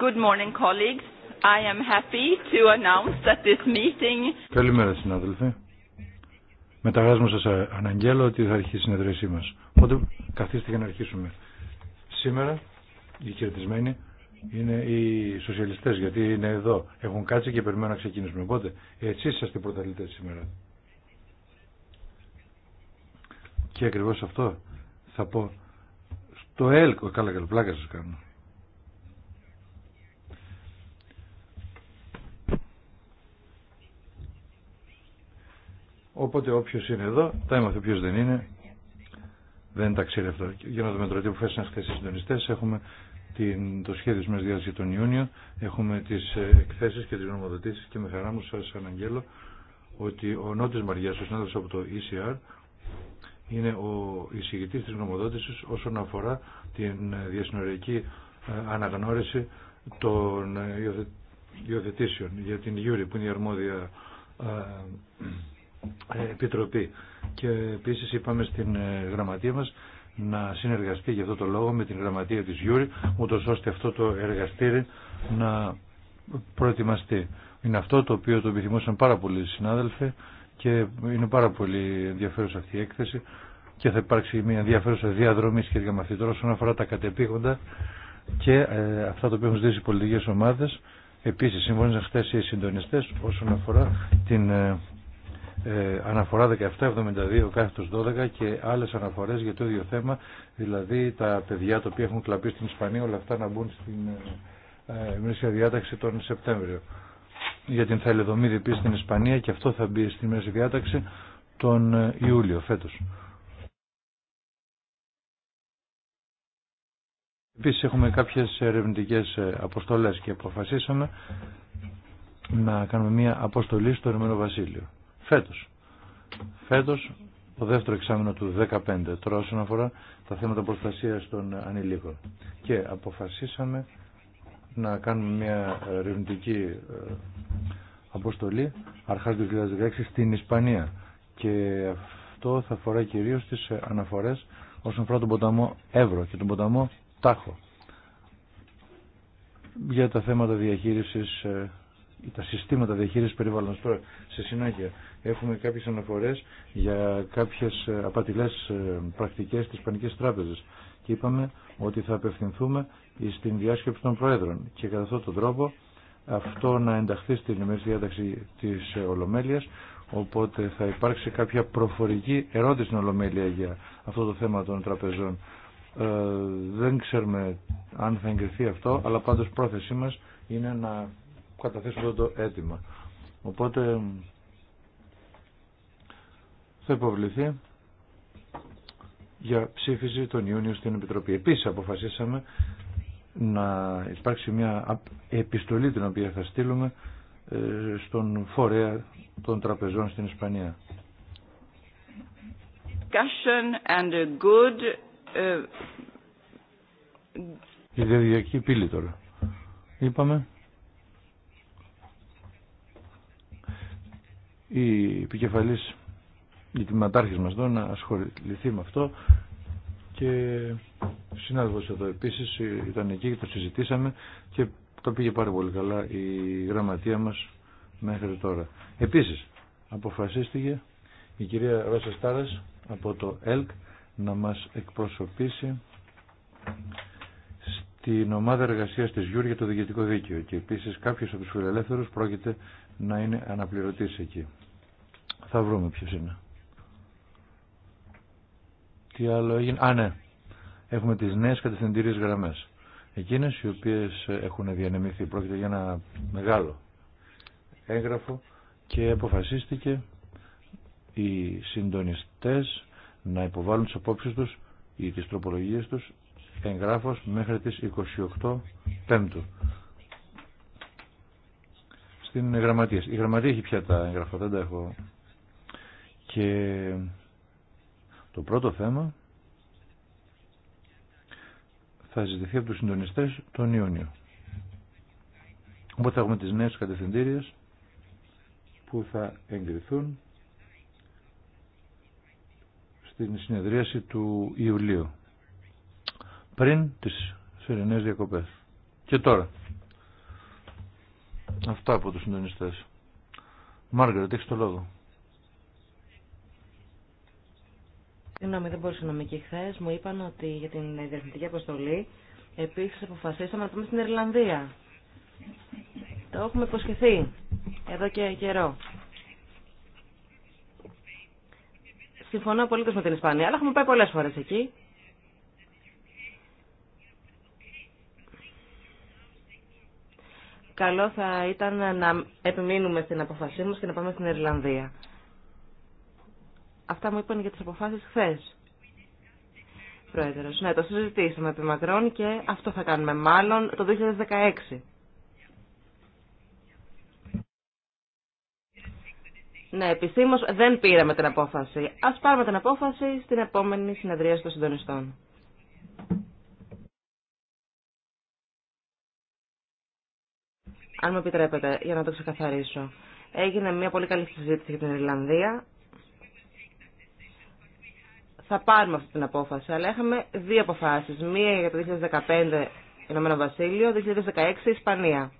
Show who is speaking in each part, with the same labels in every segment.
Speaker 1: Good morning, colleagues. I am happy to announce that this meeting...
Speaker 2: Καλημέρα, συνάδελφοι. σας αναγγέλω ότι θα αρχίσει η συνεδρίασή μας. Οπότε καθίστε για να αρχίσουμε. Σήμερα οι χαιρετισμένοι είναι οι σοσιαλιστές γιατί είναι εδώ. Έχουν κάτσει και περιμένουν να ξεκινήσουμε. Οπότε εσείς είσαστε πρωταθλητές σήμερα. Και ακριβώς αυτό θα πω στο ΕΛΚ. Καλά, καλά, πλάκα σας κάνω. Οπότε όποιο είναι εδώ, τα έμαθε ποιο δεν είναι, δεν τα ξέρει αυτό. Για να δούμε τώρα τι αποφάσισαν χθε οι συντονιστέ. Έχουμε την, το σχέδιο τη διάθεση για τον Ιούνιο, έχουμε τι ε, εκθέσει και τι νομοδοτήσει και με χαρά μου σα αναγγέλω ότι ο Νότης μαριά ο συνάδελφο από το ECR, είναι ο εισηγητή τη νομοδότηση όσον αφορά την διασυνοριακή ε, αναγνώριση των ε, υιοθετήσεων για την Γιούρη που είναι η αρμόδια ε, Επιτροπή. Και επίσης είπαμε στην ε, γραμματεία μας να συνεργαστεί για αυτό το λόγο με την γραμματεία της Γιούρη, ούτως ώστε αυτό το εργαστήρι να προετοιμαστεί. Είναι αυτό το οποίο το επιθυμούσαν πάρα πολλοί συνάδελφοι και είναι πάρα πολύ ενδιαφέρουσα αυτή η έκθεση και θα υπάρξει μια ενδιαφέρουσα διαδρομή σχετικά με αυτή τώρα όσον αφορά τα κατεπήγοντα και ε, αυτά τα οποία έχουν ζητήσει οι πολιτικές ομάδες. Επίσης, συμφωνήσαν χθε οι συντονιστέ όσον αφορά την ε, αναφορά 1772 κάθετος 12 και άλλες αναφορές για το ίδιο θέμα, δηλαδή τα παιδιά τα οποία έχουν κλαπεί στην Ισπανία, όλα αυτά να μπουν στην ε, ε διάταξη τον Σεπτέμβριο. Για την θαλεδομίδη επίσης στην Ισπανία και αυτό θα μπει στην μέση διάταξη τον ε, Ιούλιο φέτος. Επίσης έχουμε κάποιες ερευνητικές ε, αποστολές και αποφασίσαμε να κάνουμε μια αποστολή στο Ηνωμένο Βασίλειο φέτος. Φέτος, το δεύτερο εξάμεινο του 2015, τώρα όσον αφορά τα θέματα προστασίας των ανηλίκων. Και αποφασίσαμε να κάνουμε μια ερευνητική ε, αποστολή αρχάς του 2016 στην Ισπανία. Και αυτό θα αφορά κυρίως τις ε, αναφορές όσον αφορά τον ποταμό Εύρο και τον ποταμό Τάχο για τα θέματα διαχείρισης ε, τα συστήματα διαχείρισης περιβάλλοντος. Τώρα, σε συνέχεια, έχουμε κάποιες αναφορές για κάποιες ε, απατηλές ε, πρακτικές της Πανικής Τράπεζας και είπαμε ότι θα απευθυνθούμε στην διάσκεψη των Προέδρων και κατά αυτόν τον τρόπο αυτό να ενταχθεί στην ημέρη διάταξη της Ολομέλειας οπότε θα υπάρξει κάποια προφορική ερώτηση στην Ολομέλεια για αυτό το θέμα των τραπεζών. Ε, δεν ξέρουμε αν θα εγκριθεί αυτό, αλλά πάντως πρόθεσή μας είναι να καταθέσουν αυτό το αίτημα. Οπότε θα υποβληθεί για ψήφιση τον Ιούνιο στην Επιτροπή. Επίσης αποφασίσαμε να υπάρξει μια επιστολή την οποία θα στείλουμε ε, στον φορέα των τραπεζών στην Ισπανία. Η ε, διαδικτυακή πύλη τώρα. Είπαμε η επικεφαλής η μας εδώ να ασχοληθεί με αυτό και ο συνάδελφος εδώ επίσης ήταν εκεί και το συζητήσαμε και το πήγε πάρα πολύ καλά η γραμματεία μας μέχρι τώρα. Επίσης αποφασίστηκε η κυρία Ρώσα Στάρας από το ΕΛΚ να μας εκπροσωπήσει στην ομάδα εργασίας της Γιούρ για το Διοικητικό Δίκαιο και επίσης κάποιος από τους φιλελεύθερους πρόκειται να είναι αναπληρωτής εκεί. Θα βρούμε ποιος είναι. Τι άλλο έγινε. Α, ναι. Έχουμε τις νέες κατευθυντήριες γραμμές. Εκείνες οι οποίες έχουν διανεμηθεί. Πρόκειται για ένα μεγάλο έγγραφο και αποφασίστηκε οι συντονιστές να υποβάλουν τις απόψεις τους ή τις τροπολογίες τους εγγράφος μέχρι τις 28 Πέμπτου στην γραμματεία. Η γραμματεία έχει πια τα έγγραφα, δεν τα έχω και το πρώτο θέμα θα ζητηθεί από τους συντονιστές τον Ιούνιο. Οπότε θα έχουμε τις νέες κατευθυντήριες που θα εγκριθούν στην συνεδρίαση του Ιουλίου πριν τις σερινές διακοπές. Και τώρα. Αυτά από τους συντονιστές. Μάργαρετ, έχεις το λόγο.
Speaker 3: Συγγνώμη, δεν μπορούσα να μην και χθε. Μου είπαν ότι για την διευθυντική αποστολή επίση αποφασίσαμε να πάμε στην Ιρλανδία. Το έχουμε υποσχεθεί εδώ και καιρό. Συμφωνώ πολύ με την Ισπανία, αλλά έχουμε πάει πολλέ φορέ εκεί. Καλό θα ήταν να επιμείνουμε στην αποφασή μας και να πάμε στην Ιρλανδία. Αυτά μου είπαν για τις αποφάσεις χθε. Πρόεδρος, ναι, το συζητήσαμε επί μακρόν και αυτό θα κάνουμε μάλλον το 2016. Ναι, επισήμω δεν πήραμε την απόφαση. Ας πάρουμε την απόφαση στην επόμενη συνεδρία των συντονιστών. Αν με επιτρέπετε, για να το ξεκαθαρίσω. Έγινε μια πολύ καλή συζήτηση για την Ιρλανδία θα πάρουμε αυτή την απόφαση. Αλλά είχαμε δύο αποφάσεις. Μία για το 2015 Ηνωμένο Βασίλειο, 2016 Ισπανία.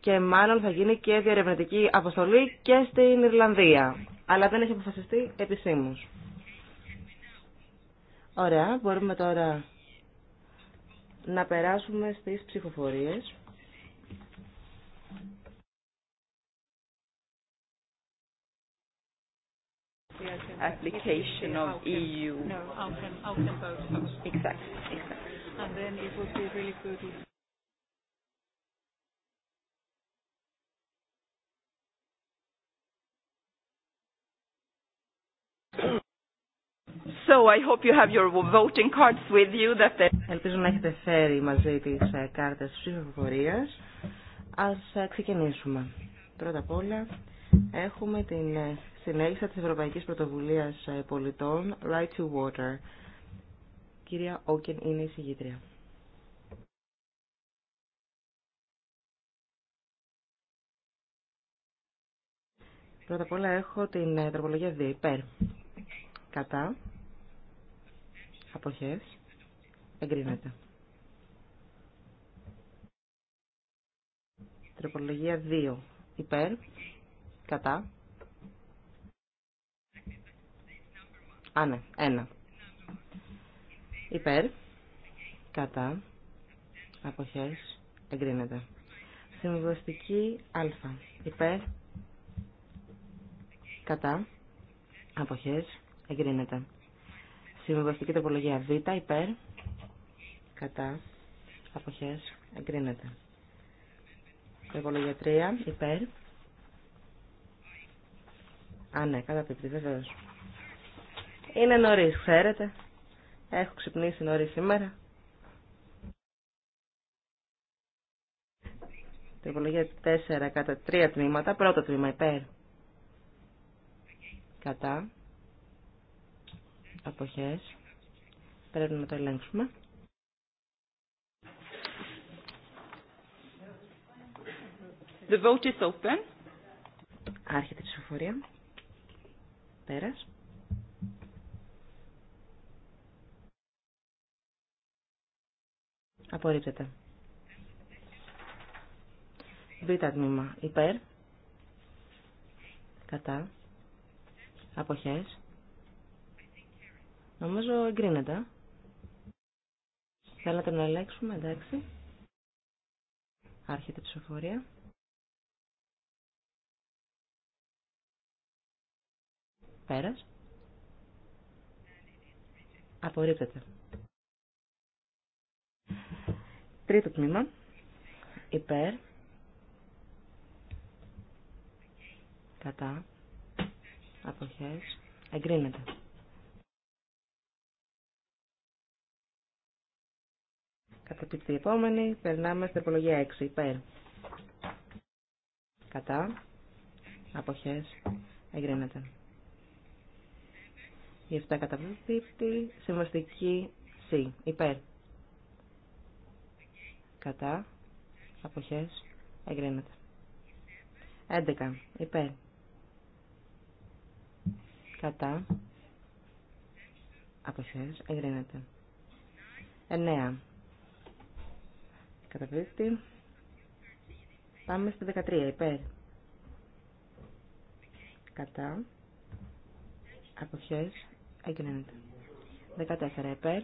Speaker 3: Και μάλλον θα γίνει και διαρευνητική αποστολή και στην Ιρλανδία. Αλλά δεν έχει αποφασιστεί επισήμω. Ωραία, μπορούμε τώρα να περάσουμε στις ψηφοφορίες.
Speaker 1: application of EU. No, out and, out
Speaker 4: and both. Exactly,
Speaker 1: exactly.
Speaker 4: And then it would be really good if
Speaker 1: So I hope you have your voting cards with you that
Speaker 3: they... Ελπίζω να έχετε φέρει μαζί τις κάρτες ψηφοφορίας. Ας ξεκινήσουμε. Πρώτα απ' όλα έχουμε την ε, συνέχιση της Ευρωπαϊκής Πρωτοβουλίας ε, Πολιτών Right to Water. Κυρία Όκεν είναι η συγγήτρια. Πρώτα απ' όλα έχω την ε, τροπολογία 2 υπέρ. Κατά. Αποχές. Εγκρίνεται. Τροπολογία 2 υπέρ κατά. Α, ναι, ένα. Υπέρ, κατά, αποχές, εγκρίνεται. Συμβουλευτική α, υπέρ, κατά, αποχές, εγκρίνεται. Συμβουλευτική τοπολογία β, υπέρ, κατά, αποχές, εγκρίνεται. Τοπολογία 3, υπέρ, Α, ναι, καταπληκτή, βεβαίω. Είναι νωρί, ξέρετε. Έχω ξυπνήσει νωρί σήμερα. Τροπολογία 4 κατά 3 τμήματα. Πρώτο τμήμα υπέρ. Κατά. Αποχές. Πρέπει να το ελέγξουμε.
Speaker 1: The vote is open. Άρχεται η ψηφοφορία. Καλησπέρας.
Speaker 3: Απορρίπτεται. Β' τμήμα. Υπέρ. Κατά. Αποχές. Νομίζω εγκρίνεται. Θέλατε να ελέγξουμε, εντάξει. Άρχεται η ψηφοφορία. Πέρας. Απορρίπτεται. Τρίτο τμήμα. Υπέρ. Κατά. Αποχές. Εγκρίνεται. Καταπίπτει η επόμενη. Περνάμε στην τροπολογία 6. Υπέρ. Κατά. Αποχές. Εγκρίνεται. Η 7 καταπληκτή, Συμβαστική C. Υπέρ. Κατά. Αποχές. Εγκρίνεται. 11. Υπέρ. Κατά. Αποχές. Εγκρίνεται. 9. καταπληκτή. Πάμε στη 13. Υπέρ. Κατά. Αποχές. 14 υπέρ.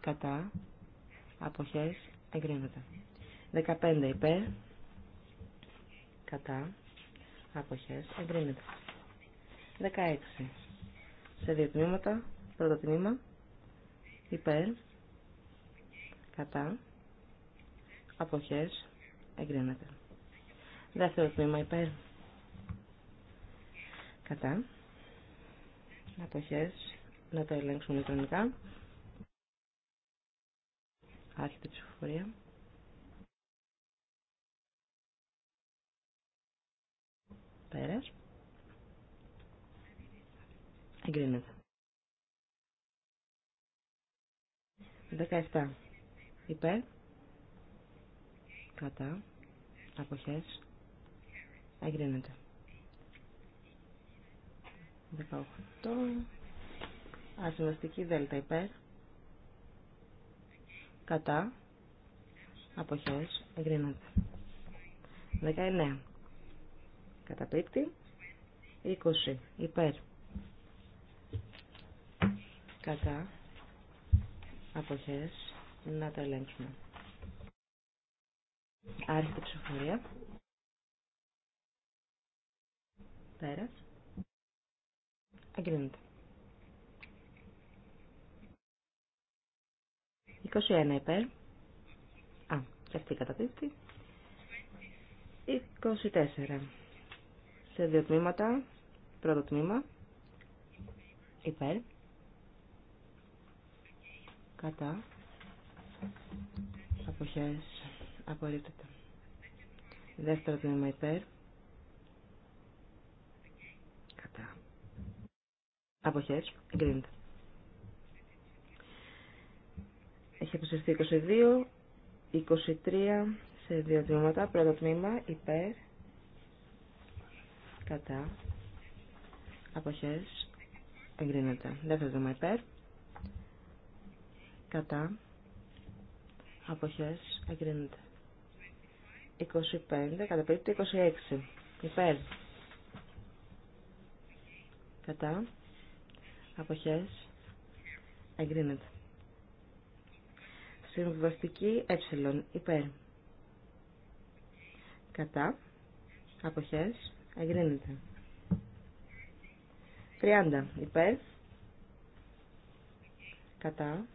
Speaker 3: Κατά. Αποχές. Εγκρίνεται. 15 υπέρ. Κατά. Αποχές. Εγκρίνεται. 16. Σε δύο τμήματα. Πρώτο τμήμα. Υπέρ. Κατά. Αποχές. Εγκρίνεται. Δεύτερο τμήμα υπέρ. Κατά αποχές να τα ελέγξουμε ηλεκτρονικά. Άρχεται η ψηφοφορία. Πέρας. Εγκρίνεται. 17. Υπέρ. Κατά. Αποχές. Εγκρίνεται. 18. Ασυμβαστική δέλτα υπέρ. Κατά. Αποχές. Εγκρίνεται. 19. Καταπίπτει. 20. Υπέρ. Κατά. Αποχές. Να τα ελέγξουμε. Άρχιτε ψηφορία. Πέρας. Αγκρίνεται. 21 υπέρ. Α, και αυτή καταπίπτει. 24. Σε δύο τμήματα. Πρώτο τμήμα. Υπέρ. Κατά. Αποχές. Απορρίπτεται. Δεύτερο τμήμα υπέρ. Αποχές. Εγκρίνεται. Έχει αποσυρθεί 22, 23 σε δύο τμήματα. Πρώτο τμήμα υπέρ, κατά, αποχές, εγκρίνεται. Δεύτερο τμήμα υπέρ, κατά, αποχές, εγκρίνεται. 25, κατά περίπτωση 26, υπέρ, κατά, αποχές εγκρίνεται. Συμβαστική ε υπέρ κατά αποχές εγκρίνεται. 30 υπέρ κατά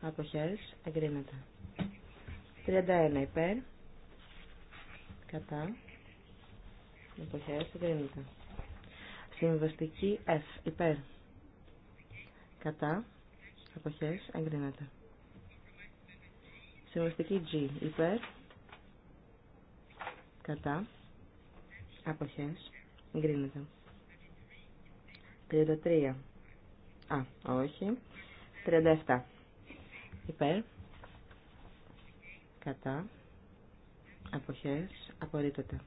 Speaker 3: αποχές εγκρίνεται. 31 υπέρ κατά αποχές εγκρίνεται. Συμβαστική F υπέρ Κατά. Αποχές. Εγκρίνεται. Συμβαστική G. Υπέρ. Κατά. Αποχές. Εγκρίνεται. 33. Α, όχι. 37. Υπέρ. Κατά. Αποχές. Απορρίπτεται.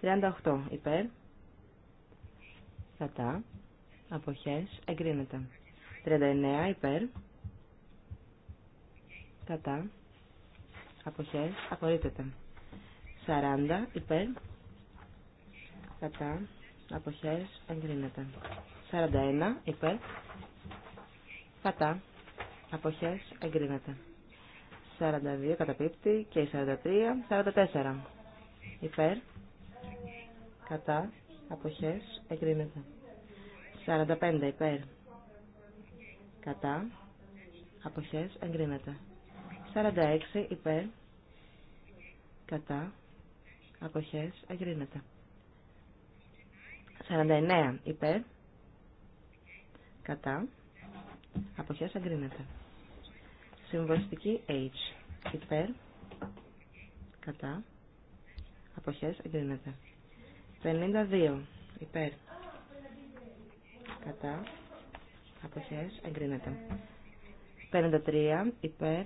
Speaker 3: 38. Υπέρ. Κατά. Αποχές. Εγκρίνεται. 39 υπέρ. Κατά. Αποχές. Απορρίπτεται. 40 υπέρ. Κατά. Αποχές. Εγκρίνεται. 41 υπέρ. Κατά. Αποχές. Εγκρίνεται. 42 καταπίπτει και 43. 44 υπέρ. Κατά. Αποχές. Εγκρίνεται. 45 υπέρ κατά, αποχές, εγκρίνεται. 46 υπέρ, κατά, αποχές, εγκρίνεται. 49 υπέρ, κατά, αποχές, εγκρίνεται. Συμβαστική H υπέρ, κατά, αποχές, εγκρίνεται. 52 υπέρ, κατά, αποχές εγκρίνεται. 53 υπέρ,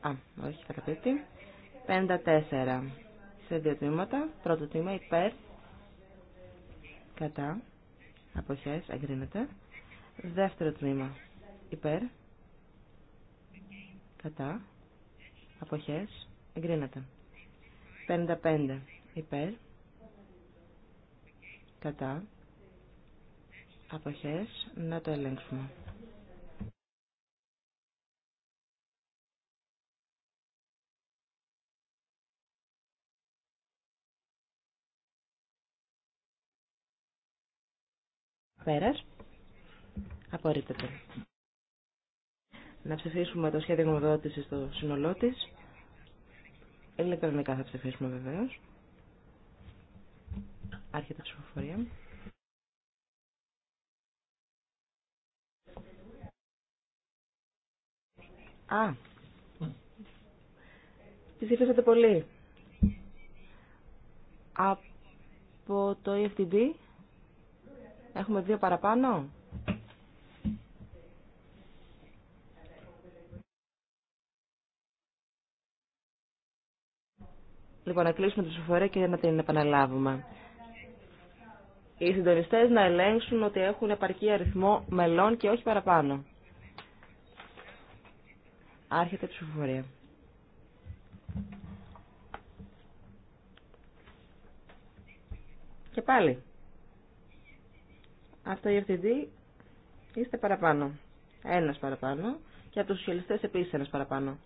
Speaker 3: α, όχι, καταπίπτει. 54 σε δύο τμήματα, πρώτο τμήμα υπέρ, κατά, αποχές εγκρίνεται. Δεύτερο τμήμα υπέρ, κατά, αποχές εγκρίνεται. 55 υπέρ, κατά, αποχές να το ελέγξουμε. Πέρας. Απορρίπτεται. Να ψηφίσουμε το σχέδιο γνωμοδότησης στο σύνολό τη. Ελεκτρονικά θα ψηφίσουμε βεβαίως. Άρχεται η ψηφοφορία. Α, ψηφίσατε πολύ. Από το EFTD έχουμε δύο παραπάνω. Λοιπόν, να κλείσουμε την ψηφοφορία και να την επαναλάβουμε. Οι συντονιστές να ελέγξουν ότι έχουν επαρκή αριθμό μελών και όχι παραπάνω. Άρχεται ψηφοφορία. Και πάλι. Αυτό η FTD είστε παραπάνω. Ένας παραπάνω. Και από τους σοσιαλιστές επίσης ένας παραπάνω.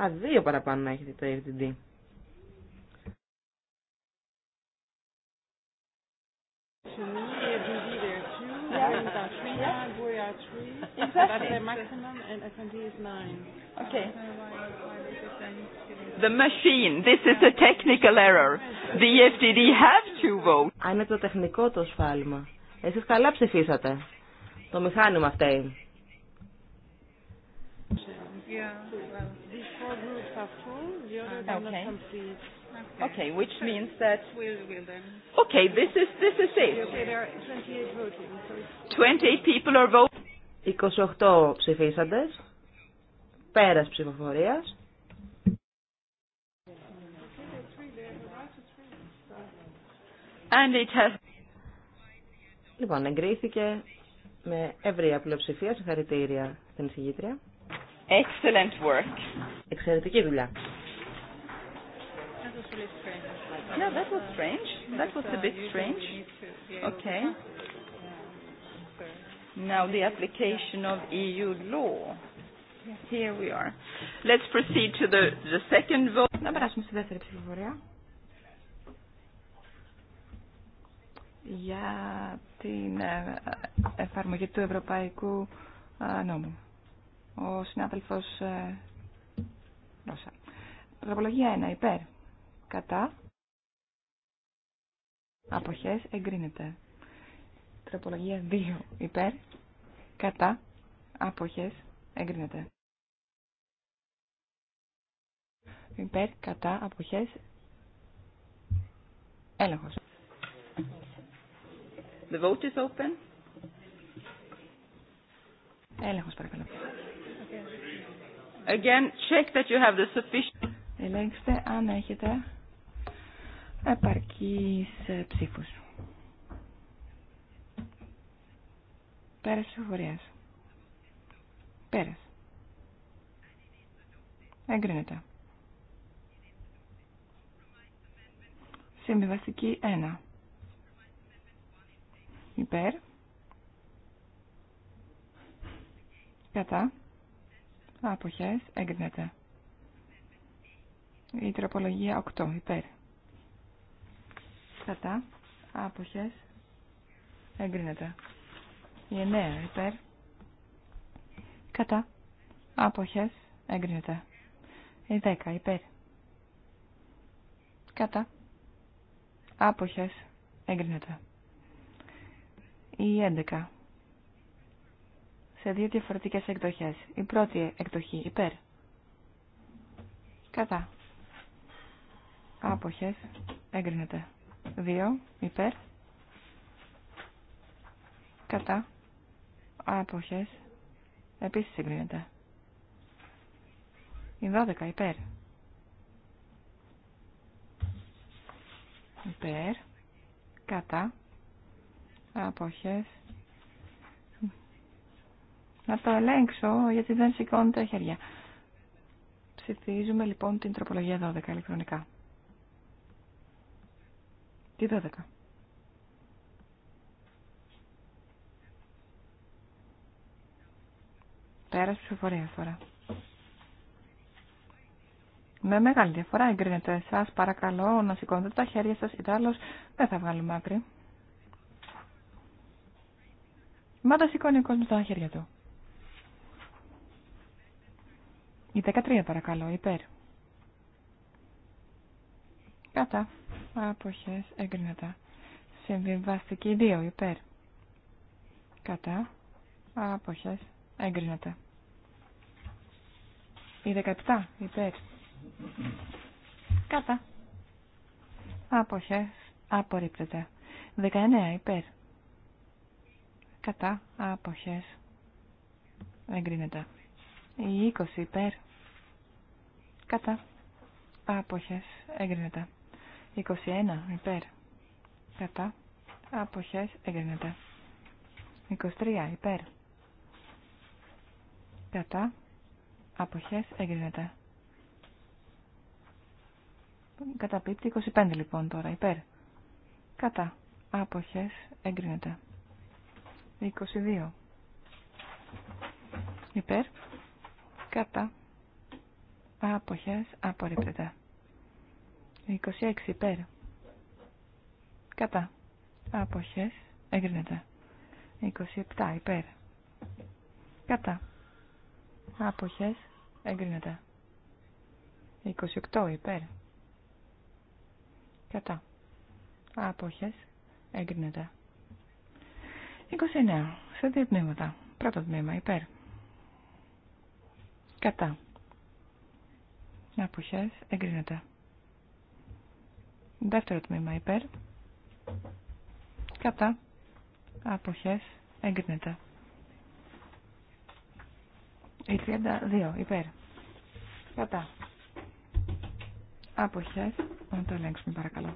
Speaker 3: Α, δύο παραπάνω έχετε το FTD.
Speaker 5: Exactly. But the maximum in S&D is nine. Okay.
Speaker 4: The
Speaker 1: machine. This is a technical
Speaker 3: error. The EFTD have to vote. Αν είναι το τεχνικό το σφάλμα. Εσείς καλά ψηφίσατε. Το μηχάνημα φταίει.
Speaker 4: Yeah. Well, these four groups are full. The others are not complete. Okay,
Speaker 3: which means that. Okay, this is
Speaker 4: this is it. there are 28 voting.
Speaker 3: 28 people are voting. 28 ψηφίσαντες, πέρας ψηφοφορίας. And Λοιπόν, εγκρίθηκε με ευρία πλειοψηφία. Συγχαρητήρια στην εισηγήτρια.
Speaker 1: Excellent work.
Speaker 3: Εξαιρετική δουλειά.
Speaker 4: that was strange. That was a bit strange. Okay.
Speaker 1: Now the application of EU law. Here we are. Let's
Speaker 5: proceed to the, the second vote. Να περάσουμε στη δεύτερη ψηφοφορία. Για την ε, εφαρμογή του Ευρωπαϊκού ε, Νόμου. Ο συνάδελφος ε, Ρώσα. Προπολογία 1. Υπέρ. Κατά. Αποχές εγκρίνεται. Τροπολογία 2 υπέρ. Κατά. Άποχες. Εγκρίνεται. Υπέρ. Κατά. Αποχές. Έλεγχος. The vote is open. Έλεγχος παρακαλώ. Again,
Speaker 1: check that you have the sufficient...
Speaker 5: Ελέγξτε αν έχετε επαρκείς ε, ψήφους. Πέρας ψηφοφορίας. Έγκρινε Εγκρίνεται. Συμβιβαστική 1. Υπέρ. Κατά. Αποχές. Εγκρίνεται. Η τροπολογία 8. Υπέρ. Κατά. Αποχές. Εγκρίνεται. Η 9 υπέρ. Κατά. Αποχές. Εγκρίνεται. Η 10 υπέρ. Κατά. Άποχες. Εγκρίνεται. Η 11. Σε δύο διαφορετικές εκδοχέ, Η πρώτη εκδοχή υπέρ. Κατά. Άποχες. Εγκρίνεται. 2. Υπέρ. Κατά. Αποχές. Επίσης συγκρίνεται. Η 12 υπέρ. Υπέρ. Κατά. Αποχές. Να το ελέγξω γιατί δεν σηκώνουν τα χέρια. Ψηφίζουμε λοιπόν την τροπολογία 12 ηλεκτρονικά. Τι 12. Πέρας ψηφοφορία τώρα. Με μεγάλη διαφορά εγκρίνεται εσά. Παρακαλώ να σηκώνετε τα χέρια σας, Ιτάλος. Δεν θα βγάλουμε άκρη. Μα τα σηκώνει ο κόσμος τα χέρια του. Η 13 παρακαλώ, υπέρ. Κατά. Αποχές εγκρίνεται. Συμβιβαστική 2, υπέρ. Κατά. Αποχές Έγκρινεται. Η 17 υπέρ. Κατά. Αποχέ, Απορρίπτεται. 19 υπέρ. Κατά. άποχέ. Εγκρίνεται. Η 20 υπέρ. Κατά. Άποχες. Εγκρίνεται. 21 υπέρ. Κατά. άποχέ, Εγκρίνεται. 23 υπέρ κατά, αποχές, εγκρίνεται. Καταπίπτει 25 λοιπόν τώρα, υπέρ. Κατά, αποχές, εγκρίνεται. 22. Υπέρ, κατά, αποχές, απορρίπτεται. 26 υπέρ. Κατά. Αποχές. Εγκρίνεται. 27 υπέρ. Κατά. Αποχές εγκρίνεται. 28 υπέρ. Κατά. Αποχές εγκρίνεται. 29. Σε δύο τμήματα. Πρώτο τμήμα υπέρ. Κατά. Αποχές εγκρίνεται. Δεύτερο τμήμα υπέρ. Κατά. Αποχές εγκρίνεται. Η 32 υπέρ. Κατά. Αποχές. Να το ελέγξουμε παρακαλώ.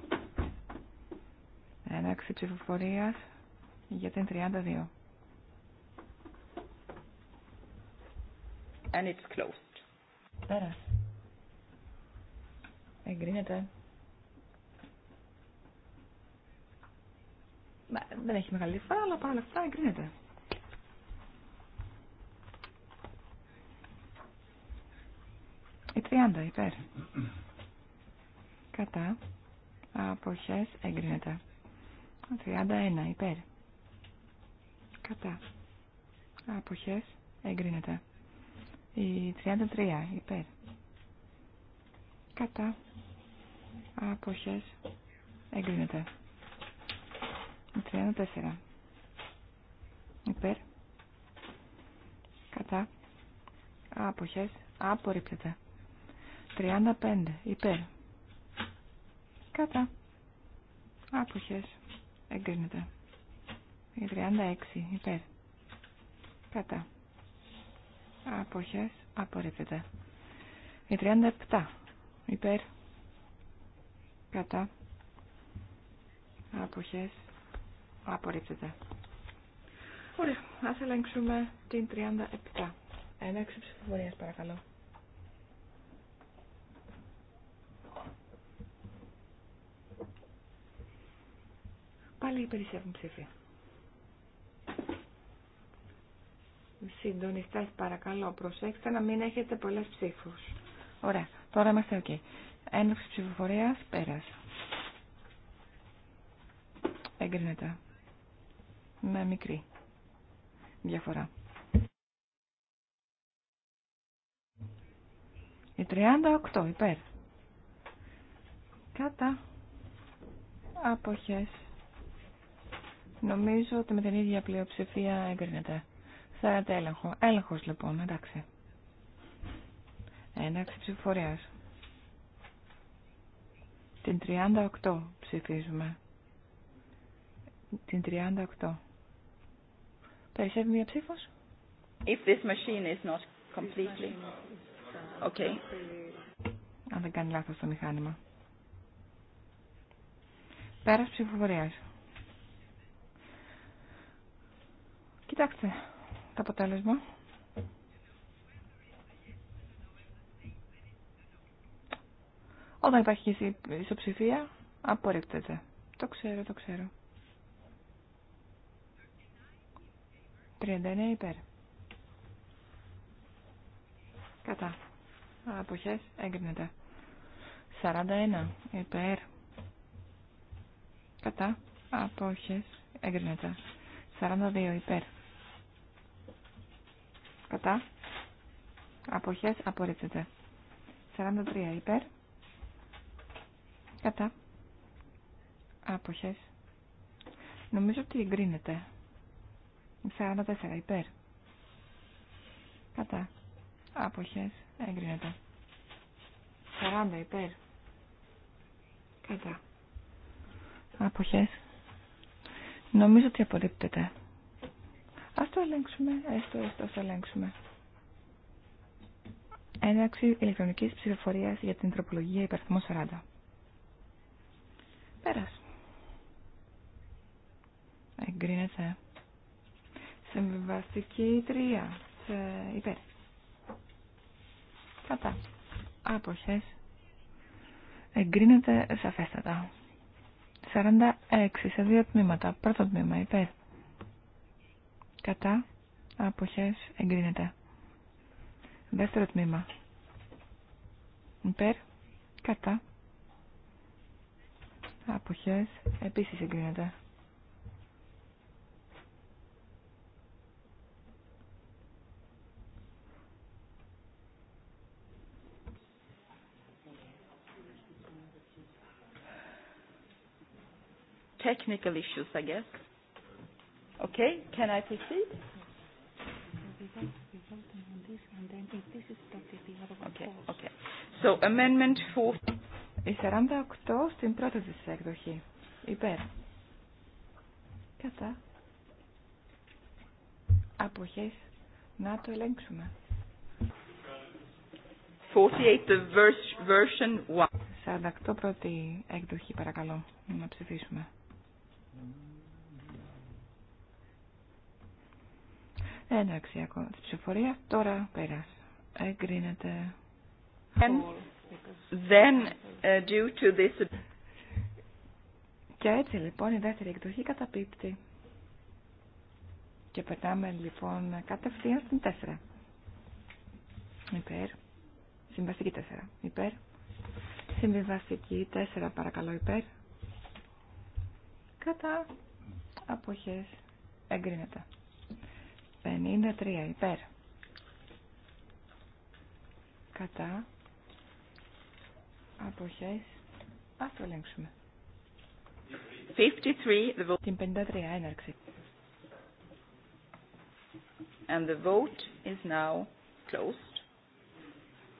Speaker 5: Έναξη ψηφοφορίας για την 32.
Speaker 1: And it's closed.
Speaker 5: Εγκρίνεται. Μα, δεν έχει μεγάλη φορά, αλλά παρόλα αυτά εγκρίνεται. Η 30 υπέρ. Κατά. Αποχές εγκρίνεται. 31 υπέρ. Κατά. Αποχές εγκρίνεται. Η 33 υπέρ. Κατά. Αποχές εγκρίνεται. Η 34 υπέρ. Κατά. Αποχές απορρίπτεται. 35 υπέρ. Κατά. Άποχες. Εγκρίνεται. 36 υπέρ. Κατά. Άποχες. Απορρίπτεται. 37 υπέρ. Κατά. Άποχες. Απορρίπτεται. Ωραία. Ας ελέγξουμε την 37. έξι ψηφοφορίας παρακαλώ. Πάλι υπερισσεύουν ψήφοι. Συντονιστέ, παρακαλώ, προσέξτε να μην έχετε πολλέ ψήφου. Ωραία, τώρα είμαστε οκ. Okay. Ένδοξη ψηφοφορία, πέρα. Εγκρίνεται. Με μικρή διαφορά. Η 38 υπέρ. Κατά. Αποχές Νομίζω ότι με την ίδια πλειοψηφία εγκρίνεται. Θέλετε έλεγχο. Έλεγχος λοιπόν, εντάξει. Έναξη ψηφοφορία. Την 38 ψηφίζουμε. Την 38. Περισσεύει μία ψήφος.
Speaker 1: If this machine is not completely...
Speaker 5: Okay. Αν δεν κάνει λάθος το μηχάνημα. Πέρας ψηφοφορίας. Κοιτάξτε το αποτέλεσμα. Όταν υπάρχει ισοψηφία, απορρίπτεται. Το ξέρω, το ξέρω. 39 υπέρ. Κατά. Αποχές έγκρινεται. 41 υπέρ. Κατά. Αποχές έγκρινεται. 42 υπέρ. Κατά. Αποχές απορρίπτεται. 43 υπέρ. Κατά. Αποχές. Νομίζω ότι εγκρίνεται. 44 υπέρ. Κατά. Αποχές. Εγκρίνεται. 40 υπέρ. Κατά. Αποχές. Νομίζω ότι απορρίπτεται. Ας το ελέγξουμε, έστω, έστω, ας το ελέγξουμε. Έναξη ηλεκτρονικής ψηφοφορίας για την τροπολογία υπερθμό 40. Πέρας. Εγκρίνεται. Συμβιβαστική 3. Σε υπέρ. Κατά. Άποχες. Εγκρίνεται σαφέστατα. 46 σε δύο τμήματα. Πρώτο τμήμα υπέρ κατά αποχές εγκρίνεται. Δεύτερο τμήμα. Υπέρ, κατά, αποχές, επίσης εγκρίνεται.
Speaker 1: Technical issues, I guess. Okay, can I proceed?
Speaker 4: Okay,
Speaker 5: okay. So, amendment Η 48 στην πρώτη της εκδοχή. Υπέρ. Κατά. Αποχές. Να το ελέγξουμε. 48 the version 1. 48 πρώτη εκδοχή παρακαλώ να ψηφίσουμε.
Speaker 4: Mm.
Speaker 5: Έναρξη ακόμα τη ψηφορία, Τώρα πέρασε. Εγκρίνεται. Uh, Και έτσι λοιπόν η δεύτερη εκδοχή καταπίπτει. Και περνάμε λοιπόν κατευθείαν στην 4. Υπέρ. Συμβαστική 4. Υπέρ. Συμβιβαστική 4 παρακαλώ υπέρ. Κατά αποχές εγκρίνεται. 53 υπέρ. Κατά. Αποχές. Ας το ελέγξουμε. 53, the vote. Την 53 έναρξη.
Speaker 1: And the vote is now closed.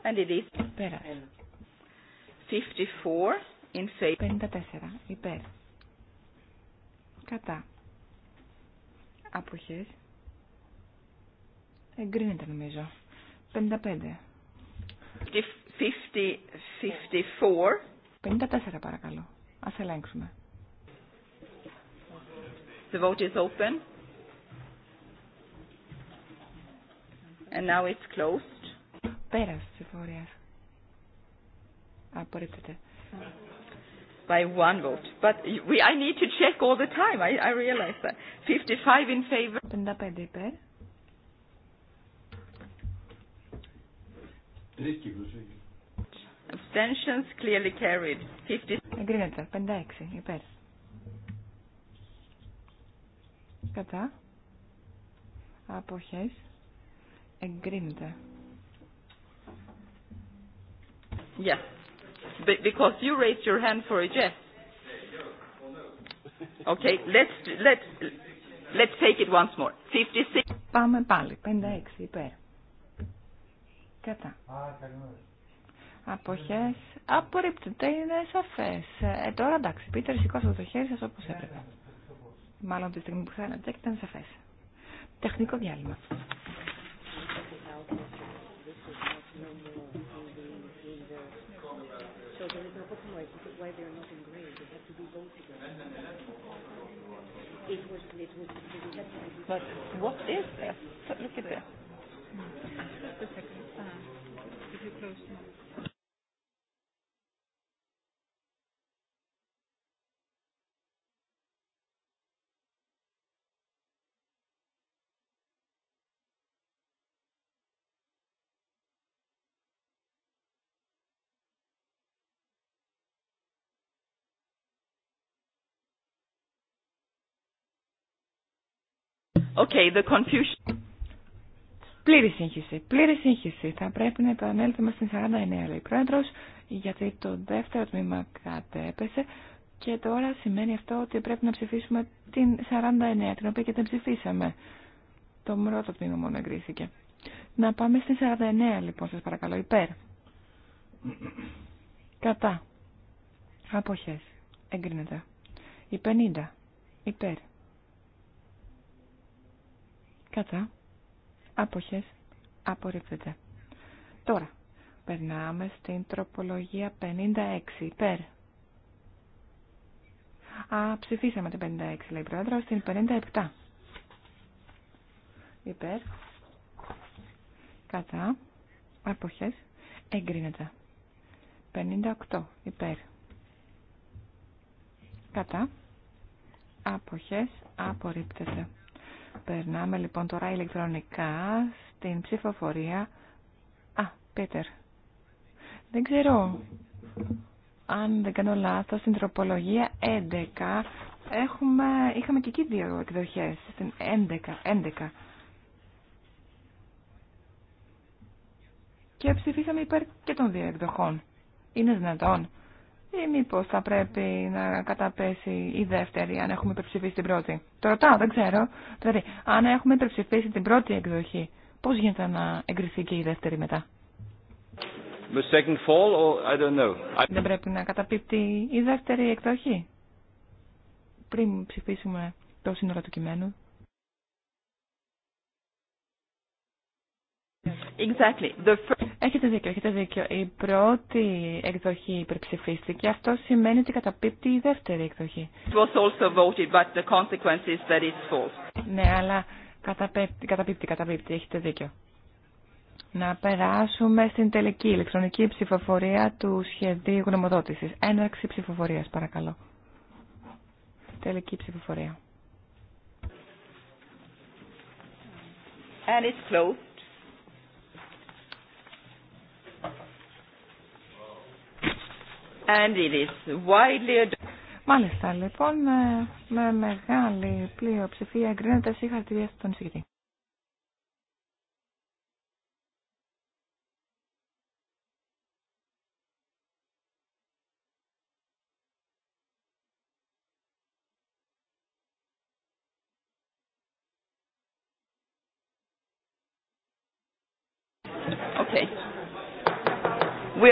Speaker 1: And it is. Πέρα.
Speaker 5: 54 in favor. 54 υπέρ. Κατά. Αποχές. Εγκρίνεται νομίζω. 55. 50, 54. 54 παρακαλώ. Ας ελέγξουμε.
Speaker 1: The vote is open. And now it's closed. Πέρας τη φορία. Απορρίπτεται. By one vote. But we, I need to check all the time. I, I realize that. 55 in favor. 55 υπέρ.
Speaker 2: έχει.
Speaker 5: Abstentions clearly carried. 50... Εγκρίνεται. 56. Υπέρ. Κατά. Αποχές. Εγκρίνεται. Yeah. Because you raised your hand for a yes.
Speaker 1: Okay, let's, let's, let's take it once more. 56.
Speaker 5: Πάμε πάλι. 56 υπέρ α Αποχές. Απορρίπτεται. Είναι σαφές. Ε, τώρα εντάξει. Πείτε, σηκώστε το χέρι σας όπως έπρεπε. Ναι, ναι, ναι, Μάλλον τη στιγμή που θέλετε ήταν σαφές. Τεχνικό διάλειμμα.
Speaker 4: But what
Speaker 1: Okay, the confusion.
Speaker 5: Πλήρη σύγχυση. Πλήρη σύγχυση. Θα πρέπει να επανέλθουμε στην 49, λέει πρόεδρο, γιατί το δεύτερο τμήμα κατέπεσε. Και τώρα σημαίνει αυτό ότι πρέπει να ψηφίσουμε την 49, την οποία και δεν ψηφίσαμε. Το πρώτο τμήμα μόνο εγκρίθηκε. Να πάμε στην 49, λοιπόν, σα παρακαλώ, υπέρ. Κατά. Αποχές. Εγκρίνεται. Η 50. Υπέρ. Κατά. Αποχές. Απορρίπτεται. Τώρα, περνάμε στην τροπολογία 56. Υπέρ. Α, ψηφίσαμε την 56, λέει η πρόεδρο, στην 57. Υπέρ. Κατά. Αποχές. Εγκρίνεται. 58. Υπέρ. Κατά. Αποχές. Απορρίπτεται. Περνάμε λοιπόν τώρα ηλεκτρονικά στην ψηφοφορία. Α, Πίτερ, Δεν ξέρω. Αν δεν κάνω λάθος, στην τροπολογία 11 έχουμε, είχαμε και εκεί δύο εκδοχές. Στην 11, 11. Και ψηφίσαμε υπέρ και των δύο εκδοχών. Είναι δυνατόν ή ε, μήπω θα πρέπει να καταπέσει η δεύτερη, αν έχουμε υπερψηφίσει την πρώτη. Το ρωτάω, δεν ξέρω. Δηλαδή, αν έχουμε υπερψηφίσει την πρώτη εκδοχή, πώ γίνεται να εγκριθεί και η δεύτερη μετά.
Speaker 6: The second
Speaker 2: fall, or I don't know. Δεν πρέπει
Speaker 5: να καταπίπτει η δεύτερη εκδοχή. Πριν ψηφίσουμε το σύνολο του κειμένου. Exactly. The first... Έχετε δίκιο, έχετε δίκιο. Η πρώτη εκδοχή υπερψηφίστηκε. Αυτό σημαίνει ότι καταπίπτει η δεύτερη εκδοχή.
Speaker 1: It was also voted, but the consequence is that it's false.
Speaker 5: Ναι, αλλά καταπίπτει, καταπίπτει, καταπίπτει. Έχετε δίκιο. Να περάσουμε στην τελική ηλεκτρονική ψηφοφορία του σχεδίου γνωμοδότησης. Έναρξη ψηφοφορίας, παρακαλώ. Τελική ψηφοφορία. And it's
Speaker 1: closed. And it is widely...
Speaker 5: Μάλιστα, λοιπόν, ε, με μεγάλη πλειοψηφία εγκρίνεται συγχαρητήρια στον συγκεκριμένο.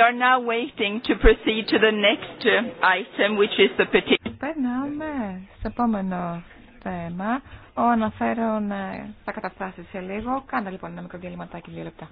Speaker 1: are now waiting to proceed to the next item, which is the petition.
Speaker 5: Περνάμε στο επόμενο θέμα. Ο αναφέρον ε, θα καταφτάσει σε λίγο. Κάντε λοιπόν ένα μικρό διαλυματάκι, δύο λεπτά.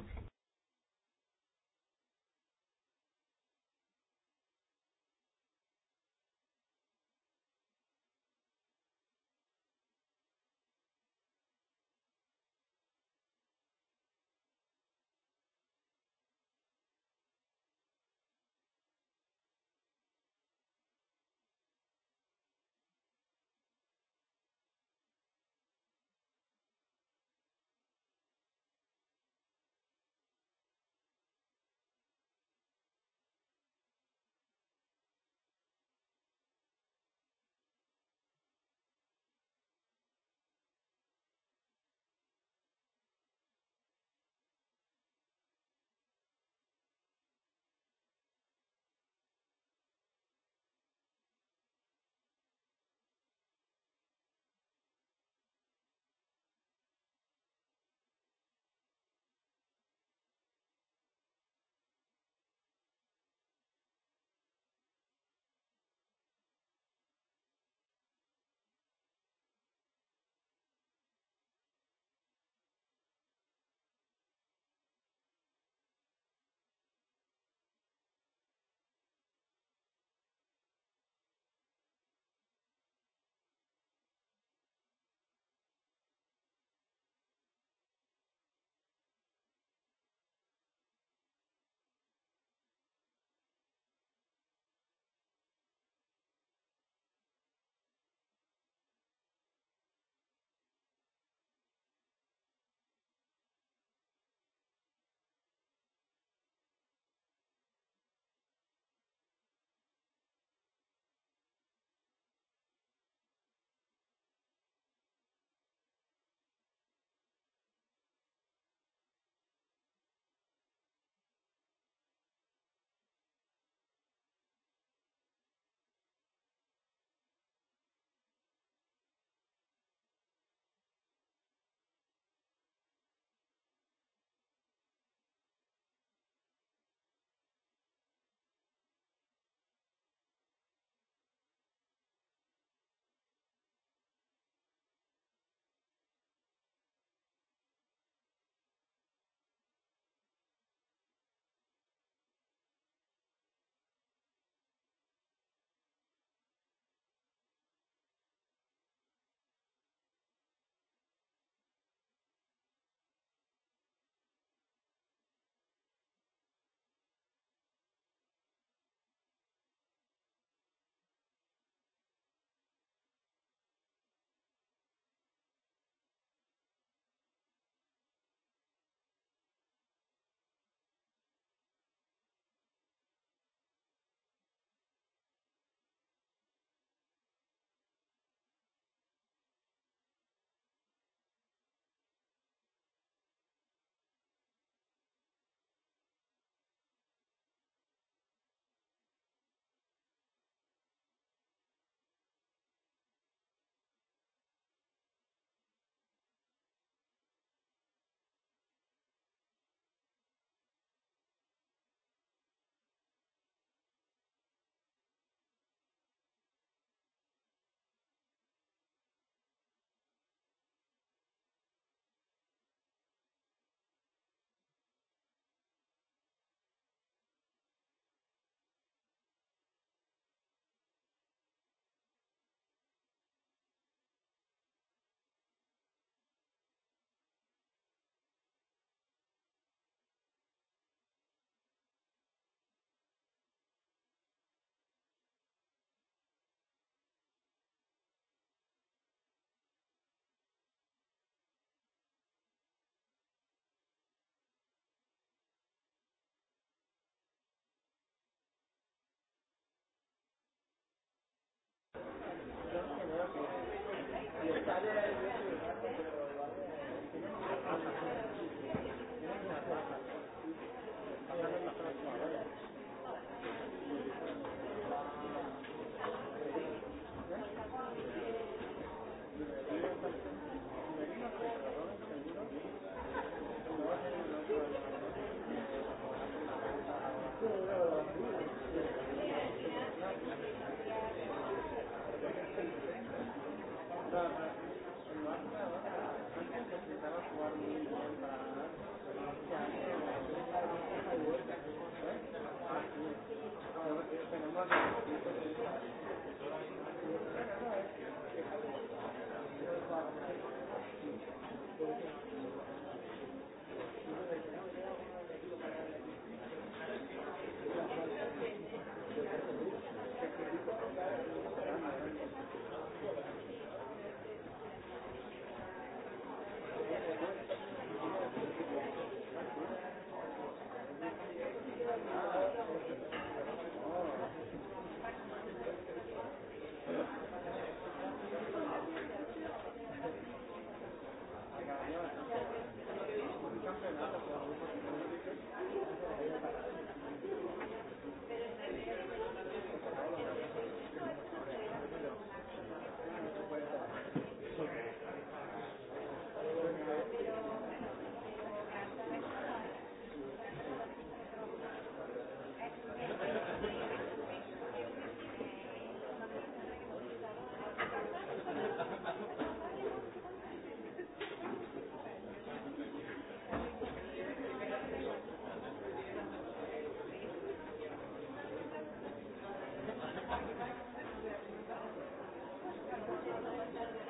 Speaker 4: Σα ευχαριστώ.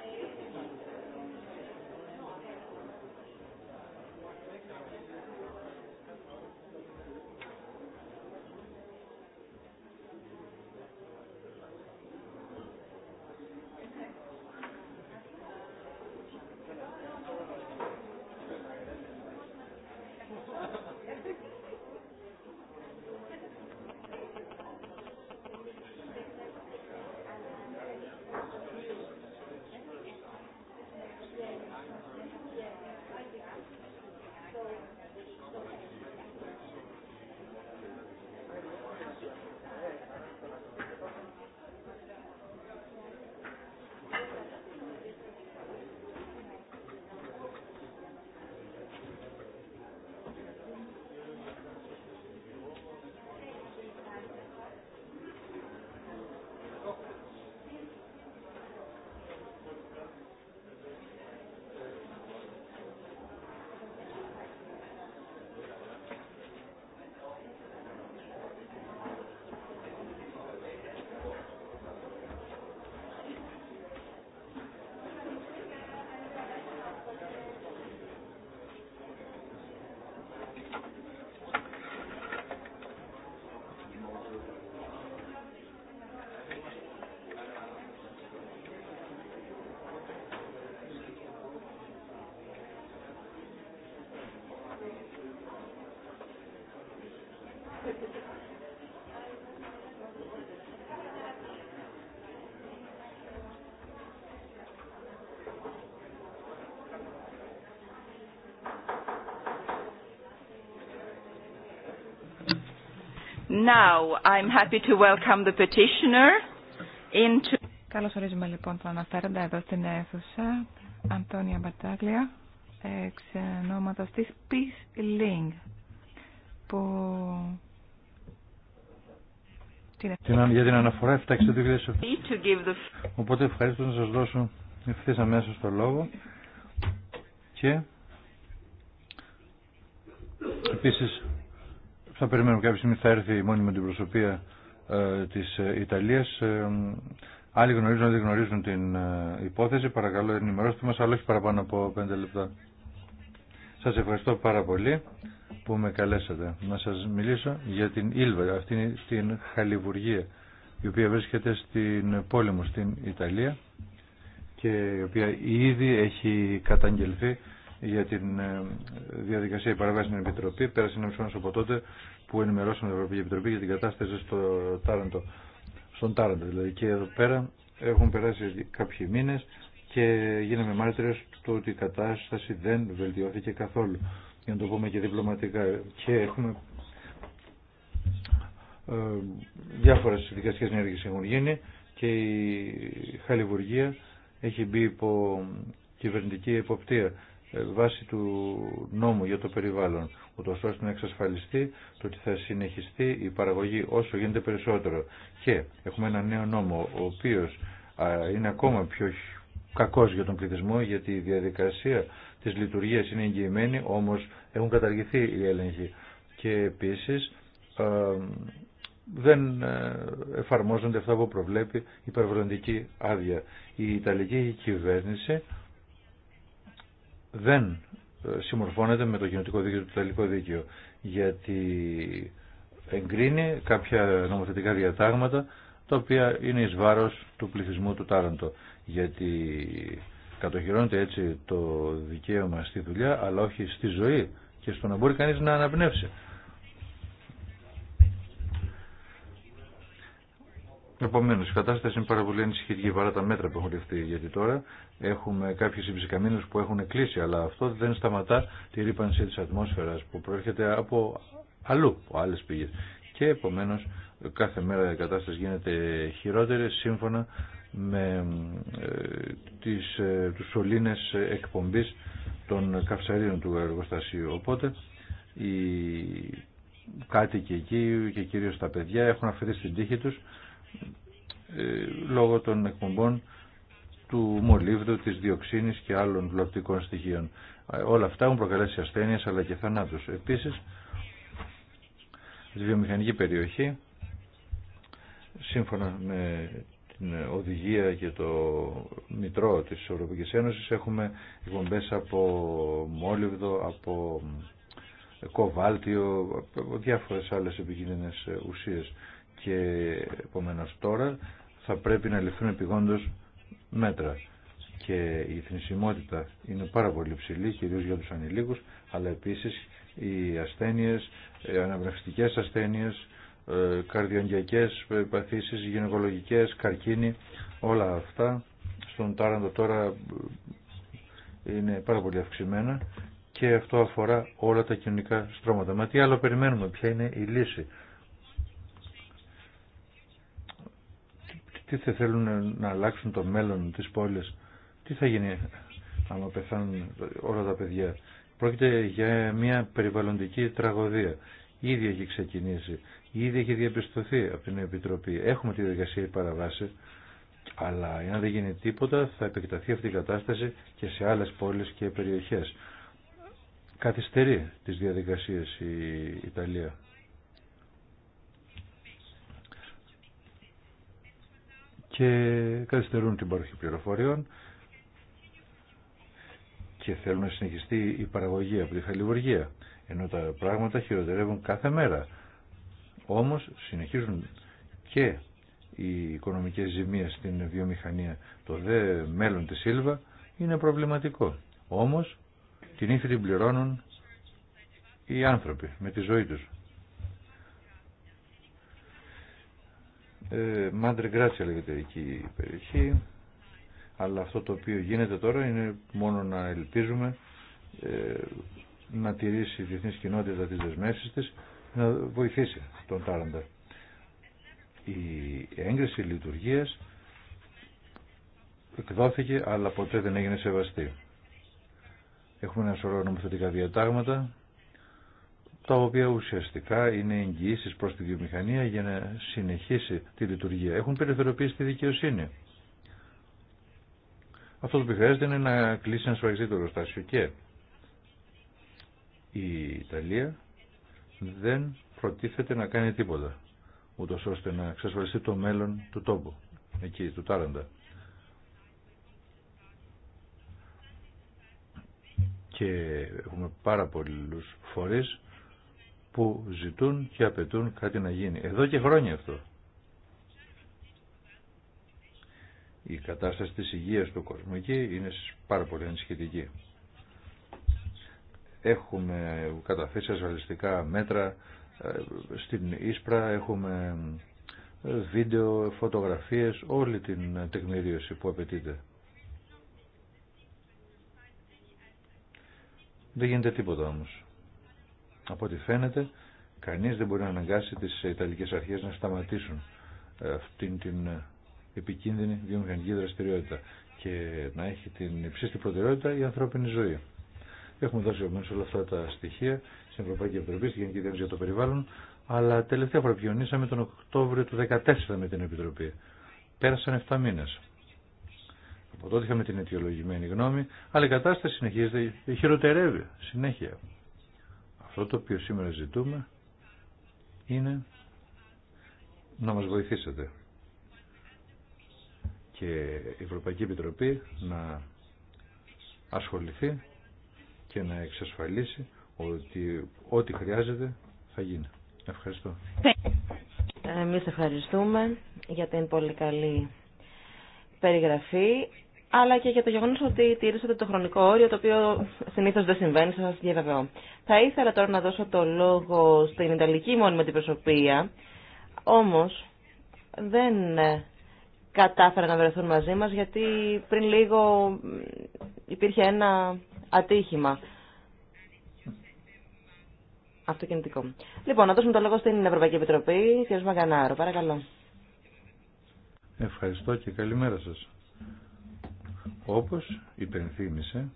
Speaker 5: Now,
Speaker 1: I'm happy to welcome
Speaker 5: Καλώς ορίζουμε λοιπόν τον αναφέροντα εδώ στην αίθουσα, Αντώνια Μπατάγλια, εξ ονόματος της Peace Link, που ε- την,
Speaker 2: για την αναφορά 7 του Οπότε ευχαριστώ να σας δώσω ευθύς αμέσω το λόγο και επίσης θα περιμένουμε κάποια στιγμή θα έρθει η μόνιμη αντιπροσωπεία ε, της ε, Ιταλίας ε, άλλοι γνωρίζουν, δεν γνωρίζουν την ε, υπόθεση παρακαλώ ενημερώστε μας αλλά όχι παραπάνω από 5 λεπτά Σας ευχαριστώ πάρα πολύ που με καλέσατε. Να σας μιλήσω για την Ήλβα, αυτή είναι την Χαλιβουργία, η οποία βρίσκεται στην πόλη στην Ιταλία και η οποία ήδη έχει καταγγελθεί για την ε, διαδικασία υπαραβάσης στην Επιτροπή. Πέρασε ένα μισό από τότε που ενημερώσαμε την Ευρωπαϊκή Επιτροπή για την κατάσταση στο Τάραντο, στον Τάραντο. Δηλαδή και εδώ πέρα έχουν περάσει κάποιοι μήνες και γίναμε μάρτυρες του ότι η κατάσταση δεν βελτιώθηκε καθόλου για να το πούμε και διπλωματικά. Και έχουμε ε, διάφορες δικαστικές ενέργειες έχουν γίνει και η Χαλιβουργία έχει μπει υπό κυβερνητική εποπτεία ε, βάσει του νόμου για το περιβάλλον, ούτως ώστε να εξασφαλιστεί το ότι θα συνεχιστεί η παραγωγή όσο γίνεται περισσότερο. Και έχουμε ένα νέο νόμο, ο οποίος είναι ακόμα πιο κακός για τον πληθυσμό, γιατί η διαδικασία Τις λειτουργία είναι εγγυημένοι, όμως έχουν καταργηθεί οι έλεγχοι. Και επίσης ε, δεν ε, εφαρμόζονται αυτά που προβλέπει η υπερβολοντική άδεια. Η Ιταλική κυβέρνηση δεν ε, συμμορφώνεται με το κοινωτικό δίκαιο του Ιταλικού δίκαιο γιατί εγκρίνει κάποια νομοθετικά διατάγματα τα οποία είναι εις βάρος του πληθυσμού του Τάραντο γιατί κατοχυρώνεται έτσι το δικαίωμα στη δουλειά αλλά όχι στη ζωή και στο να μπορεί κανείς να αναπνεύσει. Επομένω, η κατάσταση είναι πάρα πολύ ενισχυτική παρά τα μέτρα που έχουν ληφθεί. Γιατί τώρα έχουμε κάποιε υψηκαμίνε που έχουν κλείσει, αλλά αυτό δεν σταματά τη ρήπανση τη ατμόσφαιρας που προέρχεται από αλλού, από άλλε πηγέ. Και επομένω κάθε μέρα η κατάσταση γίνεται χειρότερη σύμφωνα με ε, τις, ε, τους σωλήνες εκπομπής των καυσαρίων του εργοστασίου. Οπότε οι κάτοικοι εκεί και κυρίως τα παιδιά έχουν αφαιρεί στην τύχη τους ε, λόγω των εκπομπών του μολύβδου, της διοξίνης και άλλων βλαπτικών στοιχείων. Όλα αυτά έχουν προκαλέσει ασθένειες αλλά και θανάτους. Επίσης, στη βιομηχανική περιοχή, σύμφωνα με οδηγία και το μητρό της Ευρωπαϊκής Ένωσης έχουμε εκπομπές από μόλιβδο, από κοβάλτιο, από διάφορες άλλες επικίνδυνες ουσίες και επομένως τώρα θα πρέπει να ληφθούν επιγόντως μέτρα και η θνησιμότητα είναι πάρα πολύ ψηλή κυρίως για τους ανηλίκους αλλά επίσης οι ασθένειες, αναπνευστικές ασθένειες ε, καρδιογγειακές ε, παθήσεις, γυναικολογικές, καρκίνη, όλα αυτά στον τάραντο τώρα ε, είναι πάρα πολύ αυξημένα και αυτό αφορά όλα τα κοινωνικά στρώματα. Μα τι άλλο περιμένουμε, ποια είναι η λύση. Τι θα θέλουν να αλλάξουν το μέλλον της πόλης, τι θα γίνει άμα πεθάνουν όλα τα παιδιά. Πρόκειται για μια περιβαλλοντική τραγωδία. Ήδη έχει ξεκινήσει. Ήδη έχει διαπιστωθεί από την Επιτροπή. Έχουμε τη διαδικασία παραβάσει, αλλά αν δεν γίνει τίποτα θα επεκταθεί αυτή η κατάσταση και σε άλλες πόλεις και περιοχές. Καθυστερεί τις διαδικασίες η Ιταλία. και καθυστερούν την παροχή πληροφοριών και θέλουν να συνεχιστεί η παραγωγή από τη χαλιβουργία. Ενώ τα πράγματα χειροτερεύουν κάθε μέρα. Όμως συνεχίζουν και οι οικονομικές ζημίες στην βιομηχανία. Το δε μέλλον της Σίλβα είναι προβληματικό. Όμως την ύφη την πληρώνουν οι άνθρωποι με τη ζωή τους. Μάντρε Γκράτσια λέγεται εκεί η περιοχή αλλά αυτό το οποίο γίνεται τώρα είναι μόνο να ελπίζουμε ε, να τηρήσει η διεθνής κοινότητα τις δεσμεύσεις της να βοηθήσει τον Τάραντα. Η έγκριση λειτουργίας εκδόθηκε αλλά ποτέ δεν έγινε σεβαστή. Έχουμε ένα σωρό νομοθετικά διατάγματα τα οποία ουσιαστικά είναι εγγυήσει προς τη βιομηχανία για να συνεχίσει τη λειτουργία. Έχουν περιθωριοποιήσει τη δικαιοσύνη. Αυτό το που χρειάζεται είναι να κλείσει ένα σφαγιστή το εργοστάσιο και η Ιταλία δεν προτίθεται να κάνει τίποτα, ούτω ώστε να εξασφαλιστεί το μέλλον του τόπου, εκεί, του Τάραντα. Και έχουμε πάρα πολλούς φορείς που ζητούν και απαιτούν κάτι να γίνει. Εδώ και χρόνια αυτό. Η κατάσταση της υγείας του κόσμου εκεί είναι πάρα πολύ ενισχυτική. Έχουμε καταθέσει ασφαλιστικά μέτρα ε, στην Ίσπρα, έχουμε ε, βίντεο, φωτογραφίες, όλη την τεκμηρίωση που απαιτείται. Δεν γίνεται τίποτα όμως. Από ό,τι φαίνεται, κανείς δεν μπορεί να αναγκάσει τις Ιταλικές αρχές να σταματήσουν ε, αυτήν την επικίνδυνη βιομηχανική δραστηριότητα και να έχει την υψίστη προτεραιότητα η ανθρώπινη ζωή. Έχουμε δώσει ομένως όλα αυτά τα στοιχεία στην Ευρωπαϊκή Επιτροπή, στην Γενική Διεύθυνση για το Περιβάλλον, αλλά τελευταία φορά πιονίσαμε τον Οκτώβριο του 2014 με την Επιτροπή. Πέρασαν 7 μήνες. Από τότε είχαμε την αιτιολογημένη γνώμη, αλλά η κατάσταση συνεχίζεται, χειροτερεύει συνέχεια. Αυτό το οποίο σήμερα ζητούμε είναι να μας βοηθήσετε και η Ευρωπαϊκή Επιτροπή να ασχοληθεί και να εξασφαλίσει ότι ό,τι χρειάζεται θα γίνει. Ευχαριστώ.
Speaker 3: Εμείς ευχαριστούμε για την πολύ καλή περιγραφή αλλά και για το γεγονός ότι τηρήσατε το χρονικό όριο, το οποίο συνήθω δεν συμβαίνει, σα διαβεβαιώ. Θα ήθελα τώρα να δώσω το λόγο στην Ιταλική μόνιμη προσωπία, όμως δεν κατάφερα να βρεθούν μαζί μας, γιατί πριν λίγο υπήρχε ένα ατύχημα. Αυτοκινητικό. Λοιπόν, να δώσουμε το λόγο στην Ευρωπαϊκή Επιτροπή. Κ. Μαγκανάρο, παρακαλώ.
Speaker 2: Ευχαριστώ και καλημέρα σας. Όπως υπενθύμησε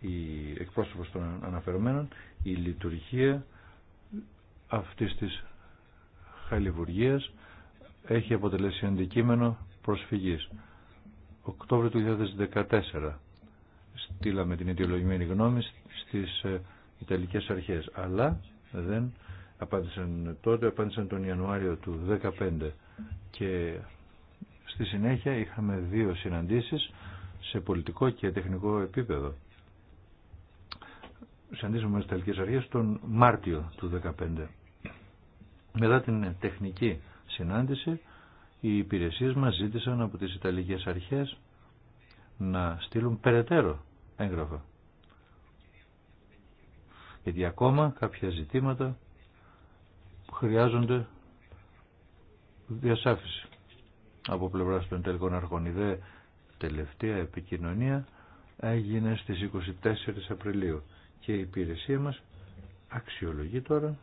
Speaker 2: η εκπρόσωπος των αναφερομένων, η λειτουργία αυτής της χαλιβουργίας έχει αποτελέσει αντικείμενο προσφυγής. Οκτώβριο του 2014 στείλαμε την αιτιολογημένη γνώμη στις ε, Ιταλικές αρχές, αλλά δεν απάντησαν τότε, απάντησαν τον Ιανουάριο του 2015 και στη συνέχεια είχαμε δύο συναντήσεις σε πολιτικό και τεχνικό επίπεδο. Συναντήσαμε στις Ιταλικές αρχές τον Μάρτιο του 2015. Μετά την τεχνική συνάντηση, οι υπηρεσίες μας ζήτησαν από τις Ιταλικές αρχές να στείλουν περαιτέρω έγγραφα. Γιατί ακόμα κάποια ζητήματα χρειάζονται διασάφηση από πλευράς των τελικών αρχών. Η τελευταία επικοινωνία έγινε στις 24 Απριλίου και η υπηρεσία μας αξιολογεί τώρα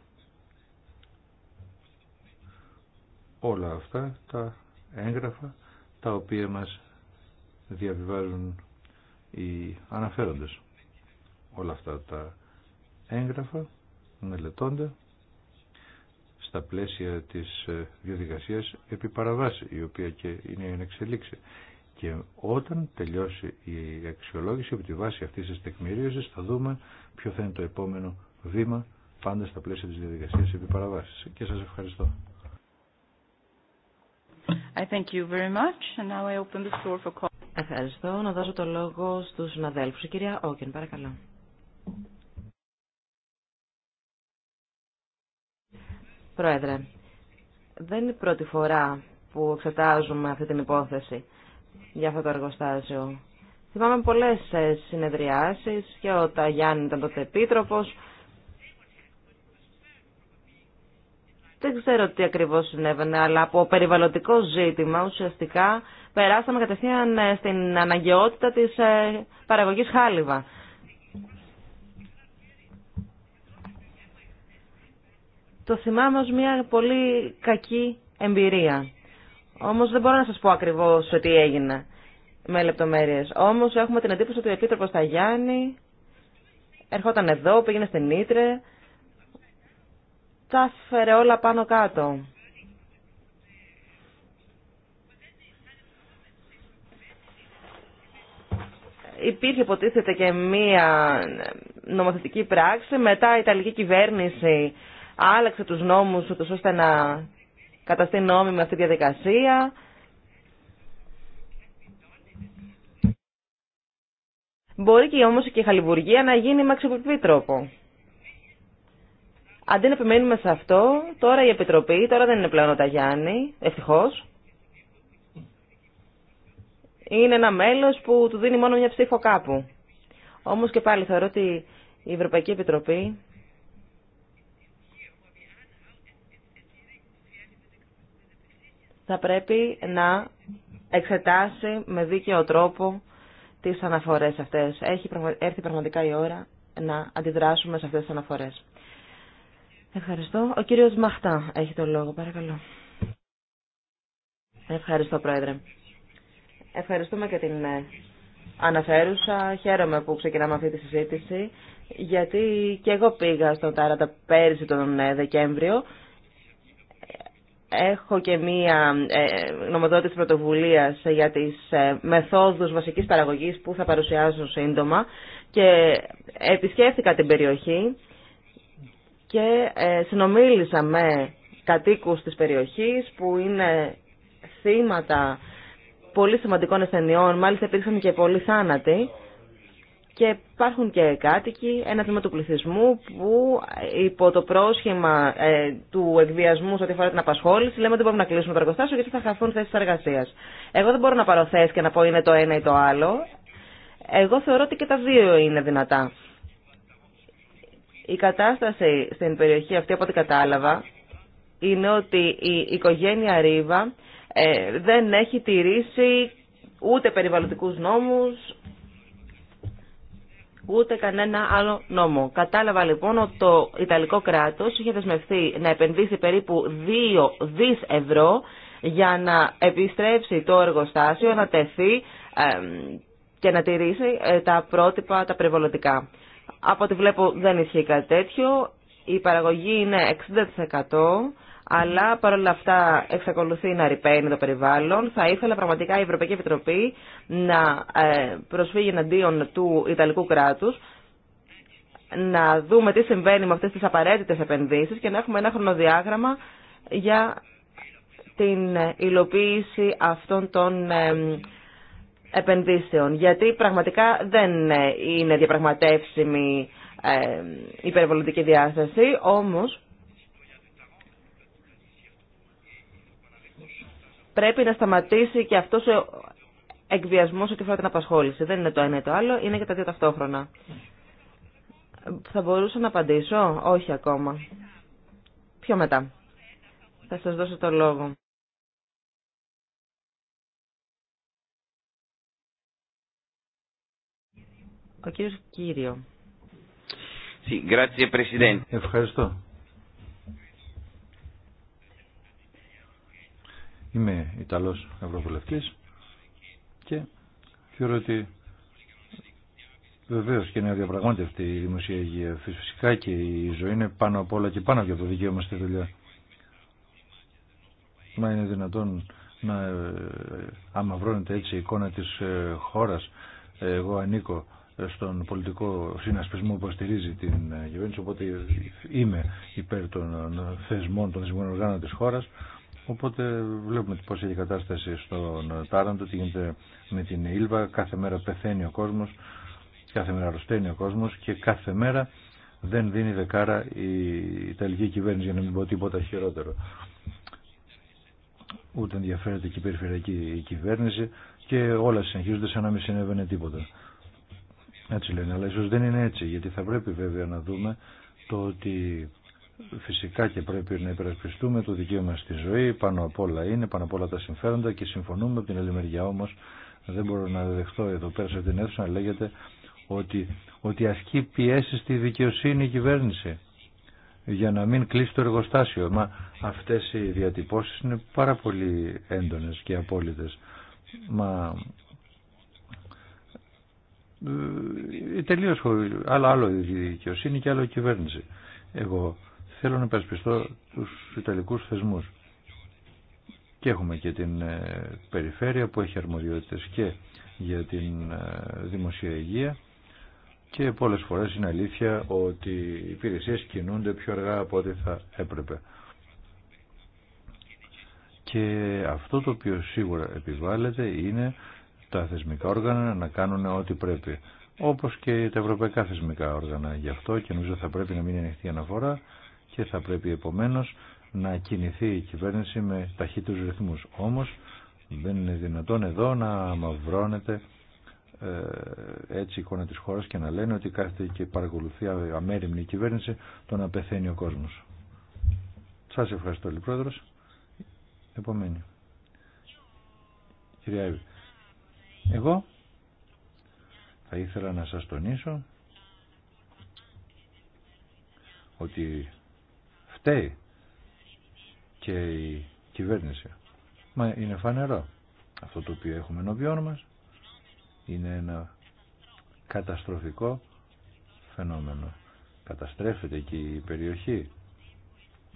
Speaker 2: όλα αυτά τα έγγραφα τα οποία μας διαβιβάζουν οι αναφέροντες. Όλα αυτά τα έγγραφα μελετώνται στα πλαίσια της ε, διαδικασίας επί η οποία και είναι η εξελίξη. Και όταν τελειώσει η αξιολόγηση από τη βάση αυτής της τεκμηρίωσης θα δούμε ποιο θα είναι το επόμενο βήμα πάντα στα πλαίσια της διαδικασίας επί Και σας ευχαριστώ.
Speaker 3: I thank you very much and now I open the for Ευχαριστώ. Να δώσω το λόγο στους συναδέλφους. κυρία Όκεν, παρακαλώ. Πρόεδρε, δεν είναι η πρώτη φορά που εξετάζουμε αυτή την υπόθεση για αυτό το εργοστάσιο. Θυμάμαι πολλές ε, συνεδριάσεις και όταν Γιάννη ήταν τότε επίτροπος. Δεν ξέρω τι ακριβώς συνέβαινε, αλλά από περιβαλλοντικό ζήτημα ουσιαστικά περάσαμε κατευθείαν ε, στην αναγκαιότητα της ε, παραγωγής χάλιβα. Το θυμάμαι ως μια πολύ κακή εμπειρία. Όμως δεν μπορώ να σας πω ακριβώς τι έγινε με λεπτομέρειες. Όμως έχουμε την εντύπωση ότι ο Επίτροπος Ταγιάννη ερχόταν εδώ, πήγαινε στην Ήτρε, τα έφερε όλα πάνω κάτω. υπήρχε υποτίθεται και μία νομοθετική πράξη. Μετά η Ιταλική κυβέρνηση άλλαξε τους νόμους τους ώστε να καταστεί νόμιμη αυτή η διαδικασία. Μπορεί και όμως και η χαλιβουργία να γίνει με αξιοπρεπή τρόπο. Αντί να επιμένουμε σε αυτό, τώρα η Επιτροπή, τώρα δεν είναι πλέον ο Ταγιάννη, ευτυχώς, είναι ένα μέλος που του δίνει μόνο μια ψήφο κάπου. Όμως και πάλι θεωρώ ότι η Ευρωπαϊκή Επιτροπή θα πρέπει να εξετάσει με δίκαιο τρόπο τις αναφορές αυτές. Έχει έρθει πραγματικά η ώρα να αντιδράσουμε σε αυτές τις αναφορές. Ευχαριστώ. Ο κύριος Μαχτά έχει το λόγο, παρακαλώ. Ευχαριστώ, Πρόεδρε. Ευχαριστούμε και την ε, αναφέρουσα. Χαίρομαι που ξεκινάμε αυτή τη συζήτηση, γιατί και εγώ πήγα στον Τάρατα πέρυσι τον ε, Δεκέμβριο. Έχω και μία ε, νομοδότηση πρωτοβουλία για τις μεθόδους βασικής παραγωγής που θα παρουσιάσω σύντομα και επισκέφθηκα την περιοχή και συνομίλησα με κατοίκους της περιοχής που είναι θύματα πολύ σημαντικών ασθενειών. Μάλιστα υπήρξαν και πολλοί θάνατοι. Και υπάρχουν και κάτοικοι, ένα τμήμα του πληθυσμού που υπό το πρόσχημα ε, του εκβιασμού σε ό,τι αφορά την απασχόληση λέμε ότι μπορούμε να κλείσουμε το εργοστάσιο γιατί θα χαθούν θέσει εργασία. Εγώ δεν μπορώ να πάρω θέσει και να πω είναι το ένα ή το άλλο. Εγώ θεωρώ ότι και τα δύο είναι δυνατά. Η κατάσταση στην περιοχή αυτή, από ό,τι κατάλαβα, είναι ότι η οικογένεια Ρίβα ε, δεν έχει τηρήσει ούτε περιβαλλοντικούς νόμους, ούτε κανένα άλλο νόμο. Κατάλαβα λοιπόν ότι το Ιταλικό κράτος είχε δεσμευθεί να επενδύσει περίπου 2 δις ευρώ για να επιστρέψει το εργοστάσιο, να τεθεί και να τηρήσει ε, τα πρότυπα τα περιβαλλοντικά. Από ό,τι βλέπω δεν ισχύει κάτι τέτοιο. Η παραγωγή είναι 60% αλλά παρόλα αυτά εξακολουθεί να ρηπαίνει το περιβάλλον. Θα ήθελα πραγματικά η Ευρωπαϊκή Επιτροπή να ε, προσφύγει εναντίον του Ιταλικού κράτους, να δούμε τι συμβαίνει με αυτές τις απαραίτητες επενδύσεις και να έχουμε ένα χρονοδιάγραμμα για την υλοποίηση αυτών των ε, επενδύσεων. Γιατί πραγματικά δεν είναι διαπραγματεύσιμη υπερβολική ε, διάσταση, όμως πρέπει να σταματήσει και αυτός ο εκβιασμός ότι φορά την απασχόληση. Δεν είναι το ένα ή το άλλο, είναι και τα δύο ταυτόχρονα. Θα μπορούσα να απαντήσω, όχι ακόμα. Πιο μετά. Θα σας δώσω το λόγο. Ο κύριος Κύριο.
Speaker 2: Ευχαριστώ. Είμαι Ιταλός Ευρωβουλευτής και θεωρώ ότι Βεβαίω και είναι αδιαπραγμάτευτη η δημοσία υγεία. Φυσικά και η ζωή είναι πάνω απ' όλα και πάνω από το δικαίωμα στη δουλειά. Μα είναι δυνατόν να αμαυρώνεται ε, έτσι η εικόνα της ε, χώρας. Ε, εγώ ανήκω στον πολιτικό συνασπισμό που αστηρίζει την κυβέρνηση, οπότε είμαι υπέρ των θεσμών, των θεσμών οργάνων της χώρας, Οπότε βλέπουμε πώ έχει η κατάσταση στον Τάραντο, τι γίνεται με την Ήλβα, κάθε μέρα πεθαίνει ο κόσμο, κάθε μέρα αρρωσταίνει ο κόσμο και κάθε μέρα δεν δίνει δεκάρα η Ιταλική κυβέρνηση για να μην πω τίποτα χειρότερο. Ούτε ενδιαφέρεται και η περιφερειακή κυβέρνηση και όλα συνεχίζονται σαν να μην συνέβαινε τίποτα. Έτσι λένε, αλλά ίσω δεν είναι έτσι, γιατί θα πρέπει βέβαια να δούμε το ότι Φυσικά και πρέπει να υπερασπιστούμε το δικαίωμα στη ζωή, πάνω απ' όλα είναι, πάνω απ' όλα τα συμφέροντα και συμφωνούμε από την άλλη μεριά όμως δεν μπορώ να δεχτώ εδώ πέρα σε την αίθουσα να λέγεται ότι, ότι ασκεί πιέσει στη δικαιοσύνη η κυβέρνηση για να μην κλείσει το εργοστάσιο. Μα αυτές οι διατυπώσει είναι πάρα πολύ έντονε και απόλυτε. Μα ε, άλλο, άλλο η δικαιοσύνη και άλλο η κυβέρνηση. Εγώ Θέλω να υπερασπιστώ του Ιταλικούς θεσμούς. Και έχουμε και την ε, περιφέρεια που έχει αρμοδιότητες και για την ε, δημοσία υγεία και πολλές φορές είναι αλήθεια ότι οι υπηρεσίες κινούνται πιο αργά από ό,τι θα έπρεπε. Και αυτό το οποίο σίγουρα επιβάλλεται είναι τα θεσμικά όργανα να κάνουν ό,τι πρέπει. Όπως και τα ευρωπαϊκά θεσμικά όργανα. Γι' αυτό και νομίζω θα πρέπει να μην ανοιχτή αναφορά και θα πρέπει επομένως να κινηθεί η κυβέρνηση με ταχύτερους ρυθμούς. Όμως δεν είναι δυνατόν εδώ να μαυρώνεται ε, έτσι η εικόνα της χώρας και να λένε ότι κάθεται και παρακολουθεί αμέριμνη η κυβέρνηση το να πεθαίνει ο κόσμος. Σας ευχαριστώ λοιπόν πρόεδρος. Επομένη. Κυρία Εύη. Εγώ θα ήθελα να σας τονίσω ότι φταίει και η κυβέρνηση. Μα είναι φανερό. Αυτό το οποίο έχουμε ενώπιόν μας είναι ένα καταστροφικό φαινόμενο. Καταστρέφεται και η περιοχή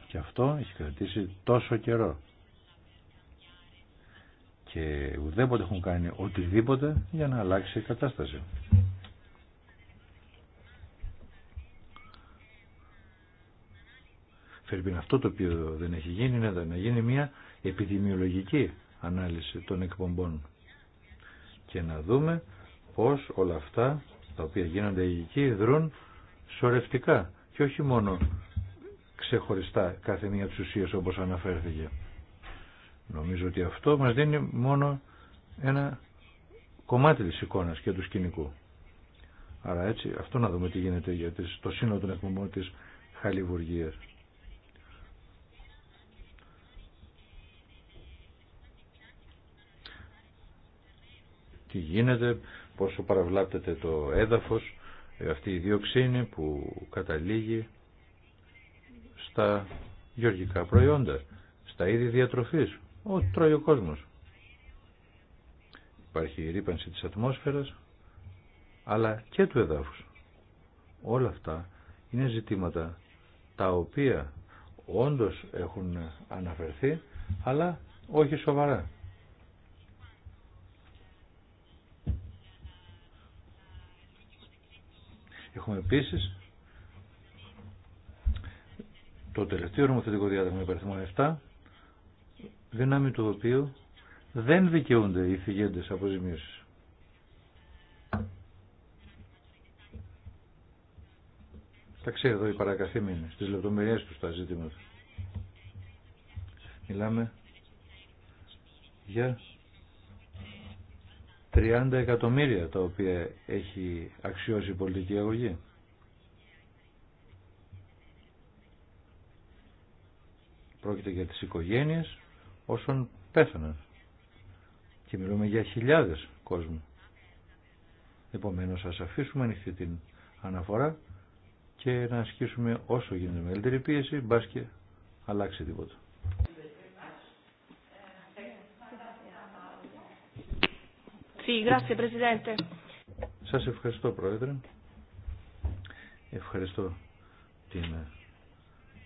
Speaker 2: και αυτό έχει κρατήσει τόσο καιρό. Και ουδέποτε έχουν κάνει οτιδήποτε για να αλλάξει η κατάσταση. Φερμπίν, αυτό το οποίο δεν έχει γίνει είναι να γίνει μια επιδημιολογική ανάλυση των εκπομπών και να δούμε πώς όλα αυτά τα οποία γίνονται εκεί δρούν σωρευτικά και όχι μόνο ξεχωριστά κάθε μία της ουσίας όπως αναφέρθηκε. Νομίζω ότι αυτό μας δίνει μόνο ένα κομμάτι της εικόνας και του σκηνικού. Άρα έτσι αυτό να δούμε τι γίνεται για το σύνολο των εκπομπών της Χαλιβουργίας. τι γίνεται, πόσο παραβλάπτεται το έδαφος, ε, αυτή η διοξίνη που καταλήγει στα γεωργικά προϊόντα, στα είδη διατροφής, ό,τι τρώει ο κόσμος. Υπάρχει η ρήπανση της ατμόσφαιρας, αλλά και του εδάφους. Όλα αυτά είναι ζητήματα τα οποία όντως έχουν αναφερθεί, αλλά όχι σοβαρά. Έχουμε επίσης το τελευταίο νομοθετικό διάταγμα υπαριθμό 7, δυνάμει του οποίου δεν δικαιούνται οι φυγέντε αποζημίωση. Τα ξέρει εδώ η παρακαθήμενη στις λεπτομερίες του τα ζητήματα. Μιλάμε για 30 εκατομμύρια τα οποία έχει αξιώσει η πολιτική αγωγή. Πρόκειται για τις οικογένειες όσων πέθαναν. Και μιλούμε για χιλιάδες κόσμου. Επομένως, ας αφήσουμε ανοιχτή την αναφορά και να ασκήσουμε όσο γίνεται μεγαλύτερη πίεση, μπάσκετ και αλλάξει τίποτα. Σας ευχαριστώ Πρόεδρε. Ευχαριστώ την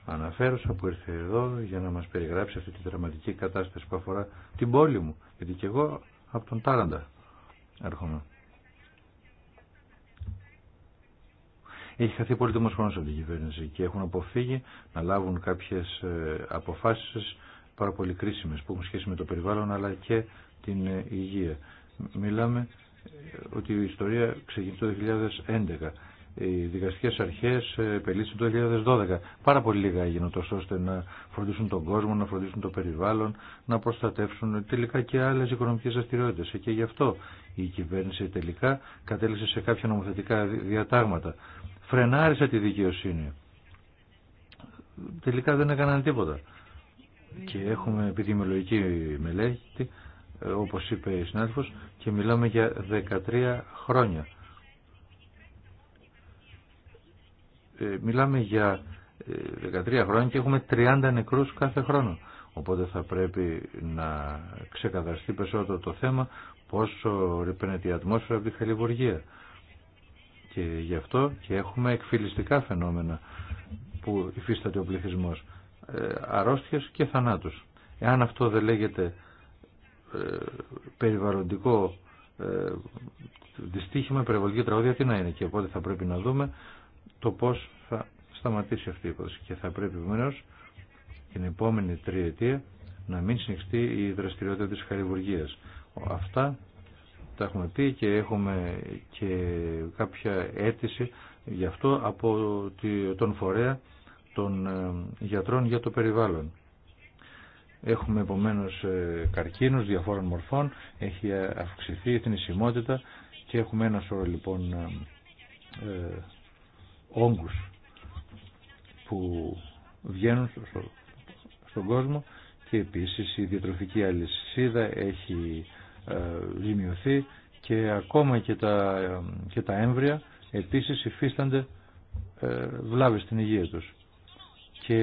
Speaker 2: αναφέρουσα που ήρθε εδώ για να μας περιγράψει αυτή τη δραματική κατάσταση που αφορά την πόλη μου. Γιατί και εγώ από τον Τάραντα έρχομαι. Έχει χαθεί πολύτιμος χρόνος από την κυβέρνηση και έχουν αποφύγει να λάβουν κάποιες ε, αποφάσεις πάρα πολύ κρίσιμες που έχουν σχέση με το περιβάλλον αλλά και την ε, υγεία μιλάμε ε, ότι η ιστορία ξεκίνησε το 2011. Οι δικαστικές αρχές ε, επελύσαν το 2012. Πάρα πολύ λίγα έγινε τόσο ώστε να φροντίσουν τον κόσμο, να φροντίσουν το περιβάλλον, να προστατεύσουν τελικά και άλλες οικονομικές δραστηριότητε. Ε, και γι' αυτό η κυβέρνηση τελικά κατέληξε σε κάποια νομοθετικά διατάγματα. Φρενάρισε τη δικαιοσύνη. Τελικά δεν έκαναν τίποτα. Και έχουμε επιδημιολογική μελέτη ε, όπως είπε η συνάδελφος, και μιλάμε για 13 χρόνια. Ε, μιλάμε για 13 ε, χρόνια και έχουμε 30 νεκρούς κάθε χρόνο. Οπότε θα πρέπει να ξεκαθαριστεί περισσότερο το θέμα πόσο ρηπαίνεται η ατμόσφαιρα από τη χαλιβουργία. Και γι' αυτό και έχουμε εκφυλιστικά φαινόμενα που υφίσταται ο πληθυσμός. Αρρώστιες και θανάτους. Εάν αυτό δεν λέγεται ε, περιβαλλοντικό ε, δυστύχημα, περιβαλλοντική τραγωδία τι να είναι και οπότε θα πρέπει να δούμε το πώς θα σταματήσει αυτή η υπόθεση και θα πρέπει επομένω την επόμενη τριετία να μην συνεχιστεί η δραστηριότητα της χαριβουργίας. Αυτά τα έχουμε πει και έχουμε και κάποια αίτηση γι' αυτό από τον φορέα των ε, γιατρών για το περιβάλλον. Έχουμε επομένω ε, καρκίνους διαφόρων μορφών, έχει ε, αυξηθεί η θνησιμότητα και έχουμε ένα σώρο λοιπόν ε, ε, όγκους που βγαίνουν στο, στον κόσμο και επίσης η διατροφική αλυσίδα έχει ε, και ακόμα και τα, και τα έμβρια επίσης υφίστανται ε, βλάβες στην υγεία τους. Και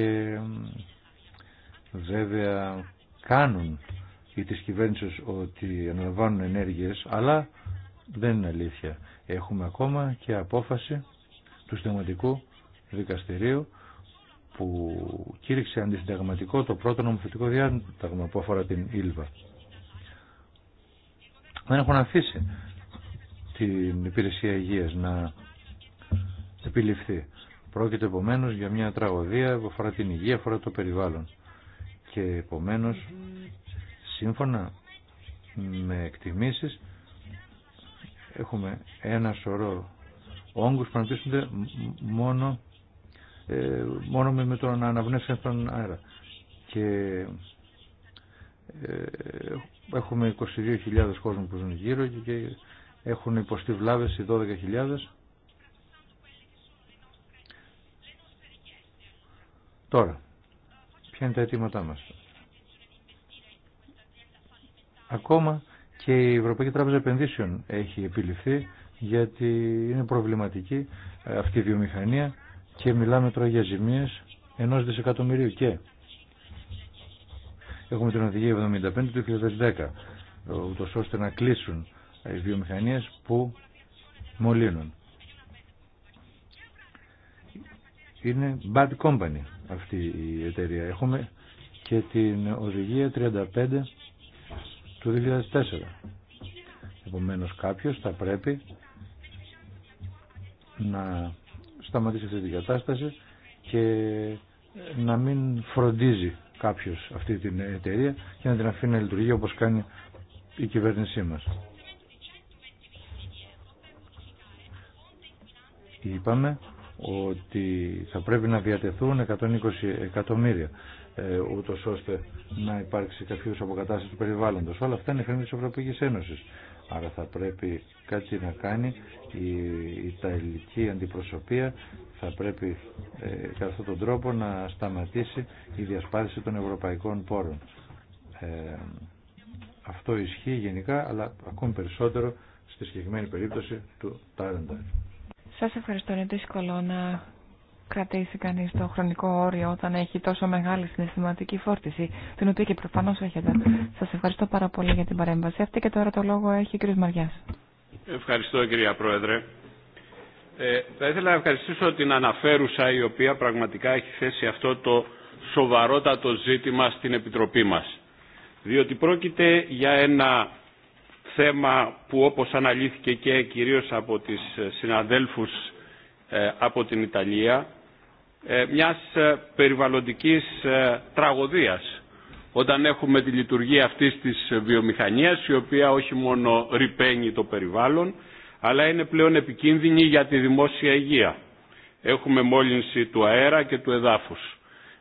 Speaker 2: βέβαια κάνουν ή τις κυβέρνησες ότι αναλαμβάνουν ενέργειες, αλλά δεν είναι αλήθεια. Έχουμε ακόμα και απόφαση του Συνταγματικού Δικαστηρίου που κήρυξε αντισυνταγματικό το πρώτο νομοθετικό διάταγμα που αφορά την Ήλβα. Δεν έχουν αφήσει την υπηρεσία υγείας να επιληφθεί. Πρόκειται επομένω για μια τραγωδία που αφορά την υγεία, αφορά το περιβάλλον και επομένως σύμφωνα με εκτιμήσεις έχουμε ένα σωρό όγκους που αναπτύσσονται μόνο, ε, μόνο με το να αυτόν τον αέρα. Και ε, έχουμε 22.000 κόσμου που ζουν γύρω και έχουν υποστεί βλάβες οι 12.000. Τώρα, Ποια είναι τα αιτήματά μας. Ακόμα και η Ευρωπαϊκή Τράπεζα Επενδύσεων έχει επιληφθεί γιατί είναι προβληματική ε, αυτή η βιομηχανία και μιλάμε τώρα για ζημίες ενός δισεκατομμυρίου και έχουμε την οδηγία 75 του 2010 ε, ούτως ώστε να κλείσουν ε, οι βιομηχανίες που μολύνουν. Είναι bad company αυτή η εταιρεία. Έχουμε και την οδηγία 35 του 2004. Επομένως κάποιος θα πρέπει να σταματήσει αυτή την κατάσταση και να μην φροντίζει κάποιος αυτή την εταιρεία και να την αφήνει να λειτουργεί όπως κάνει η κυβέρνησή μας. Είπαμε ότι θα πρέπει να διατεθούν 120 εκατομμύρια ε, ούτως ώστε να υπάρξει κάποιος αποκατάσταση του περιβάλλοντος. Όλα αυτά είναι χρήματα της Ευρωπαϊκής Ένωσης. Άρα θα πρέπει κάτι να κάνει η ταλική αντιπροσωπεία, θα πρέπει ε, κατά αυτόν τον τρόπο να σταματήσει η διασπάθηση των ευρωπαϊκών πόρων. Ε, αυτό ισχύει γενικά, αλλά ακόμη περισσότερο στη συγκεκριμένη περίπτωση του Τάρεντα.
Speaker 5: Σας ευχαριστώ. Είναι δύσκολο να κρατήσει κανείς το χρονικό όριο όταν έχει τόσο μεγάλη συναισθηματική φόρτιση, την οποία και προφανώς έχετε. Σας ευχαριστώ πάρα πολύ για την παρέμβαση αυτή και τώρα το λόγο έχει ο κ. Μαριάς.
Speaker 6: Ευχαριστώ κυρία Πρόεδρε. Ε, θα ήθελα να ευχαριστήσω την αναφέρουσα η οποία πραγματικά έχει θέσει αυτό το σοβαρότατο ζήτημα στην Επιτροπή μας. Διότι πρόκειται για ένα θέμα που όπως αναλύθηκε και κυρίως από τις ε, συναδέλφους ε, από την Ιταλία ε, μιας περιβαλλοντικής τραγωδίας όταν έχουμε τη λειτουργία αυτής της βιομηχανίας η οποία όχι μόνο ρηπαίνει το περιβάλλον αλλά είναι πλέον επικίνδυνη για τη δημόσια υγεία. Έχουμε μόλυνση του αέρα και του εδάφους.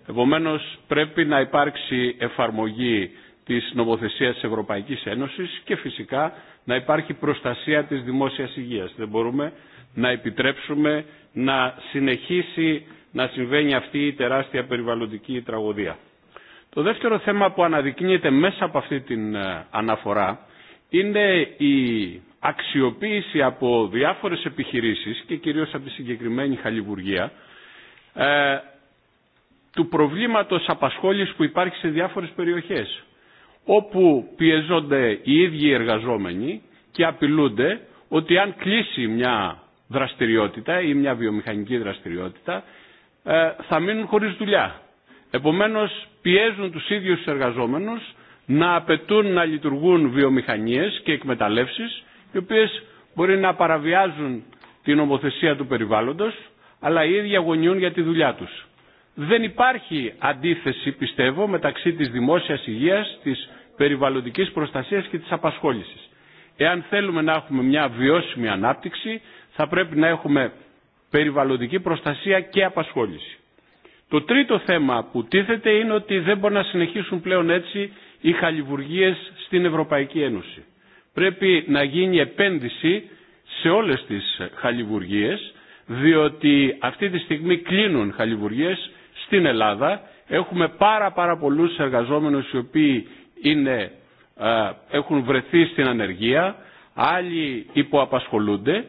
Speaker 6: Επομένως πρέπει να υπάρξει εφαρμογή της νομοθεσίας της Ευρωπαϊκής Ένωσης και φυσικά να υπάρχει προστασία της δημόσιας υγείας. Δεν μπορούμε να επιτρέψουμε να συνεχίσει να συμβαίνει αυτή η τεράστια περιβαλλοντική τραγωδία. Το δεύτερο θέμα που αναδεικνύεται μέσα από αυτή την ε, αναφορά είναι η αξιοποίηση από διάφορες επιχειρήσεις και κυρίως από τη συγκεκριμένη Χαλιβουργία ε, του προβλήματος απασχόλησης που υπάρχει σε διάφορες περιοχές όπου πιεζόνται οι ίδιοι οι εργαζόμενοι και απειλούνται ότι αν κλείσει μια δραστηριότητα ή μια βιομηχανική δραστηριότητα ε, θα μείνουν χωρίς δουλειά. Επομένως πιέζουν τους ίδιους τους εργαζόμενους να απαιτούν να λειτουργούν βιομηχανίες και εκμεταλλεύσεις οι οποίες μπορεί να παραβιάζουν την ομοθεσία του περιβάλλοντος αλλά οι ίδιοι αγωνιούν για τη δουλειά τους. Δεν υπάρχει αντίθεση, πιστεύω, μεταξύ της δημόσιας υγείας, της περιβαλλοντικής προστασίας και της απασχόλησης. Εάν θέλουμε να έχουμε μια βιώσιμη ανάπτυξη, θα πρέπει να έχουμε περιβαλλοντική προστασία και απασχόληση. Το τρίτο θέμα που τίθεται είναι ότι δεν μπορεί να συνεχίσουν πλέον έτσι οι χαλιβουργίες στην Ευρωπαϊκή Ένωση. Πρέπει να γίνει επένδυση σε όλες τις χαλιβουργίες, διότι αυτή τη στιγμή κλείνουν χαλιβουργίες στην Ελλάδα έχουμε πάρα πάρα πολλούς εργαζόμενους οι οποίοι είναι, ε, έχουν βρεθεί στην ανεργία, άλλοι υποαπασχολούνται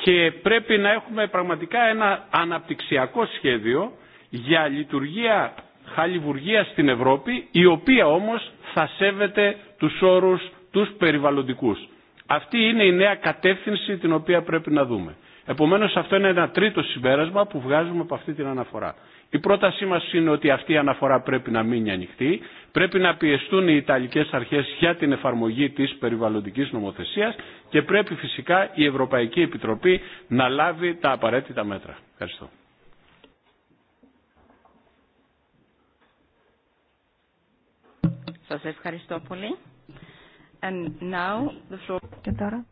Speaker 6: και πρέπει να έχουμε πραγματικά ένα αναπτυξιακό σχέδιο για λειτουργία χαλιβουργία στην Ευρώπη, η οποία όμως θα σέβεται τους όρους τους περιβαλλοντικούς. Αυτή είναι η νέα κατεύθυνση την οποία πρέπει να δούμε. Επομένως αυτό είναι ένα τρίτο συμπέρασμα που βγάζουμε από αυτή την αναφορά. Η πρότασή μας είναι ότι αυτή η αναφορά πρέπει να μείνει ανοιχτή, πρέπει να πιεστούν οι Ιταλικές αρχές για την εφαρμογή της περιβαλλοντικής νομοθεσίας και πρέπει φυσικά η Ευρωπαϊκή Επιτροπή να λάβει τα απαραίτητα μέτρα. Ευχαριστώ.
Speaker 4: Σας
Speaker 1: ευχαριστώ πολύ. And now the floor...
Speaker 5: Και τώρα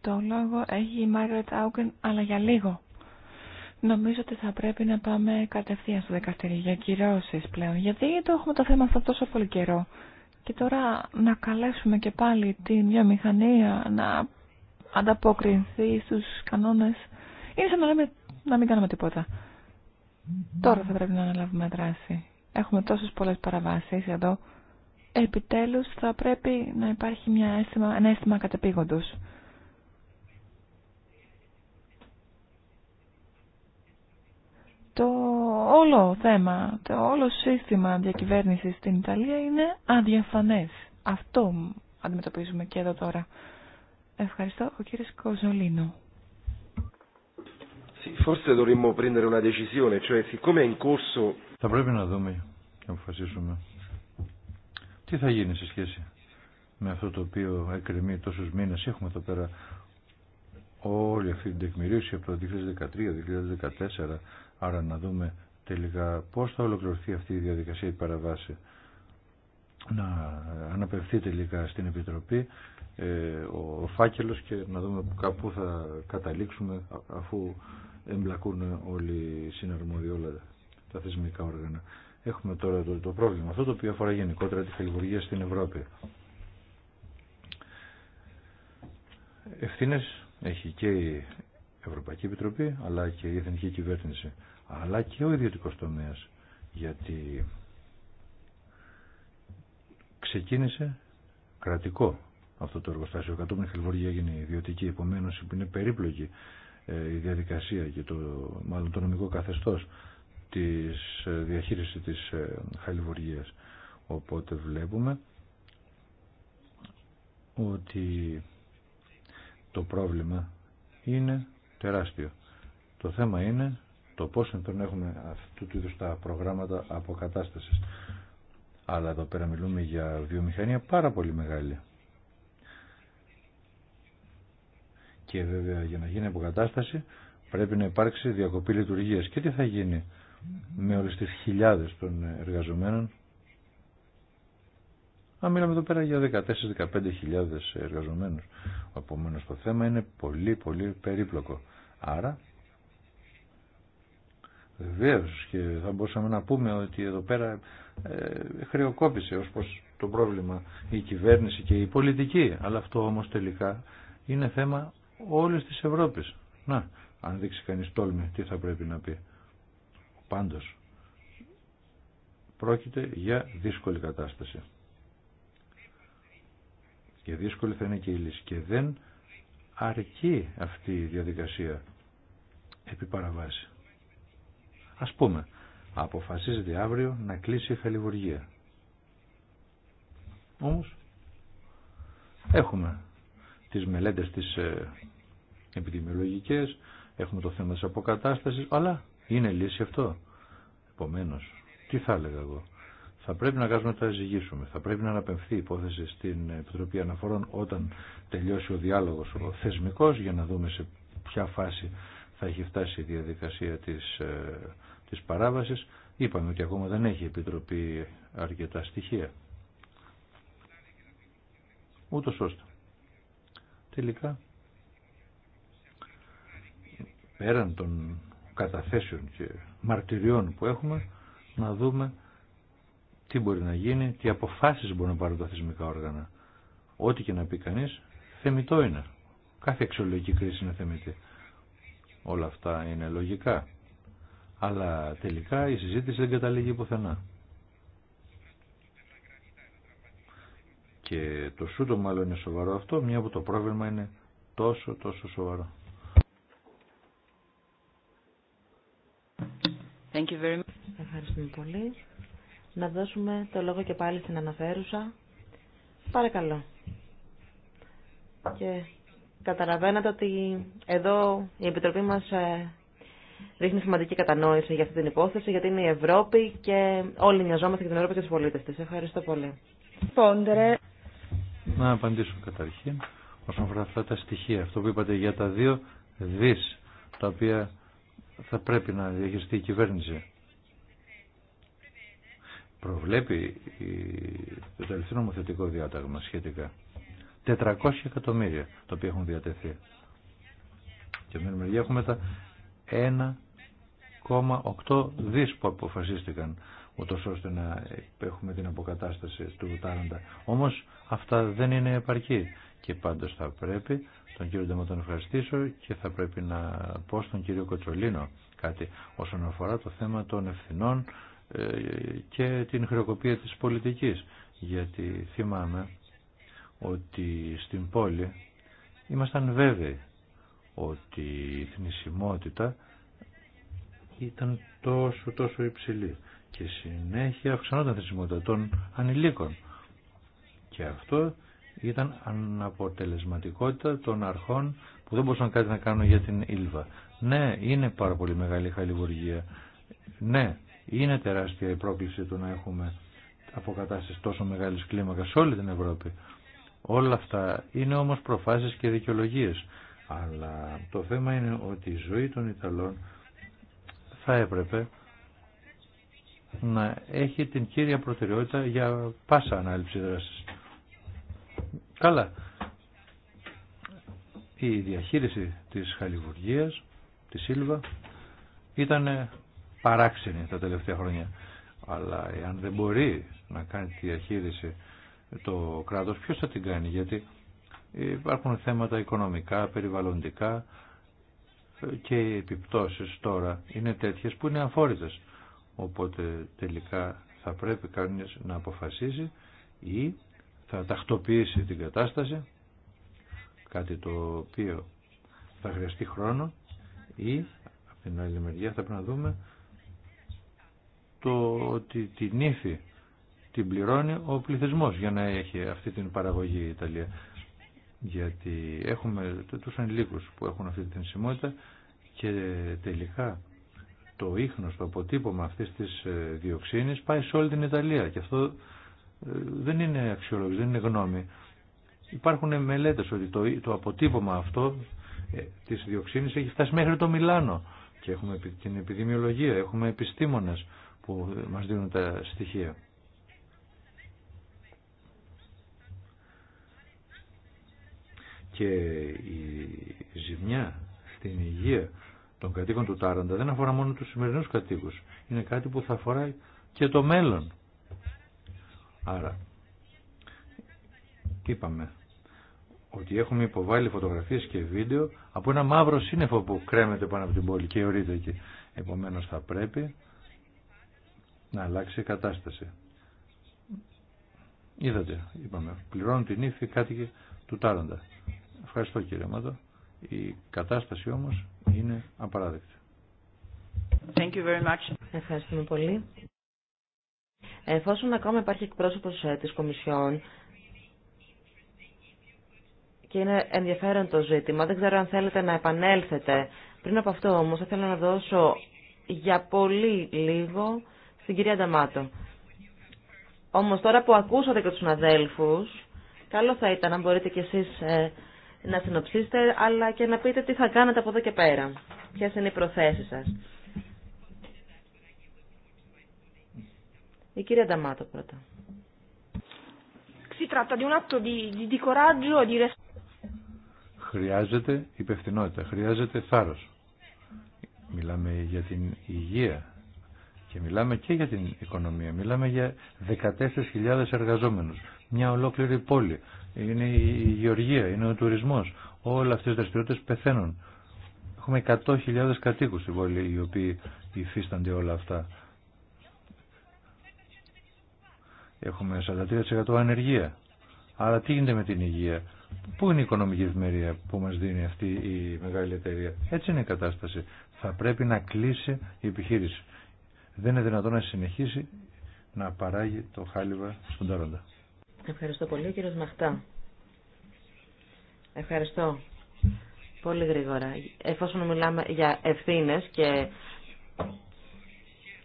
Speaker 5: το λόγο έχει η Μάγκρετ Άουγκεν, αλλά για λίγο. Νομίζω ότι θα πρέπει να πάμε κατευθείαν στο δικαστήριο για κυρώσει πλέον. Γιατί το έχουμε το θέμα αυτό τόσο πολύ καιρό. Και τώρα να καλέσουμε και πάλι τη μηχανία να ανταποκρινθεί στου κανόνες. Είναι σαν να λέμε να μην κάνουμε τίποτα. Τώρα θα πρέπει να αναλάβουμε δράση. Έχουμε τόσε πολλές παραβάσει εδώ. Επιτέλου θα πρέπει να υπάρχει μια αίσθημα, ένα αίσθημα κατεπήγοντος. το όλο θέμα, το όλο σύστημα διακυβέρνησης στην Ιταλία είναι αδιαφανές. Αυτό αντιμετωπίζουμε και εδώ τώρα. Ευχαριστώ. Ο κύριος Κοζολίνο.
Speaker 2: Θα πρέπει να δούμε και να αποφασίσουμε τι θα γίνει σε σχέση με αυτό το οποίο εκκρεμεί τόσους μήνες. Έχουμε εδώ πέρα όλη αυτή την τεκμηρίωση από το 2013-2014 Άρα να δούμε τελικά πώς θα ολοκληρωθεί αυτή η διαδικασία η παραβάση. Να αναπευθεί τελικά στην Επιτροπή ε, ο φάκελος και να δούμε κάπου θα καταλήξουμε αφού εμπλακούν όλοι οι τα θεσμικά όργανα. Έχουμε τώρα το, το πρόβλημα αυτό το οποίο αφορά γενικότερα τη χαλιβουργία στην Ευρώπη. Ευθύνες έχει και η Ευρωπαϊκή Επιτροπή αλλά και η Εθνική Κυβέρνηση αλλά και ο ιδιωτικό τομέα γιατί ξεκίνησε κρατικό αυτό το εργοστάσιο. Κατόπιν η Χελβοργία έγινε ιδιωτική, επομένω είναι περίπλοκη ε, η διαδικασία και το, μάλλον το νομικό καθεστώ τη ε, διαχείριση τη ε, Χαλιβουργία. Οπότε βλέπουμε ότι το πρόβλημα είναι τεράστιο. Το θέμα είναι το πώς τον έχουμε αυτού του είδους τα προγράμματα αποκατάστασης. Αλλά εδώ πέρα μιλούμε για βιομηχανία πάρα πολύ μεγάλη. Και βέβαια για να γίνει αποκατάσταση πρέπει να υπάρξει διακοπή λειτουργίας. Και τι θα γίνει με όλες τις χιλιάδες των εργαζομένων. Αν μιλάμε εδώ πέρα για 14-15 χιλιάδες εργαζομένους. Επομένως το θέμα είναι πολύ πολύ περίπλοκο. Άρα, βεβαίω και θα μπορούσαμε να πούμε ότι εδώ πέρα ε, χρεοκόπησε ως προς το πρόβλημα η κυβέρνηση και η πολιτική. Αλλά αυτό όμως τελικά είναι θέμα όλης της Ευρώπης. Να, αν δείξει κανείς τόλμη, τι θα πρέπει να πει. Πάντως, πρόκειται για δύσκολη κατάσταση. Και δύσκολη θα είναι και η λύση. Και δεν αρκεί αυτή η διαδικασία επί παραβάση. Ας πούμε, αποφασίζεται αύριο να κλείσει η χαλιβουργία. Όμως, έχουμε τις μελέτες τις ε, επιδημιολογικές, έχουμε το θέμα της αποκατάστασης, αλλά είναι λύση αυτό. Επομένως, τι θα έλεγα εγώ. Θα πρέπει να κάνουμε τα ζυγίσουμε. Θα πρέπει να αναπαιμφθεί η υπόθεση στην Επιτροπή Αναφορών όταν τελειώσει ο διάλογος ο θεσμικός για να δούμε σε ποια φάση θα έχει φτάσει η διαδικασία της, ε, της παράβασης. Είπαμε ότι ακόμα δεν έχει επιτροπή αρκετά στοιχεία. Ούτως ώστε. Τελικά, πέραν των καταθέσεων και μαρτυριών που έχουμε, να δούμε τι μπορεί να γίνει, τι αποφάσεις μπορούν να πάρουν τα θεσμικά όργανα. Ό,τι και να πει κανείς, θεμητό είναι. Κάθε αξιολογική κρίση είναι θεμητή. Όλα αυτά είναι λογικά. Αλλά τελικά η συζήτηση δεν καταλήγει πουθενά. Και το σούτο μάλλον είναι σοβαρό αυτό, μια που το πρόβλημα είναι τόσο τόσο σοβαρό.
Speaker 3: Thank you very much. Ευχαριστούμε πολύ. Να δώσουμε το λόγο και πάλι στην αναφέρουσα. Παρακαλώ. Και Καταλαβαίνετε ότι εδώ η Επιτροπή μας ε, δείχνει σημαντική κατανόηση για αυτή την υπόθεση, γιατί είναι η Ευρώπη και όλοι νοιαζόμαστε για την Ευρώπη και τους πολίτες της. Ευχαριστώ πολύ.
Speaker 2: Να απαντήσω καταρχήν όσον αφορά αυτά τα στοιχεία. Αυτό που είπατε για τα δύο δις, τα οποία θα πρέπει να διαχειριστεί η κυβέρνηση. Προβλέπει το τελευταίο νομοθετικό διάταγμα σχετικά. 400 εκατομμύρια τα οποία έχουν διατεθεί. Και με έχουμε τα 1,8 δις που αποφασίστηκαν ούτως ώστε να έχουμε την αποκατάσταση του Τάραντα. Όμως αυτά δεν είναι επαρκή και πάντως θα πρέπει τον κύριο Ντεμό τον ευχαριστήσω και θα πρέπει να πω στον κύριο Κοτσολίνο κάτι όσον αφορά το θέμα των ευθυνών ε, και την χρεοκοπία της πολιτικής γιατί θυμάμαι ότι στην πόλη ήμασταν βέβαιοι ότι η θνησιμότητα ήταν τόσο τόσο υψηλή και συνέχεια αυξανόταν η θνησιμότητα των ανηλίκων και αυτό ήταν αναποτελεσματικότητα των αρχών που δεν μπορούσαν κάτι να κάνουν για την Ήλβα. Ναι, είναι πάρα πολύ μεγάλη η χαλιβουργία. Ναι, είναι τεράστια η πρόκληση του να έχουμε αποκατάσταση τόσο μεγάλης κλίμακας σε όλη την Ευρώπη. Όλα αυτά είναι όμως προφάσεις και δικαιολογίες. Αλλά το θέμα είναι ότι η ζωή των Ιταλών θα έπρεπε να έχει την κύρια προτεραιότητα για πάσα ανάληψη δράσης. Καλά. Η διαχείριση της χαλιβουργίας, της Σίλβα, ήταν παράξενη τα τελευταία χρόνια. Αλλά αν δεν μπορεί να κάνει τη διαχείριση το κράτος, ποιος θα την κάνει, γιατί υπάρχουν θέματα οικονομικά, περιβαλλοντικά και οι επιπτώσεις τώρα είναι τέτοιες που είναι αφόρητες. Οπότε τελικά θα πρέπει κανείς να αποφασίσει ή θα τακτοποιήσει την κατάσταση, κάτι το οποίο θα χρειαστεί χρόνο ή από την άλλη μεριά θα πρέπει να δούμε το ότι την ύφη την πληρώνει ο πληθυσμός για να έχει αυτή την παραγωγή η Ιταλία. Γιατί έχουμε τους ανηλίκους που έχουν αυτή την σημότητα και τελικά το ίχνος, το αποτύπωμα αυτής της ε, διοξίνης πάει σε όλη την Ιταλία και αυτό ε, δεν είναι αξιολόγηση, δεν είναι γνώμη. Υπάρχουν μελέτες ότι το, το αποτύπωμα αυτό ε, της διοξίνης έχει φτάσει μέχρι το Μιλάνο και έχουμε την επιδημιολογία, έχουμε επιστήμονες που μας δίνουν τα στοιχεία. και η ζημιά στην υγεία των κατοίκων του Τάραντα δεν αφορά μόνο τους σημερινούς κατοίκους. Είναι κάτι που θα αφορά και το μέλλον. Άρα, είπαμε ότι έχουμε υποβάλει φωτογραφίες και βίντεο από ένα μαύρο σύννεφο που κρέμεται πάνω από την πόλη και ορίζεται εκεί. Επομένως θα πρέπει να αλλάξει η κατάσταση. Είδατε, είπαμε, πληρώνουν την ύφη κάτοικοι του Τάραντα. Ευχαριστώ κύριε Μάτο. Η κατάσταση όμως είναι απαράδεκτη.
Speaker 3: Thank you very much. Ευχαριστούμε πολύ. Εφόσον ακόμα υπάρχει εκπρόσωπος ε, της Κομισιόν και είναι ενδιαφέρον το ζήτημα, δεν ξέρω αν θέλετε να επανέλθετε. Πριν από αυτό όμως θα ήθελα να δώσω για πολύ λίγο στην κυρία Νταμάτο. Όμως τώρα που ακούσατε και τους συναδέλφους, καλό θα ήταν αν μπορείτε κι εσείς ε, να συνοψίσετε, αλλά και να πείτε τι θα κάνετε από εδώ και πέρα. Ποιε είναι οι προθέσει σα. Η κυρία Νταμάτο πρώτα. Χρειάζεται
Speaker 2: υπευθυνότητα, χρειάζεται θάρρος. Μιλάμε για την υγεία και μιλάμε και για την οικονομία. Μιλάμε για 14.000 εργαζόμενους, μια ολόκληρη πόλη είναι η γεωργία, είναι ο τουρισμός. Όλες αυτές οι δραστηριότητες πεθαίνουν. Έχουμε 100.000 κατοίκους στην πόλη οι οποίοι υφίστανται όλα αυτά. Έχουμε 43% ανεργία. Άρα τι γίνεται με την υγεία. Πού είναι η οικονομική ευημερία που μας δίνει αυτή η μεγάλη εταιρεία. Έτσι είναι η κατάσταση. Θα πρέπει να κλείσει η επιχείρηση. Δεν είναι δυνατόν να συνεχίσει να παράγει το χάλιβα στον Ταρόντα.
Speaker 3: Ευχαριστώ πολύ, κύριο Μαχτά. Ευχαριστώ. Πολύ γρήγορα. Εφόσον μιλάμε για ευθύνε και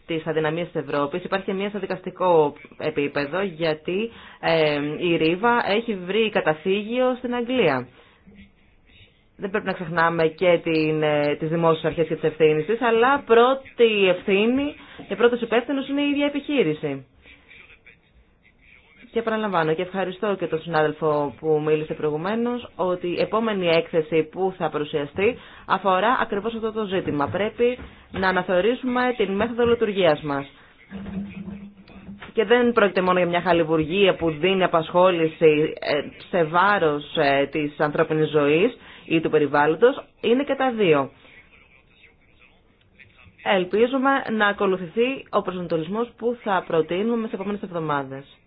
Speaker 3: τι αδυναμίε τη Ευρώπη, υπάρχει και μία στο δικαστικό επίπεδο, γιατί ε, η Ρίβα έχει βρει καταφύγιο στην Αγγλία. Δεν πρέπει να ξεχνάμε και την, ε, τις δημόσιες αρχές και τις ευθύνες της, αλλά πρώτη ευθύνη και πρώτος υπεύθυνος είναι η ίδια επιχείρηση. Και επαναλαμβάνω και ευχαριστώ και τον συνάδελφο που μίλησε προηγουμένω ότι η επόμενη έκθεση που θα παρουσιαστεί αφορά ακριβώ αυτό το ζήτημα. Πρέπει να αναθεωρήσουμε την μέθοδο λειτουργία μα. Και δεν πρόκειται μόνο για μια χαλιβουργία που δίνει απασχόληση ε, σε βάρο ε, τη ανθρώπινη ζωή ή του περιβάλλοντος, είναι και τα δύο. Ελπίζουμε να ακολουθηθεί ο προσανατολισμός που θα προτείνουμε σε επόμενες εβδομάδες.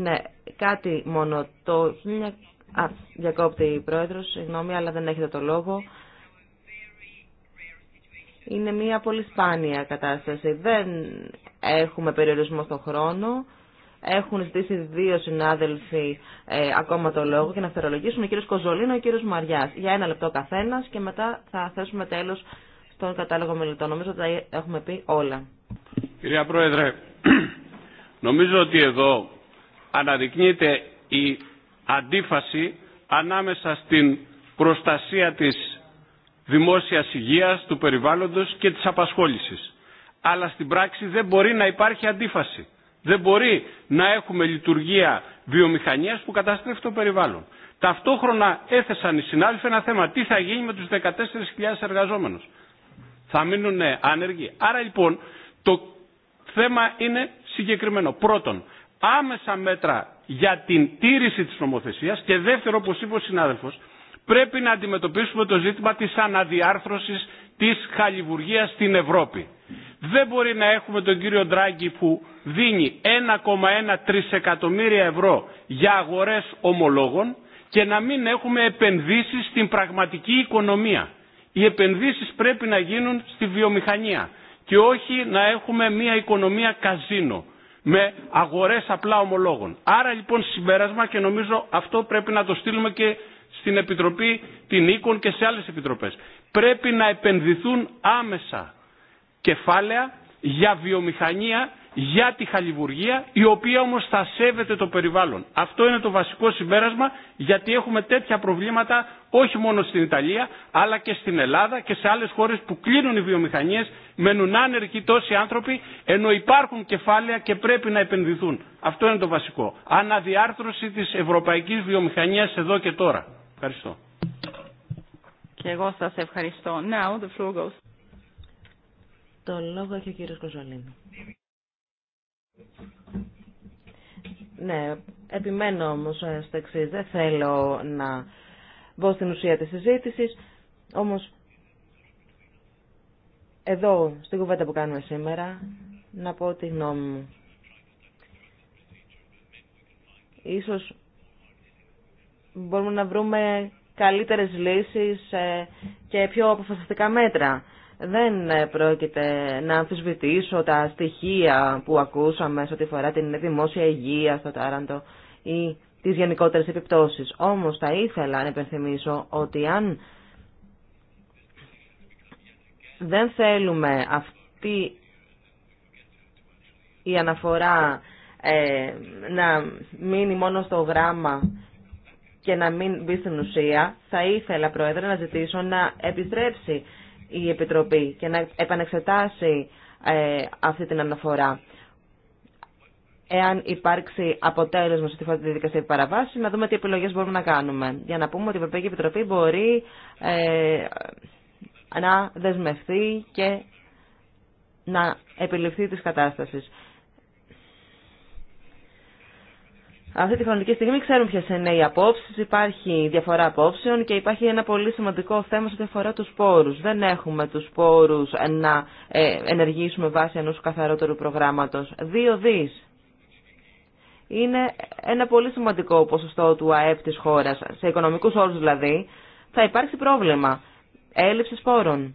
Speaker 3: Ναι, κάτι μόνο. Το... Α, η Πρόεδρος, συγγνώμη, αλλά δεν έχετε το λόγο. Είναι μια πολύ σπάνια κατάσταση. Δεν έχουμε περιορισμό στον χρόνο. Έχουν ζητήσει δύο συνάδελφοι ε, ακόμα το λόγο και να φερολογήσουν ο κύριος Κοζολίνο και ο κύριος Μαριάς. Για ένα λεπτό καθένας και μετά θα θέσουμε τέλος στον κατάλογο μελετών. Νομίζω ότι έχουμε πει όλα.
Speaker 6: Κυρία Πρόεδρε, νομίζω ότι εδώ αναδεικνύεται η αντίφαση ανάμεσα στην προστασία της δημόσιας υγείας, του περιβάλλοντος και της απασχόλησης. Αλλά στην πράξη δεν μπορεί να υπάρχει αντίφαση. Δεν μπορεί να έχουμε λειτουργία βιομηχανίας που καταστρέφει το περιβάλλον. Ταυτόχρονα έθεσαν οι συνάδελφοι ένα θέμα. Τι θα γίνει με τους 14.000 εργαζόμενους. Θα μείνουν άνεργοι. Άρα λοιπόν το θέμα είναι συγκεκριμένο. Πρώτον, άμεσα μέτρα για την τήρηση της νομοθεσίας και δεύτερο, όπως είπε ο συνάδελφος, πρέπει να αντιμετωπίσουμε το ζήτημα της αναδιάρθρωσης της χαλιβουργίας στην Ευρώπη. Δεν μπορεί να έχουμε τον κύριο Ντράγκη που δίνει 1,1 τρισεκατομμύρια ευρώ για αγορές ομολόγων και να μην έχουμε επενδύσεις στην πραγματική οικονομία. Οι επενδύσεις πρέπει να γίνουν στη βιομηχανία και όχι να έχουμε μια οικονομία καζίνο με αγορές απλά ομολόγων. Άρα λοιπόν συμπέρασμα και νομίζω αυτό πρέπει να το στείλουμε και στην Επιτροπή την Ίκον και σε άλλες επιτροπές. Πρέπει να επενδυθούν άμεσα κεφάλαια για βιομηχανία για τη χαλιβουργία η οποία όμως θα σέβεται το περιβάλλον. Αυτό είναι το βασικό συμπέρασμα γιατί έχουμε τέτοια προβλήματα όχι μόνο στην Ιταλία αλλά και στην Ελλάδα και σε άλλες χώρες που κλείνουν οι βιομηχανίες μένουν άνεργοι τόσοι άνθρωποι ενώ υπάρχουν κεφάλαια και πρέπει να επενδυθούν. Αυτό είναι το βασικό. Αναδιάρθρωση της ευρωπαϊκής βιομηχανίας εδώ και τώρα. Ευχαριστώ.
Speaker 1: Και εγώ σας ευχαριστώ. Now the floor goes.
Speaker 3: Το ναι, επιμένω όμως ε, στο εξή. Δεν θέλω να μπω στην ουσία τη συζήτηση. όμως εδώ, στην κουβέντα που κάνουμε σήμερα, να πω τη γνώμη μου. Ίσως μπορούμε να βρούμε καλύτερες λύσεις ε, και πιο αποφασιστικά μέτρα δεν πρόκειται να αμφισβητήσω τα στοιχεία που ακούσαμε σε ό,τι φορά την δημόσια υγεία στο Τάραντο ή τις γενικότερες επιπτώσεις. Όμως θα ήθελα να υπενθυμίσω ότι αν δεν θέλουμε αυτή η αναφορά ε, να μείνει μόνο στο γράμμα και να μην μπει στην ουσία, θα ήθελα, Πρόεδρε, να ζητήσω να επιστρέψει η Επιτροπή και να επανεξετάσει ε, αυτή την αναφορά. Εάν υπάρξει αποτέλεσμα σε αυτή τη παραβάση, να δούμε τι επιλογές μπορούμε να κάνουμε. Για να πούμε ότι η Ευρωπαϊκή Επιτροπή μπορεί ε, να δεσμευτεί και να επιληφθεί της κατάστασης. Αυτή τη χρονική στιγμή ξέρουμε ποιε είναι οι απόψει, υπάρχει διαφορά απόψεων και υπάρχει ένα πολύ σημαντικό θέμα σε διαφορά του πόρου. Δεν έχουμε του πόρου να ε, ενεργήσουμε βάσει ενό καθαρότερου προγράμματο. Δύο δι είναι ένα πολύ σημαντικό ποσοστό του ΑΕΠ τη χώρας, σε οικονομικούς όρους δηλαδή, θα υπάρξει πρόβλημα έλλειψης πόρων.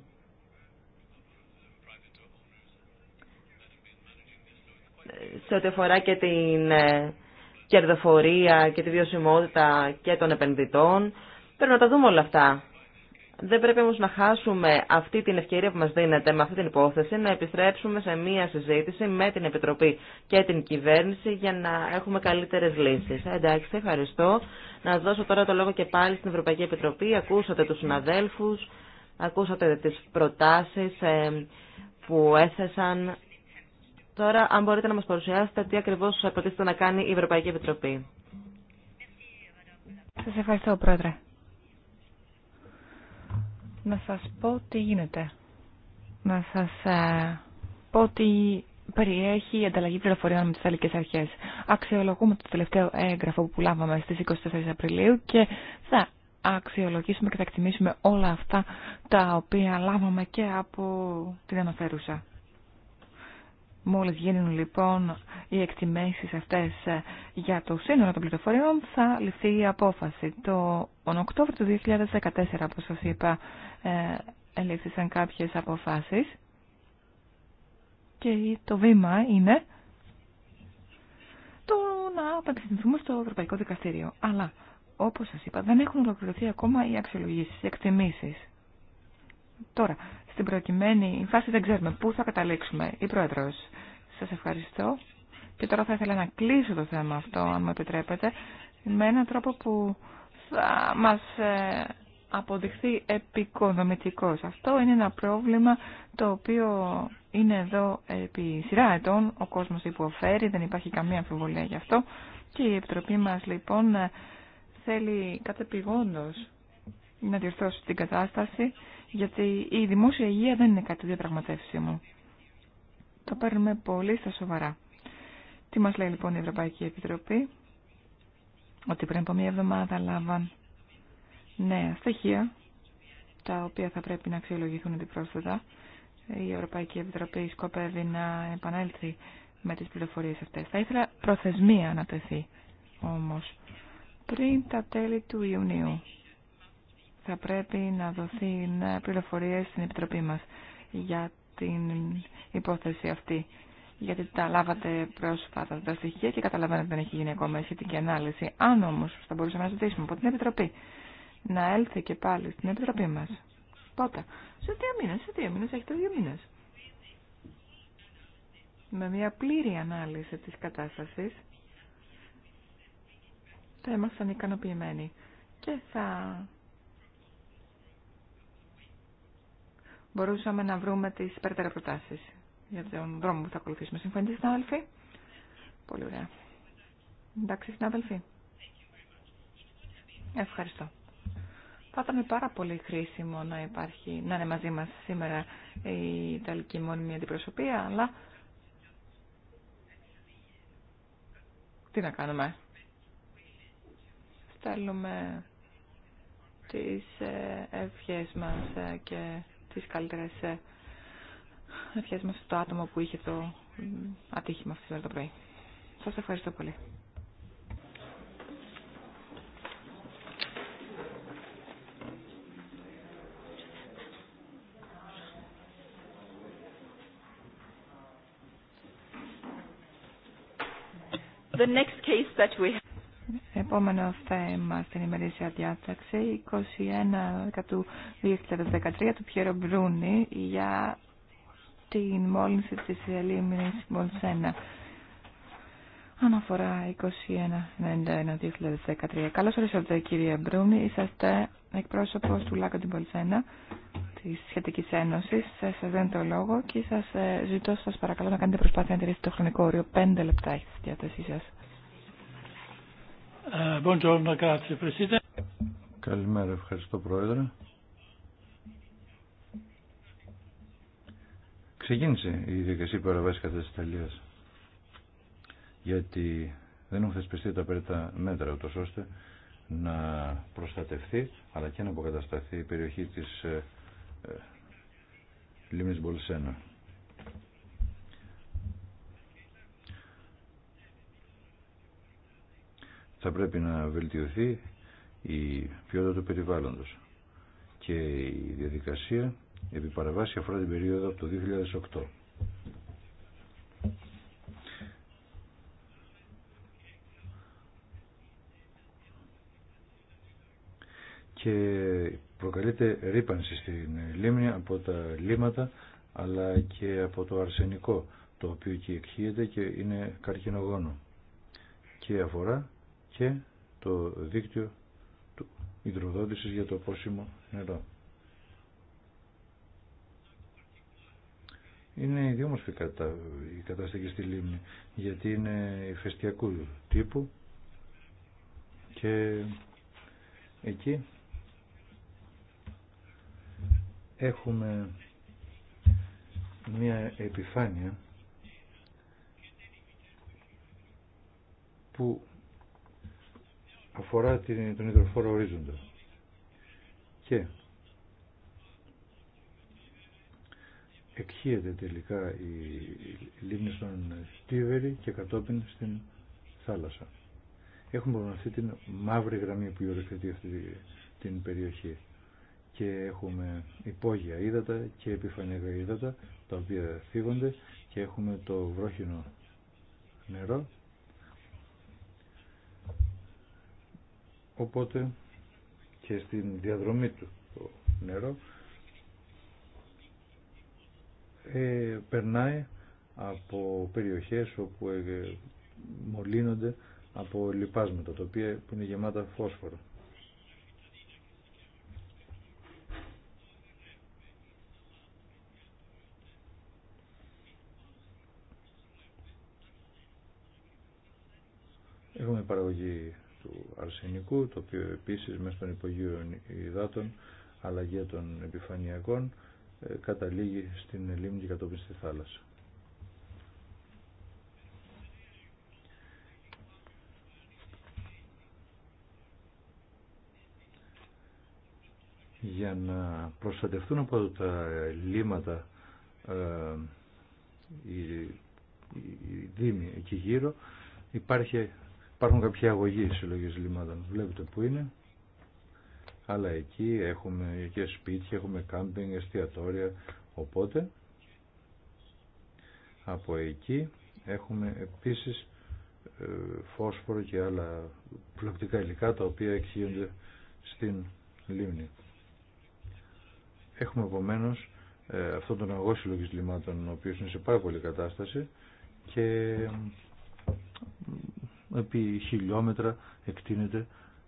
Speaker 3: Σε ό,τι αφορά και την ε, κερδοφορία και τη βιωσιμότητα και των επενδυτών. Πρέπει να τα δούμε όλα αυτά. Δεν πρέπει όμως να χάσουμε αυτή την ευκαιρία που μας δίνεται με αυτή την υπόθεση να επιστρέψουμε σε μία συζήτηση με την Επιτροπή και την κυβέρνηση για να έχουμε καλύτερες λύσεις. Ε, εντάξει, ευχαριστώ. Να δώσω τώρα το λόγο και πάλι στην Ευρωπαϊκή Επιτροπή. Ακούσατε τους συναδέλφους, ακούσατε τις προτάσεις ε, που έθεσαν Τώρα, αν μπορείτε να μας παρουσιάσετε τι ακριβώς προτίθεται να κάνει η Ευρωπαϊκή Επιτροπή. Σας ευχαριστώ,
Speaker 5: Πρόεδρε. Να σας πω τι γίνεται. Να σας ε, πω τι περιέχει η ανταλλαγή πληροφοριών με τις Ιταλικές Αρχές. Αξιολογούμε το τελευταίο έγγραφο που λάβαμε στις 24 Απριλίου και θα αξιολογήσουμε και θα εκτιμήσουμε όλα αυτά τα οποία λάβαμε και από την αναφέρουσα. Μόλις γίνουν λοιπόν οι εκτιμήσεις αυτές ε, για το σύνολο των πληροφοριών θα ληφθεί η απόφαση. Το, τον Οκτώβριο του 2014, όπως σας είπα, ε, ελήφθησαν κάποιες αποφάσεις και το βήμα είναι το να απευθυνθούμε στο Ευρωπαϊκό Δικαστήριο. Αλλά, όπως σας είπα, δεν έχουν ολοκληρωθεί ακόμα οι αξιολογήσεις, οι εκτιμήσεις. Τώρα, στην προκειμένη φάση δεν ξέρουμε πού θα καταλήξουμε. Η Πρόεδρος, σας ευχαριστώ. Και τώρα θα ήθελα να κλείσω το θέμα αυτό, αν μου επιτρέπετε, με έναν τρόπο που θα μας ε, αποδειχθεί επικοδομητικός. Αυτό είναι ένα πρόβλημα το οποίο είναι εδώ επί σειρά ετών. Ο κόσμος υποφέρει, δεν υπάρχει καμία αμφιβολία γι' αυτό. Και η Επιτροπή μας λοιπόν θέλει κατεπηγόντως να διορθώσει την κατάσταση γιατί η δημόσια υγεία δεν είναι κάτι διαπραγματεύσιμο. Το παίρνουμε πολύ στα σοβαρά. Τι μας λέει λοιπόν η Ευρωπαϊκή Επιτροπή, ότι πριν από μία εβδομάδα λάβαν νέα στοιχεία, τα οποία θα πρέπει να αξιολογηθούν αντιπρόσθετα. Η Ευρωπαϊκή Επιτροπή σκοπεύει να επανέλθει με τις πληροφορίες αυτές. Θα ήθελα προθεσμία να τεθεί όμως πριν τα τέλη του Ιουνίου θα πρέπει να δοθεί πληροφορίε στην Επιτροπή μας για την υπόθεση αυτή. Γιατί τα λάβατε πρόσφατα τα στοιχεία και καταλαβαίνετε ότι δεν έχει γίνει ακόμα σχετική ανάλυση. Αν όμω θα μπορούσαμε να ζητήσουμε από την Επιτροπή να έλθει και πάλι στην Επιτροπή μα. Πότε. Σε δύο μήνε, σε δύο μήνε, έχετε δύο μήνε. Με μια πλήρη ανάλυση τη κατάσταση θα ήμασταν ικανοποιημένοι και θα μπορούσαμε να βρούμε τις περαιτέρα προτάσεις για τον δρόμο που θα ακολουθήσουμε. Συμφωνείτε, συνάδελφοι? Πολύ ωραία. Εντάξει, συνάδελφοι. Ευχαριστώ. Θα ήταν πάρα πολύ χρήσιμο να, υπάρχει, να είναι μαζί μας σήμερα η Ιταλική μόνιμη αντιπροσωπεία, αλλά τι να κάνουμε. Στέλνουμε τις ε, ευχές μας ε, και τις καλύτερες ε, ευχές μας στο άτομο που είχε το ατύχημα αυτή σήμερα το πρωί. Σας ευχαριστώ πολύ.
Speaker 1: The next case that we
Speaker 5: Επόμενο θέμα στην ημερήσια διάταξη, 21 του 2013 του Πιέρο Μπρούνι για την μόλυνση της ελίμνης Μολσένα. Αναφορά 21-91-2013. Καλώς ορίσατε κύριε Μπρούνι, είσαστε εκπρόσωπος του Λάκο την Μολσένα της Σχετικής Ένωσης. Σας δίνω το λόγο και σας ε, ζητώ σας παρακαλώ να κάνετε προσπάθεια να τηρήσετε το χρονικό όριο. 5 λεπτά έχει στη διάθεσή σας. Ε,
Speaker 2: Καλημέρα, ευχαριστώ Πρόεδρε. Ξεκίνησε η διαδικασία παραβάση κατά της Ιταλίας γιατί δεν έχουν θεσπιστεί τα απαραίτητα μέτρα ούτως ώστε να προστατευτεί αλλά και να αποκατασταθεί η περιοχή της ε, ε Λίμνης Μπολσένα. Θα πρέπει να βελτιωθεί η ποιότητα του περιβάλλοντος και η διαδικασία επί παραβάση αφορά την περίοδο από το 2008. και προκαλείται ρήπανση στην λίμνη από τα λίμματα αλλά και από το αρσενικό το οποίο εκεί εκχύεται και είναι καρκινογόνο και αφορά και το δίκτυο του υδροδότησης για το πόσιμο νερό. Είναι ιδιόμορφη η κατάσταση στη λίμνη, γιατί είναι ηφαιστειακού τύπου και εκεί έχουμε μια επιφάνεια που αφορά την, τον υδροφόρο ορίζοντα. Και εκχύεται τελικά η λίμνη στον Στίβερη και κατόπιν στην θάλασσα. Έχουμε αυτή την μαύρη γραμμή που υιοθετεί αυτή την περιοχή και έχουμε υπόγεια ύδατα και επιφανειακά ύδατα τα οποία θίγονται και έχουμε το βρόχινο νερό Οπότε και στην διαδρομή του το νερό ε, περνάει από περιοχές όπου ε, μολύνονται από λιπάσματα, τα οποία που είναι γεμάτα φόσφορο. Έχουμε παραγωγή του αρσενικού, το οποίο επίσης μέσα των υπογείων υδάτων, αλλαγέ των επιφανειακών, ε, καταλήγει στην λίμνη και κατόπιν στη θάλασσα. για να προστατευτούν από τα λίμματα η ε, οι, οι, δήμοι εκεί γύρω υπάρχει Υπάρχουν κάποια αγωγή συλλογή λιμάτων. Βλέπετε που είναι. Αλλά εκεί έχουμε και σπίτια, έχουμε κάμπινγκ, εστιατόρια. Οπότε από εκεί έχουμε επίσης ε, φόσφορο και άλλα πλοκτικά υλικά τα οποία εξηγούνται στην λίμνη. Έχουμε επομένω ε, αυτόν τον αγώ συλλογής λιμάτων ο οποίος είναι σε πάρα πολύ κατάσταση και επί χιλιόμετρα εκτείνεται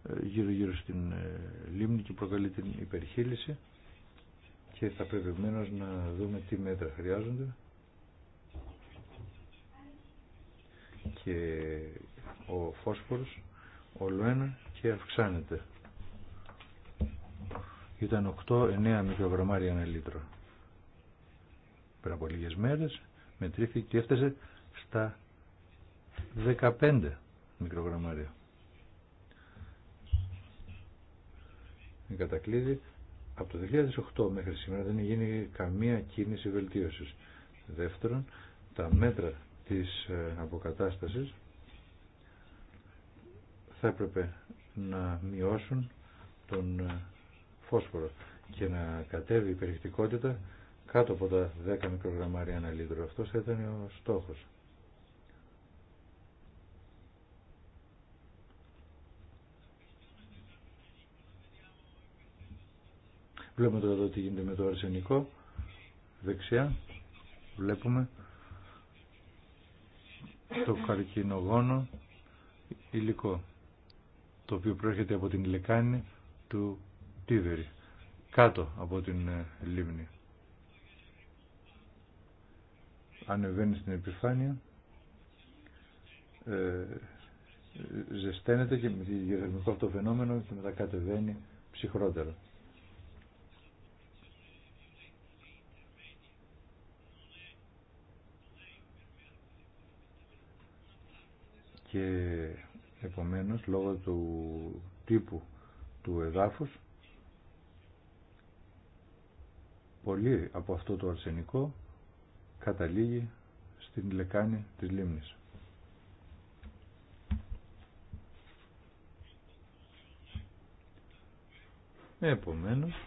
Speaker 2: ε, γύρω γύρω στην ε, λίμνη και προκαλεί την υπερχείληση και θα πρέπει να δούμε τι μέτρα χρειάζονται και ο φόσφορος όλο ένα και αυξάνεται ήταν 8-9 μικρογραμμάρια ένα λίτρο πριν από λίγες μέρες μετρήθηκε και έφτασε στα 15 μικρογραμμάρια. Η κατακλείδη από το 2008 μέχρι σήμερα δεν γίνει καμία κίνηση βελτίωσης. Δεύτερον, τα μέτρα της ε, αποκατάστασης θα έπρεπε να μειώσουν τον ε, φόσφορο και να κατέβει η περιεκτικότητα κάτω από τα 10 μικρογραμμάρια ένα λίτρο. Αυτός ήταν ο στόχος. Βλέπουμε τώρα τι γίνεται με το αρσενικό. Δεξιά βλέπουμε το καρκινογόνο υλικό το οποίο προέρχεται από την λεκάνη του Τίβερη κάτω από την ε, λίμνη. Ανεβαίνει στην επιφάνεια ε, ζεσταίνεται και με το αυτό φαινόμενο και μετά κατεβαίνει ψυχρότερο. και επομένως λόγω του τύπου του εδάφους πολύ από αυτό το αρσενικό καταλήγει στην λεκάνη της λίμνης. Επομένως,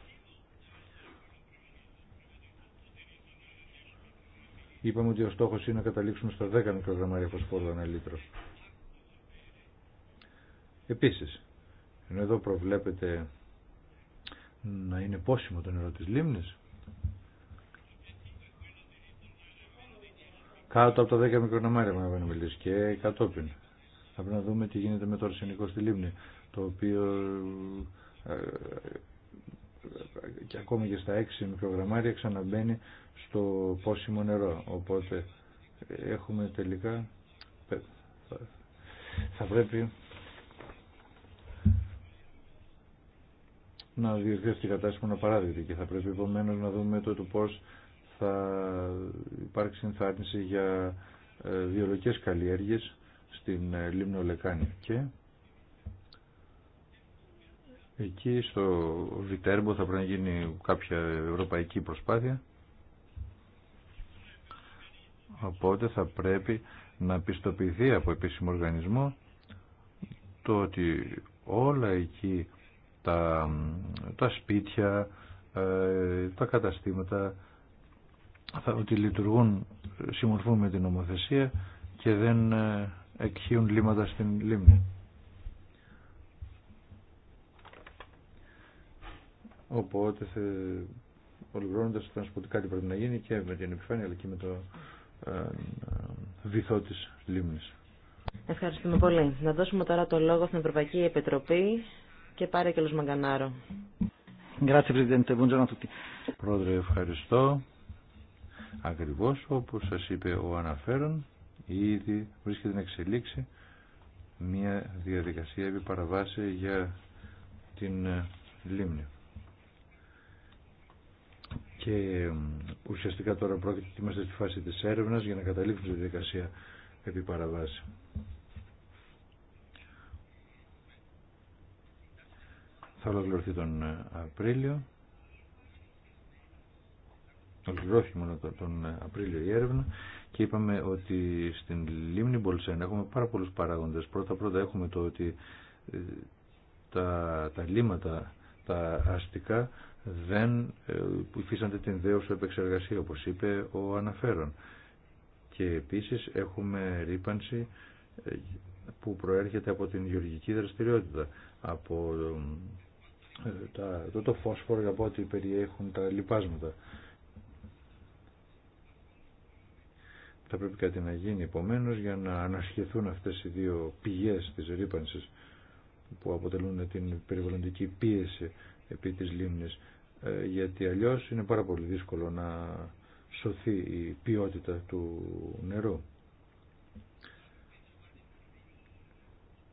Speaker 2: είπαμε ότι ο στόχος είναι να καταλήξουμε στα 10 μικρογραμμάρια φωσφόρου ανά λίτρο. Επίσης, ενώ εδώ προβλέπεται να είναι πόσιμο το νερό της λίμνης, κάτω από τα 10 μικρογραμμάρια, με μιλήσει και κατόπιν. Θα πρέπει να δούμε τι γίνεται με το αρσενικό στη λίμνη, το οποίο ε, ε, και ακόμη και στα 6 μικρογραμμάρια ξαναμπαίνει στο πόσιμο νερό. Οπότε έχουμε τελικά θα πρέπει να διευθυνθεί η κατάσταση που είναι παράδειγμα και θα πρέπει επομένω να δούμε το, το πώ θα υπάρξει ενθάρρυνση για ε, βιολογικέ καλλιέργειες στην ε, Λίμνο Λεκάνη και εκεί στο Βιτέρμπο θα πρέπει να γίνει κάποια ευρωπαϊκή προσπάθεια οπότε θα πρέπει να πιστοποιηθεί από επίσημο οργανισμό το ότι όλα εκεί τα, τα σπίτια, ε, τα καταστήματα, ότι λειτουργούν, συμμορφούν με την νομοθεσία και δεν ε, εκχύουν λίμματα στην λίμνη. Οπότε ολοκληρώνοντας θα σου πω ότι κάτι πρέπει να γίνει και με την επιφάνεια αλλά και με το ε, βυθό της λίμνης.
Speaker 3: Ευχαριστούμε πολύ. Να δώσουμε τώρα το λόγο στην Ευρωπαϊκή Επιτροπή και πάρε και λος Μαγκανάρο.
Speaker 2: Πρόεδρε, ευχαριστώ. Ακριβώς όπως σας είπε ο αναφέρον, ήδη βρίσκεται να εξελίξει μια διαδικασία επί παραβάση για την ε, λίμνη. Και ουσιαστικά τώρα πρόκειται ότι είμαστε στη φάση της έρευνας για να καταλήξουμε τη διαδικασία επί παραβάση. θα ολοκληρωθεί τον ε, Απρίλιο. μόνο τον ε, Απρίλιο η έρευνα και είπαμε ότι στην λίμνη Μπολσέν έχουμε πάρα πολλούς παράγοντες. Πρώτα-πρώτα έχουμε το ότι ε, τα, τα λίμματα, τα αστικά δεν υφίστανται την δέωση επεξεργασία όπως είπε ο αναφέρον. Και επίσης έχουμε ρήπανση που προέρχεται από την γεωργική δραστηριότητα, από ε, τα, το, το φόσφορο από ό,τι περιέχουν τα λιπάσματα. Θα πρέπει κάτι να γίνει επομένως για να ανασχεθούν αυτές οι δύο πηγές της ρήπανσης που αποτελούν την περιβαλλοντική πίεση επί της λίμνης ε, γιατί αλλιώς είναι πάρα πολύ δύσκολο να σωθεί η ποιότητα του νερού.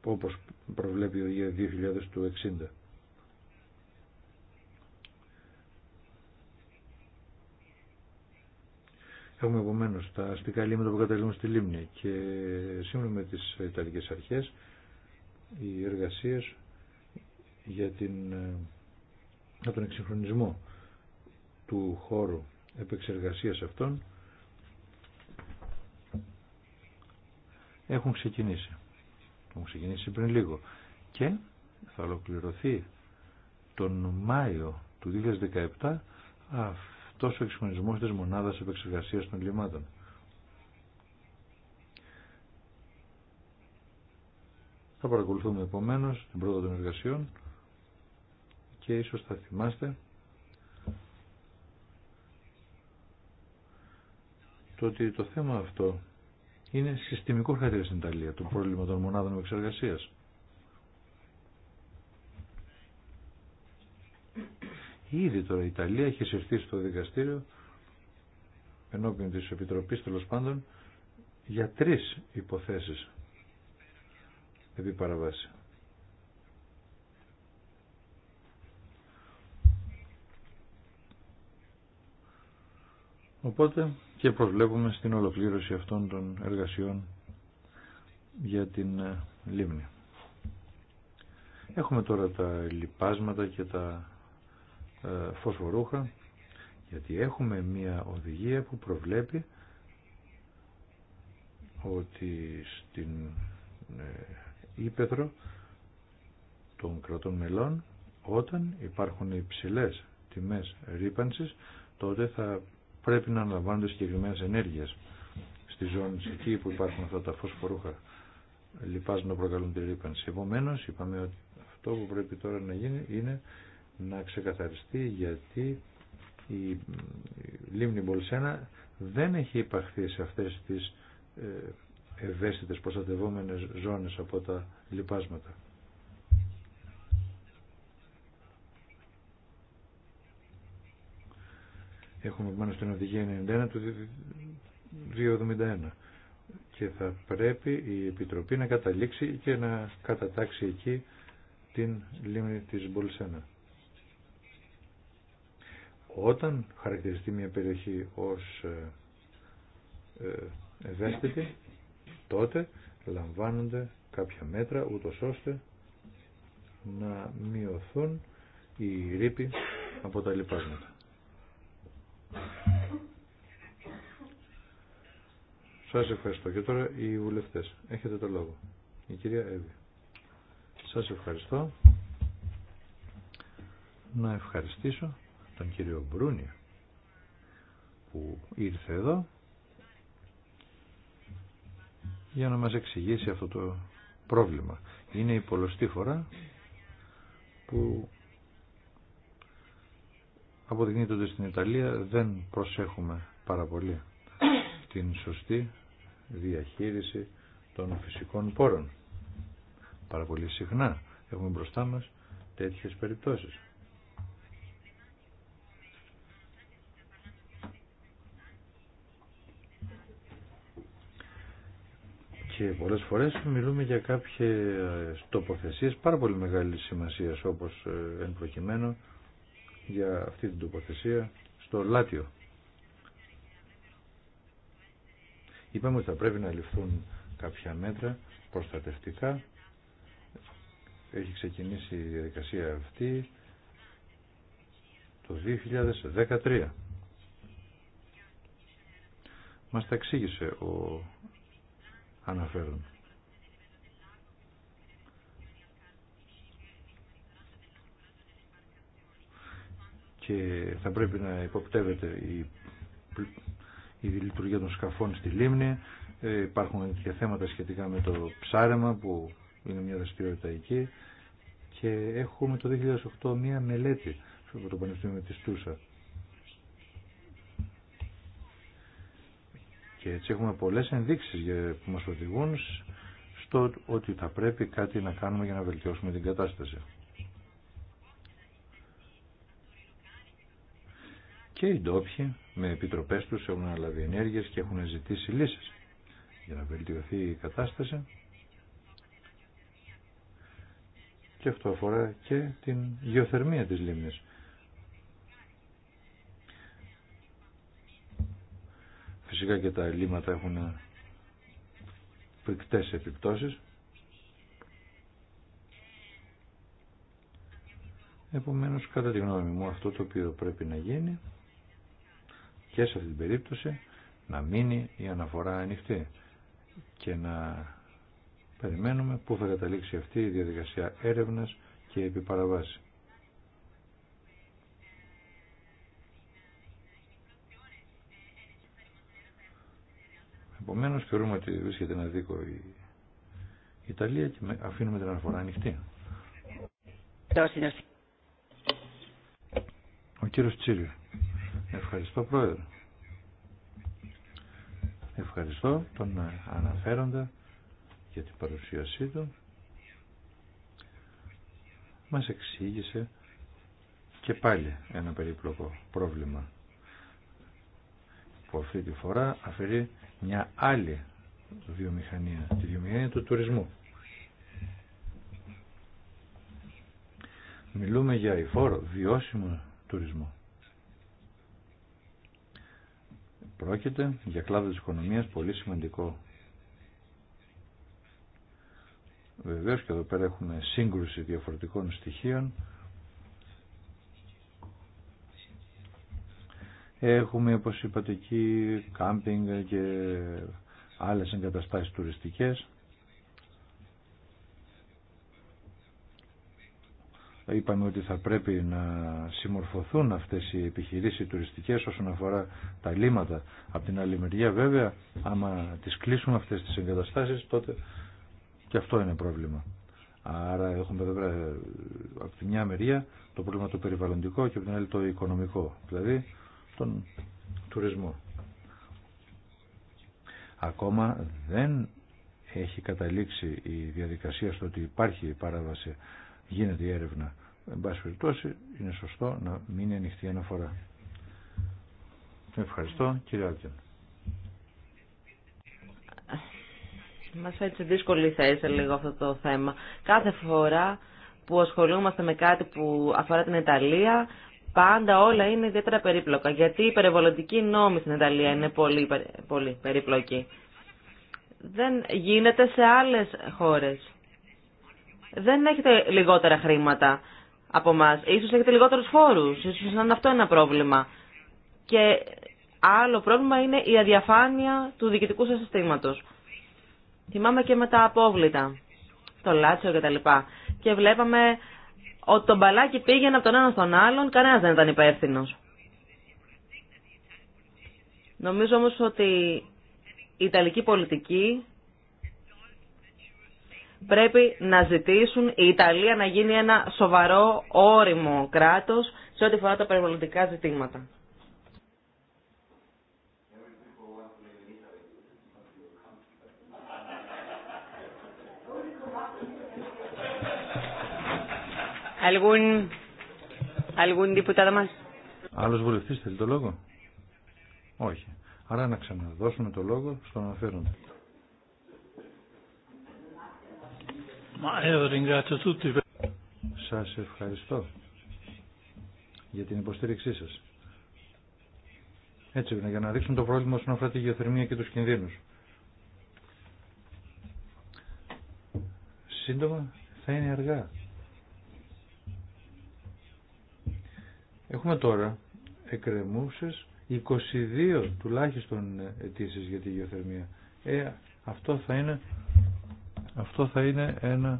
Speaker 2: Όπως προβλέπει ο ΙΕ 2060. Έχουμε επομένω τα αστικά λίμματα που καταλήγουν στη λίμνη και σύμφωνα με τις Ιταλικές Αρχές οι εργασίε ε, για, τον εξυγχρονισμό του χώρου επεξεργασίας αυτών έχουν ξεκινήσει. Έχουν ξεκινήσει πριν λίγο και θα ολοκληρωθεί τον Μάιο του 2017 αυτό τόσο εξυγχρονισμός τη μονάδα επεξεργασία των κλιμάτων. Θα παρακολουθούμε επομένως την πρόοδο των εργασιών και ίσω θα θυμάστε το ότι το θέμα αυτό είναι συστημικό χαρακτήρα στην Ιταλία, το πρόβλημα των μονάδων επεξεργασία. Ήδη τώρα η Ιταλία έχει συρθεί στο δικαστήριο ενώπιον της Επιτροπής τέλο πάντων για τρεις υποθέσεις επί παραβάση. Οπότε και προβλέπουμε στην ολοκλήρωση αυτών των εργασιών για την ε, λίμνη. Έχουμε τώρα τα λοιπάσματα και τα ε, φωσφορούχα γιατί έχουμε μια οδηγία που προβλέπει ότι στην ε, Ήπεθρο των κρατών μελών όταν υπάρχουν υψηλές τιμές ρήπανσης τότε θα πρέπει να αναλαμβάνονται συγκεκριμένε ενέργειες στη ζώνη εκεί που υπάρχουν αυτά τα φωσφορούχα λοιπάζουν να προκαλούν τη ρήπανση. Επομένως είπαμε ότι αυτό που πρέπει τώρα να γίνει είναι να ξεκαθαριστεί γιατί η λίμνη Μπολσένα δεν έχει υπαχθεί σε αυτές τις ε, ευαίσθητες προστατευόμενες ζώνες από τα λοιπάσματα. Έχουμε πάνω στην οδηγία 91 του 271 και θα πρέπει η Επιτροπή να καταλήξει και να κατατάξει εκεί την λίμνη της Μπολσένα. Όταν χαρακτηριστεί μια περιοχή ως ε, ε, ευαίσθητη, τότε λαμβάνονται κάποια μέτρα ούτως ώστε να μειωθούν οι ρήποι από τα λοιπάσματα. Σας ευχαριστώ. Και τώρα οι βουλευτές. Έχετε το λόγο. Η κυρία Εύη. Σας ευχαριστώ. Να ευχαριστήσω τον κύριο Μπρούνι που ήρθε εδώ για να μας εξηγήσει αυτό το πρόβλημα. Είναι η πολλωστή φορά που αποδεικνύεται ότι στην Ιταλία δεν προσέχουμε πάρα πολύ την σωστή διαχείριση των φυσικών πόρων. Πάρα πολύ συχνά έχουμε μπροστά μας τέτοιες περιπτώσεις. και πολλές φορές μιλούμε για κάποιες τοποθεσίες πάρα πολύ μεγάλη σημασία όπως ε, εν προκειμένου για αυτή την τοποθεσία στο Λάτιο. Είπαμε ότι θα πρέπει να ληφθούν κάποια μέτρα προστατευτικά. Έχει ξεκινήσει η διαδικασία αυτή το 2013. Μας τα εξήγησε ο αναφέρουν. Και θα πρέπει να υποπτεύεται η, η λειτουργία των σκαφών στη λίμνη. Ε, υπάρχουν και θέματα σχετικά με το ψάρεμα που είναι μια δραστηριότητα εκεί. Και έχουμε το 2008 μια μελέτη από το Πανεπιστήμιο της Τούσα Και έτσι έχουμε πολλές ενδείξεις που μας οδηγούν στο ότι θα πρέπει κάτι να κάνουμε για να βελτιώσουμε την κατάσταση. Και οι ντόπιοι με επιτροπές τους έχουν αναλάβει ενέργειες και έχουν ζητήσει λύσεις για να βελτιωθεί η κατάσταση. Και αυτό αφορά και την γεωθερμία της λίμνης. φυσικά και τα ελλείμματα έχουν φρικτές επιπτώσεις. Επομένως, κατά τη γνώμη μου, αυτό το οποίο πρέπει να γίνει και σε αυτή την περίπτωση να μείνει η αναφορά ανοιχτή και να περιμένουμε πού θα καταλήξει αυτή η διαδικασία έρευνας και επιπαραβάση. Επομένω, θεωρούμε ότι βρίσκεται ένα δίκο η Ιταλία και αφήνουμε την αναφορά ανοιχτή. Ο κύριο Τσίριο. Ευχαριστώ πρόεδρε. Ευχαριστώ τον ε, αναφέροντα για την παρουσίασή του. Μας εξήγησε και πάλι ένα περίπλοκο πρόβλημα που αυτή τη φορά αφαιρεί μια άλλη βιομηχανία, τη βιομηχανία του τουρισμού. Μιλούμε για υφόρο, βιώσιμο τουρισμό. Πρόκειται για κλάδο της οικονομίας πολύ σημαντικό. Βεβαίως και εδώ πέρα έχουμε σύγκρουση διαφορετικών στοιχείων Έχουμε, όπως είπατε εκεί, κάμπινγκ και άλλες εγκαταστάσεις τουριστικές. Είπαμε ότι θα πρέπει να συμμορφωθούν αυτές οι επιχειρήσεις τουριστικέ τουριστικές όσον αφορά τα λίματα. Από την άλλη μεριά βέβαια, άμα τις κλείσουν αυτές τις εγκαταστάσεις, τότε και αυτό είναι πρόβλημα. Άρα έχουμε βέβαια από τη μια μεριά το πρόβλημα το περιβαλλοντικό και από την άλλη το οικονομικό. Δηλαδή στον τουρισμό. Ακόμα δεν έχει καταλήξει η διαδικασία στο ότι υπάρχει η παράβαση, γίνεται η έρευνα. Εν πάση περιπτώσει, είναι σωστό να μείνει ανοιχτή αναφορά. Ευχαριστώ, κύριε Άκεν.
Speaker 3: Μας σε δύσκολη θέση λίγο αυτό το θέμα. Κάθε φορά που ασχολούμαστε με κάτι που αφορά την Ιταλία, πάντα όλα είναι ιδιαίτερα περίπλοκα, γιατί η περιβαλλοντικοί νόμοι στην Ιταλία είναι πολύ, πολύ περίπλοκοι. Δεν γίνεται σε άλλες χώρες. Δεν έχετε λιγότερα χρήματα από εμά. Ίσως έχετε λιγότερους φόρους, ίσως να είναι αυτό ένα πρόβλημα. Και άλλο πρόβλημα είναι η αδιαφάνεια του διοικητικού σας συστήματος. Θυμάμαι και με τα απόβλητα, το Λάτσιο κτλ. Και, και βλέπαμε ότι το μπαλάκι πήγαινε από τον ένα στον άλλον, κανένα δεν ήταν υπεύθυνο. Νομίζω όμως ότι η Ιταλική πολιτική πρέπει να ζητήσουν η Ιταλία να γίνει ένα σοβαρό όριμο κράτος σε ό,τι φορά τα περιβαλλοντικά ζητήματα. ¿Algún, algún diputado más?
Speaker 2: Άλλος βουλευτής θέλει το λόγο. Όχι. Άρα να ξαναδώσουμε το λόγο στον αναφέροντα. Ε, σας ευχαριστώ για την υποστήριξή σας. Έτσι είναι, για να δείξουν το πρόβλημα όσον αφορά τη γεωθερμία και του κινδύνους. Σύντομα θα είναι αργά. Έχουμε τώρα εκκρεμούσες 22 τουλάχιστον αιτήσει για τη γεωθερμία. Ε, αυτό θα είναι, αυτό θα είναι ένα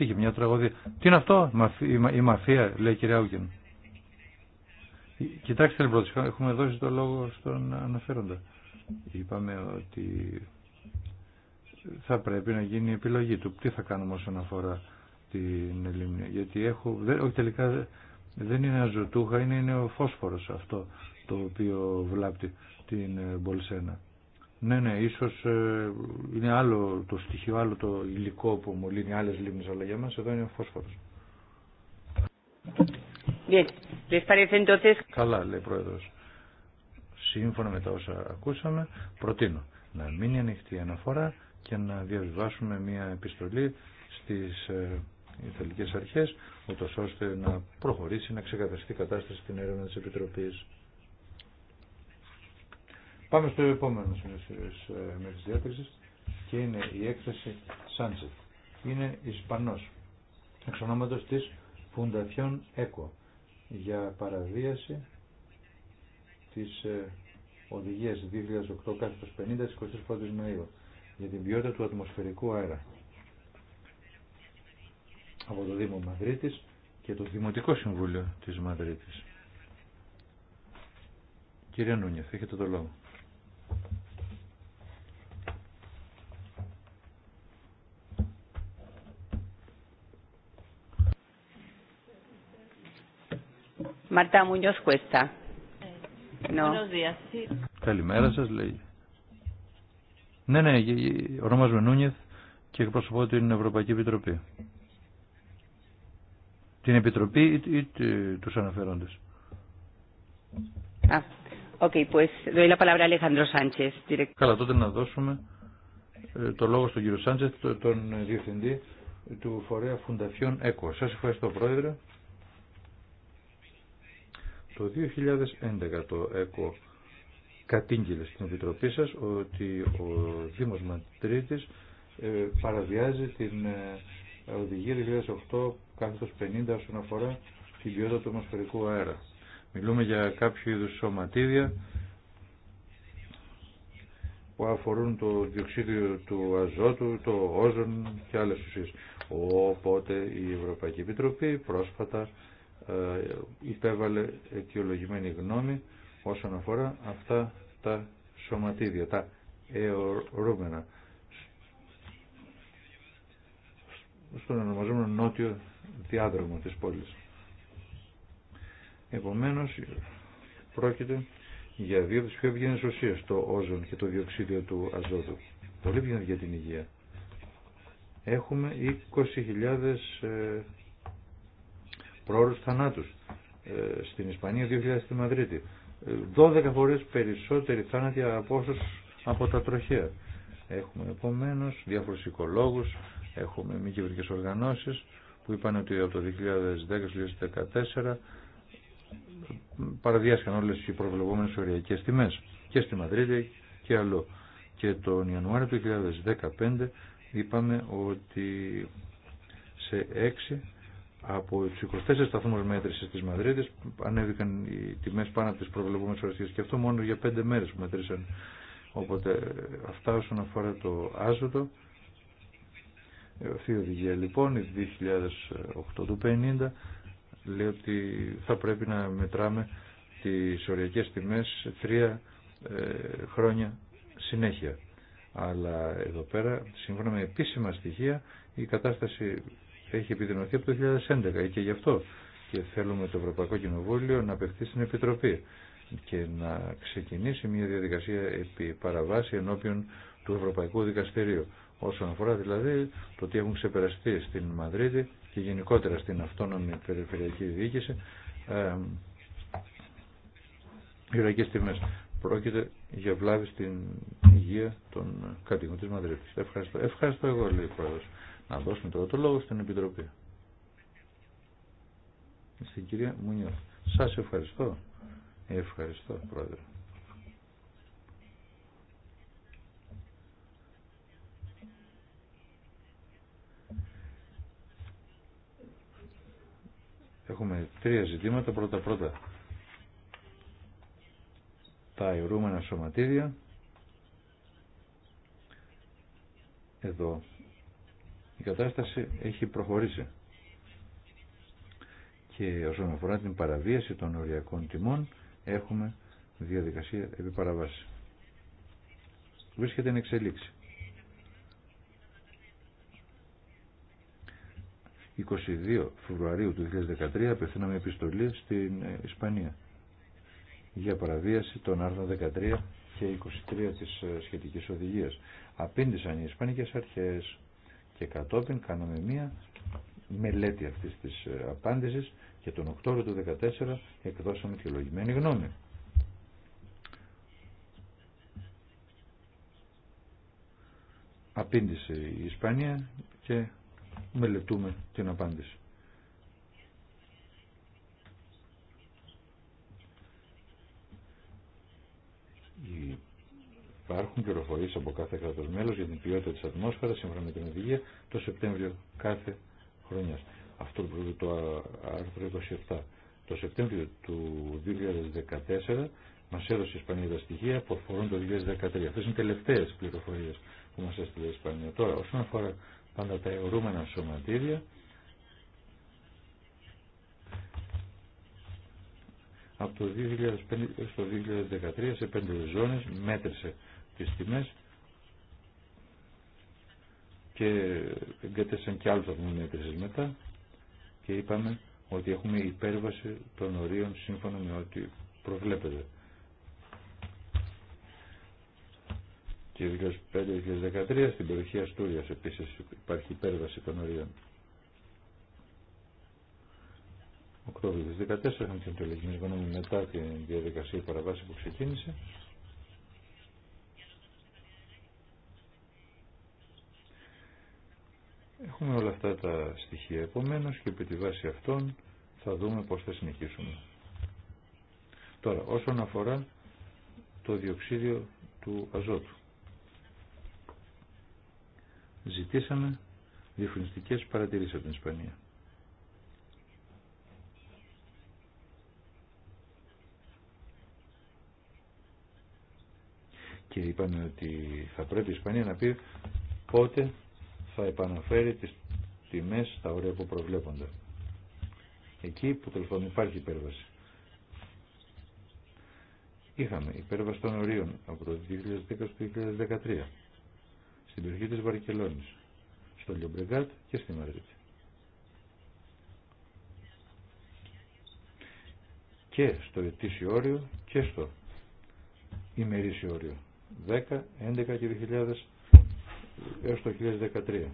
Speaker 2: ε, μια τραγωδία. Τι είναι αυτό, η μαφία, λέει η κυρία Ούκεν. Κοιτάξτε λοιπόν, έχουμε δώσει το λόγο στον αναφέροντα. Είπαμε ότι θα πρέπει να γίνει η επιλογή του. Τι θα κάνουμε όσον αφορά την Ελλήνια. Γιατί έχω, όχι τελικά δεν είναι αζωτούχα, είναι, είναι ο φόσφορος αυτό το οποίο βλάπτει την ε, Μπολσένα. Ναι, ναι, ίσως ε, είναι άλλο το στοιχείο, άλλο το υλικό που μολύνει άλλες λίμνες, αλλά για μας εδώ είναι ο φόσφορος. Καλά, λέει ο Πρόεδρος. Σύμφωνα με τα όσα ακούσαμε, προτείνω να μείνει ανοιχτή η αναφορά και να διαβιβάσουμε μια επιστολή στις ε, Ιταλικές Αρχές, ούτω ώστε να προχωρήσει, να ξεκαθαριστεί η κατάσταση στην έρευνα τη Επιτροπή. Πάμε στο επόμενο σημείο της ε, διάταξης και είναι η έκθεση Sunset. Είναι Ισπανός, εξ ονόματο της Φουνταθιών ΕΚΟ για παραβίαση της ε, οδηγίας 2008-50 21 Μαΐου για την ποιότητα του ατμοσφαιρικού αέρα από το Δήμο Μαδρίτης και το Δημοτικό Συμβούλιο της Μαδρίτης. Κύριε Νούνιεθ, έχετε το λόγο.
Speaker 3: Μαρτά Μουνιός Κουέστα. Ε,
Speaker 2: Καλημέρα σας, λέει. Ναι, ναι, ονομάζομαι Νούνιεθ και εκπροσωπώ την Ευρωπαϊκή Επιτροπή την Επιτροπή ή, ή τους αναφέροντες.
Speaker 3: okay, pues, doy la palabra Alejandro Sánchez. Καλά, τότε να δώσουμε
Speaker 2: ε, το λόγο στον κύριο Σάντζετ, τον Διευθυντή του Φορέα Φουνταφιών ΕΚΟ. Σας ευχαριστώ Πρόεδρε. Το 2011 το ΕΚΟ κατήγγειλε στην Επιτροπή σας ότι ο Δήμος Μαντρίτης ε, παραβιάζει την ε, Οδηγεί 2008 κάθετος 50 όσον αφορά την ποιότητα του ομοσφαιρικού αέρα. Μιλούμε για κάποιο είδους σωματίδια που αφορούν το διοξίδιο του αζότου, το όζον και άλλες ουσίες. Οπότε η Ευρωπαϊκή Επιτροπή πρόσφατα ε, υπέβαλε αιτιολογημένη γνώμη όσον αφορά αυτά τα σωματίδια, τα αιωρούμενα. στον ονομαζόμενο νότιο διάδρομο της πόλης. Επομένως, πρόκειται για δύο από τις πιο ουσίες, το όζον και το διοξίδιο του αζότου. Πολύ για την υγεία. Έχουμε 20.000 ε, θανάτους ε, στην Ισπανία, 2.000 στη Μαδρίτη. 12 ε, φορές περισσότεροι θάνατοι από όσους από τα τροχεία. Έχουμε επομένως διάφορους οικολόγους, Έχουμε μη κυβερνικές οργανώσεις που είπαν ότι από το 2010-2014 παραδιάστηκαν όλες οι προβλεπόμενες οριακές τιμές και στη Μαδρίτη και αλλού. Και τον Ιανουάριο του 2015 είπαμε ότι σε 6 από του 24 σταθμούς μέτρησης της Μαδρίτης ανέβηκαν οι τιμές πάνω από τι προβλεπόμενες οριακές και αυτό μόνο για πέντε μέρες που μετρήσαν. Οπότε ε, αυτά όσον αφορά το άζωτο αυτή η οδηγία λοιπόν, η 2008 του 50, λέει ότι θα πρέπει να μετράμε τις οριακές τιμές τρία ε, χρόνια συνέχεια. Αλλά εδώ πέρα, σύμφωνα με επίσημα στοιχεία, η κατάσταση έχει επιδεινωθεί από το 2011 και γι' αυτό και θέλουμε το Ευρωπαϊκό Κοινοβούλιο να απευθεί στην Επιτροπή και να ξεκινήσει μια διαδικασία επί παραβάση ενώπιον του Ευρωπαϊκού Δικαστηρίου όσον αφορά δηλαδή το τι έχουν ξεπεραστεί στην Μαδρίτη και γενικότερα στην αυτόνομη περιφερειακή διοίκηση ε, ουρακές τιμές. Πρόκειται για βλάβη στην υγεία των κατοίκων της Μαδρίτης. Ευχαριστώ. Ευχαριστώ εγώ, λέει Πρόεδρος. Να δώσουμε τώρα το λόγο στην Επιτροπή. Στην κυρία Μουνιώθ. Σας ευχαριστώ. Ευχαριστώ, Πρόεδρε. Έχουμε τρία ζητήματα. Πρώτα-πρώτα τα αιρούμενα σωματίδια. Εδώ η κατάσταση έχει προχωρήσει. Και όσον αφορά την παραβίαση των οριακών τιμών έχουμε διαδικασία επί παραβάση. Βρίσκεται εν εξελίξη. 22 Φεβρουαρίου του 2013 απευθύναμε επιστολή στην ε, Ισπανία για παραβίαση των άρθρων 13 και 23 της ε, σχετικής οδηγίας. Απήντησαν οι Ισπανικές αρχές και κατόπιν κάναμε μία μελέτη αυτής της ε, απάντησης και τον Οκτώβριο του 2014 εκδώσαμε τη γνώμη. Απήντησε η Ισπανία και μελετούμε την απάντηση. Υπάρχουν πληροφορίε από κάθε κράτο μέλο για την ποιότητα τη ατμόσφαιρα σύμφωνα με την οδηγία το Σεπτέμβριο κάθε χρονιά. Αυτό είναι το άρθρο 27. Το Σεπτέμβριο του 2014 μα έδωσε η Ισπανία τα στοιχεία που αφορούν το 2013. Αυτέ είναι οι τελευταίε πληροφορίε που μα έστειλε η Ισπανία. Τώρα, όσον αφορά πάντα τα αιωρούμενα σωματίδια από το 2005 έως το 2013 σε πέντε ζώνες μέτρησε τις τιμές και εγκατέσαν και άλλους αθμούς μέτρησες μετά και είπαμε ότι έχουμε υπέρβαση των ορίων σύμφωνα με ό,τι προβλέπεται. και 2005-2013 στην περιοχή Αστούριας επίσης υπάρχει υπέρβαση των ορίων. Οκτώβριο 2014 είχαμε την τελεγική γνώμη μετά την διαδικασία παραβάση που ξεκίνησε. Έχουμε όλα αυτά τα στοιχεία επομένως και επί τη βάση αυτών θα δούμε πώς θα συνεχίσουμε. Τώρα, όσον αφορά το διοξίδιο του αζότου ζητήσαμε διευκρινιστικές παρατηρήσεις από την Ισπανία. Και είπαμε ότι θα πρέπει η Ισπανία να πει πότε θα επαναφέρει τις τιμές στα ωραία που προβλέπονται. Εκεί που τελικά υπάρχει υπέρβαση. Είχαμε υπέρβαση των ορίων από το 2010 στο 2013 στην περιοχή της Βαρκελόνης, στο Λιομπρεγκάτ και στη Μαδρίτη. Και στο ετήσιο όριο και στο ημερήσιο όριο. 10, 11 και 2000 έως το 2013.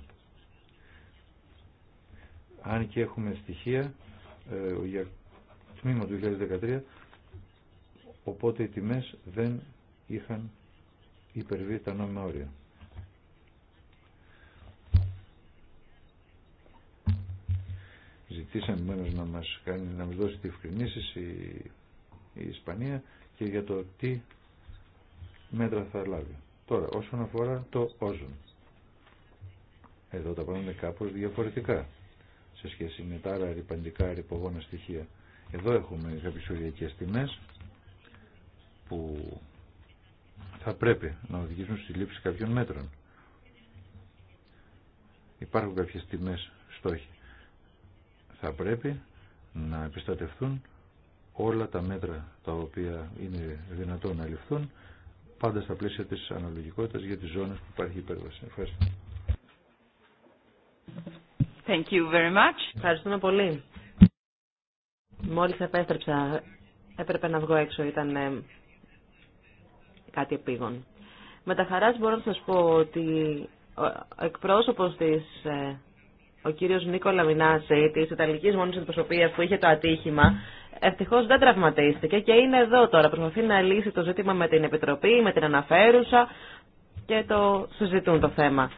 Speaker 2: Αν και έχουμε στοιχεία ε, για τμήμα του 2013, οπότε οι τιμές δεν είχαν υπερβεί τα νόμιμα όρια. ζητήσαμε επομένω να μας, κάνει, να δώσει ευκρινήση η, η Ισπανία και για το τι μέτρα θα λάβει. Τώρα, όσον αφορά το όζον. Εδώ τα πράγματα είναι κάπως διαφορετικά σε σχέση με τα άλλα ρηπαντικά ρηπογόνα στοιχεία. Εδώ έχουμε κάποιες οριακές τιμές που θα πρέπει να οδηγήσουν στη λήψη κάποιων μέτρων. Υπάρχουν κάποιες τιμές στόχοι θα πρέπει να επιστατευτούν όλα τα μέτρα τα οποία είναι δυνατόν να ληφθούν πάντα στα πλαίσια της αναλογικότητας για τις ζώνες που υπάρχει υπέρβαση. Ευχαριστώ.
Speaker 3: Ευχαριστούμε πολύ. Μόλις επέστρεψα, έπρεπε να βγω έξω, ήταν ε, κάτι επίγον. Με τα χαράς μπορώ να σας πω ότι ο εκπρόσωπος της ε, ο κύριος Νίκολα Μινάση της Ιταλικής Μόνης Αντιπροσωπείας που είχε το ατύχημα ευτυχώς δεν τραυματίστηκε και είναι εδώ τώρα. Προσπαθεί να λύσει το ζήτημα με την Επιτροπή, με την αναφέρουσα και το συζητούν το θέμα.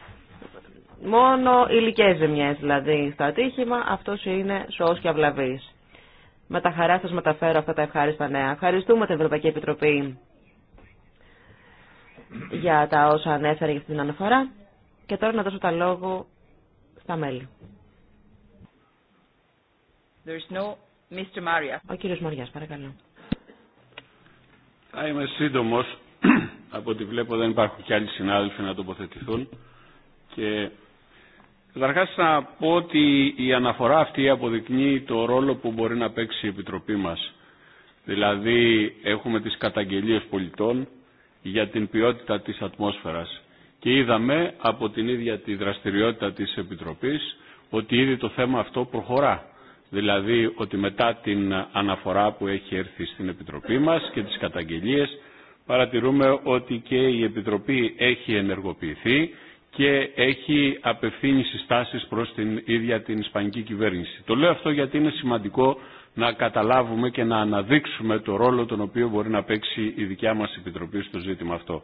Speaker 3: Μόνο υλικέ ζημιέ δηλαδή στο ατύχημα, αυτό είναι σώο και αυλαβή. Με τα χαρά σα μεταφέρω αυτά τα ευχάριστα νέα. Ευχαριστούμε την Ευρωπαϊκή Επιτροπή για τα όσα ανέφερε για αυτή την αναφορά. Και τώρα να δώσω τα λόγο, no Ο κύριος Μαριάς, παρακαλώ.
Speaker 6: Θα είμαι σύντομο. Από ό,τι βλέπω δεν υπάρχουν και άλλοι συνάδελφοι να τοποθετηθούν. Και καταρχά να πω ότι η αναφορά αυτή αποδεικνύει το ρόλο που μπορεί να παίξει η Επιτροπή μας. Δηλαδή έχουμε τις καταγγελίες πολιτών για την ποιότητα της ατμόσφαιρας και είδαμε από την ίδια τη δραστηριότητα της Επιτροπής ότι ήδη το θέμα αυτό προχωρά. Δηλαδή ότι μετά την αναφορά που έχει έρθει στην Επιτροπή μας και τις καταγγελίες παρατηρούμε ότι και η Επιτροπή έχει ενεργοποιηθεί και έχει απευθύνει συστάσεις προς την ίδια την Ισπανική κυβέρνηση. Το λέω αυτό γιατί είναι σημαντικό να καταλάβουμε και να αναδείξουμε το ρόλο τον οποίο μπορεί να παίξει η δικιά μας Επιτροπή στο ζήτημα αυτό.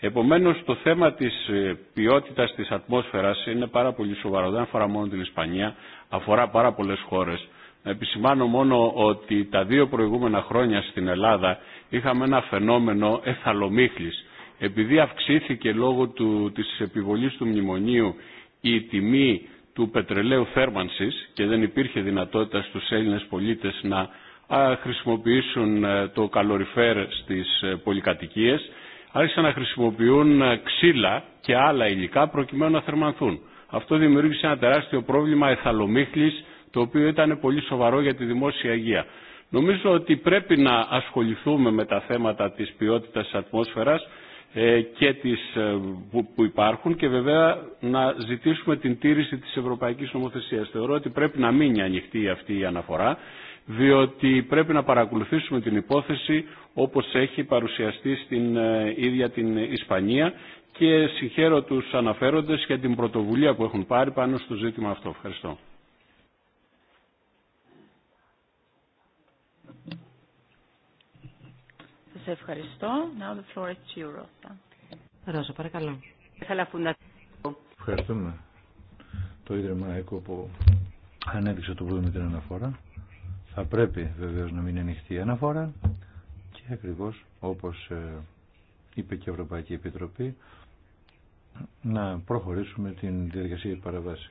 Speaker 6: Επομένως το θέμα της ε, ποιότητας της ατμόσφαιρας είναι πάρα πολύ σοβαρό. Δεν αφορά μόνο την Ισπανία, αφορά πάρα πολλές χώρες. Να επισημάνω μόνο ότι τα δύο προηγούμενα χρόνια στην Ελλάδα είχαμε ένα φαινόμενο εθαλομύχλης. Επειδή αυξήθηκε λόγω του, της επιβολής του μνημονίου η τιμή του πετρελαίου θέρμανσης και δεν υπήρχε δυνατότητα στους Έλληνες πολίτες να χρησιμοποιήσουν ε, το καλοριφέρ στις ε, πολυκατοικίες, άρχισαν να χρησιμοποιούν ε, ξύλα και άλλα υλικά προκειμένου να θερμανθούν. Αυτό δημιούργησε ένα τεράστιο πρόβλημα εθαλομύχλης, το οποίο ήταν πολύ σοβαρό για τη δημόσια υγεία. Νομίζω ότι πρέπει να ασχοληθούμε με τα θέματα της ποιότητας της ατμόσφαιρας ε, και τις, ε, που, υπάρχουν και βέβαια να ζητήσουμε την τήρηση της Ευρωπαϊκής Νομοθεσίας. Θεωρώ ότι πρέπει να μείνει ανοιχτή αυτή η αναφορά διότι πρέπει να παρακολουθήσουμε την υπόθεση όπως έχει παρουσιαστεί στην ε, ίδια την Ισπανία και συγχαίρω τους αναφέροντες για την πρωτοβουλία που έχουν πάρει πάνω στο ζήτημα αυτό. Ευχαριστώ.
Speaker 1: Σας ευχαριστώ. Now the floor is to
Speaker 3: you, Rosa.
Speaker 2: Ευχαριστούμε το Ίδρυμα ΕΚΟ που ανέδειξε το πρώτο με την αναφορά. Θα πρέπει βεβαίως να μην ανοιχτεί η αναφορά και ακριβώς όπως ε, είπε και η Ευρωπαϊκή Επιτροπή να προχωρήσουμε την διαδικασία παραβάση.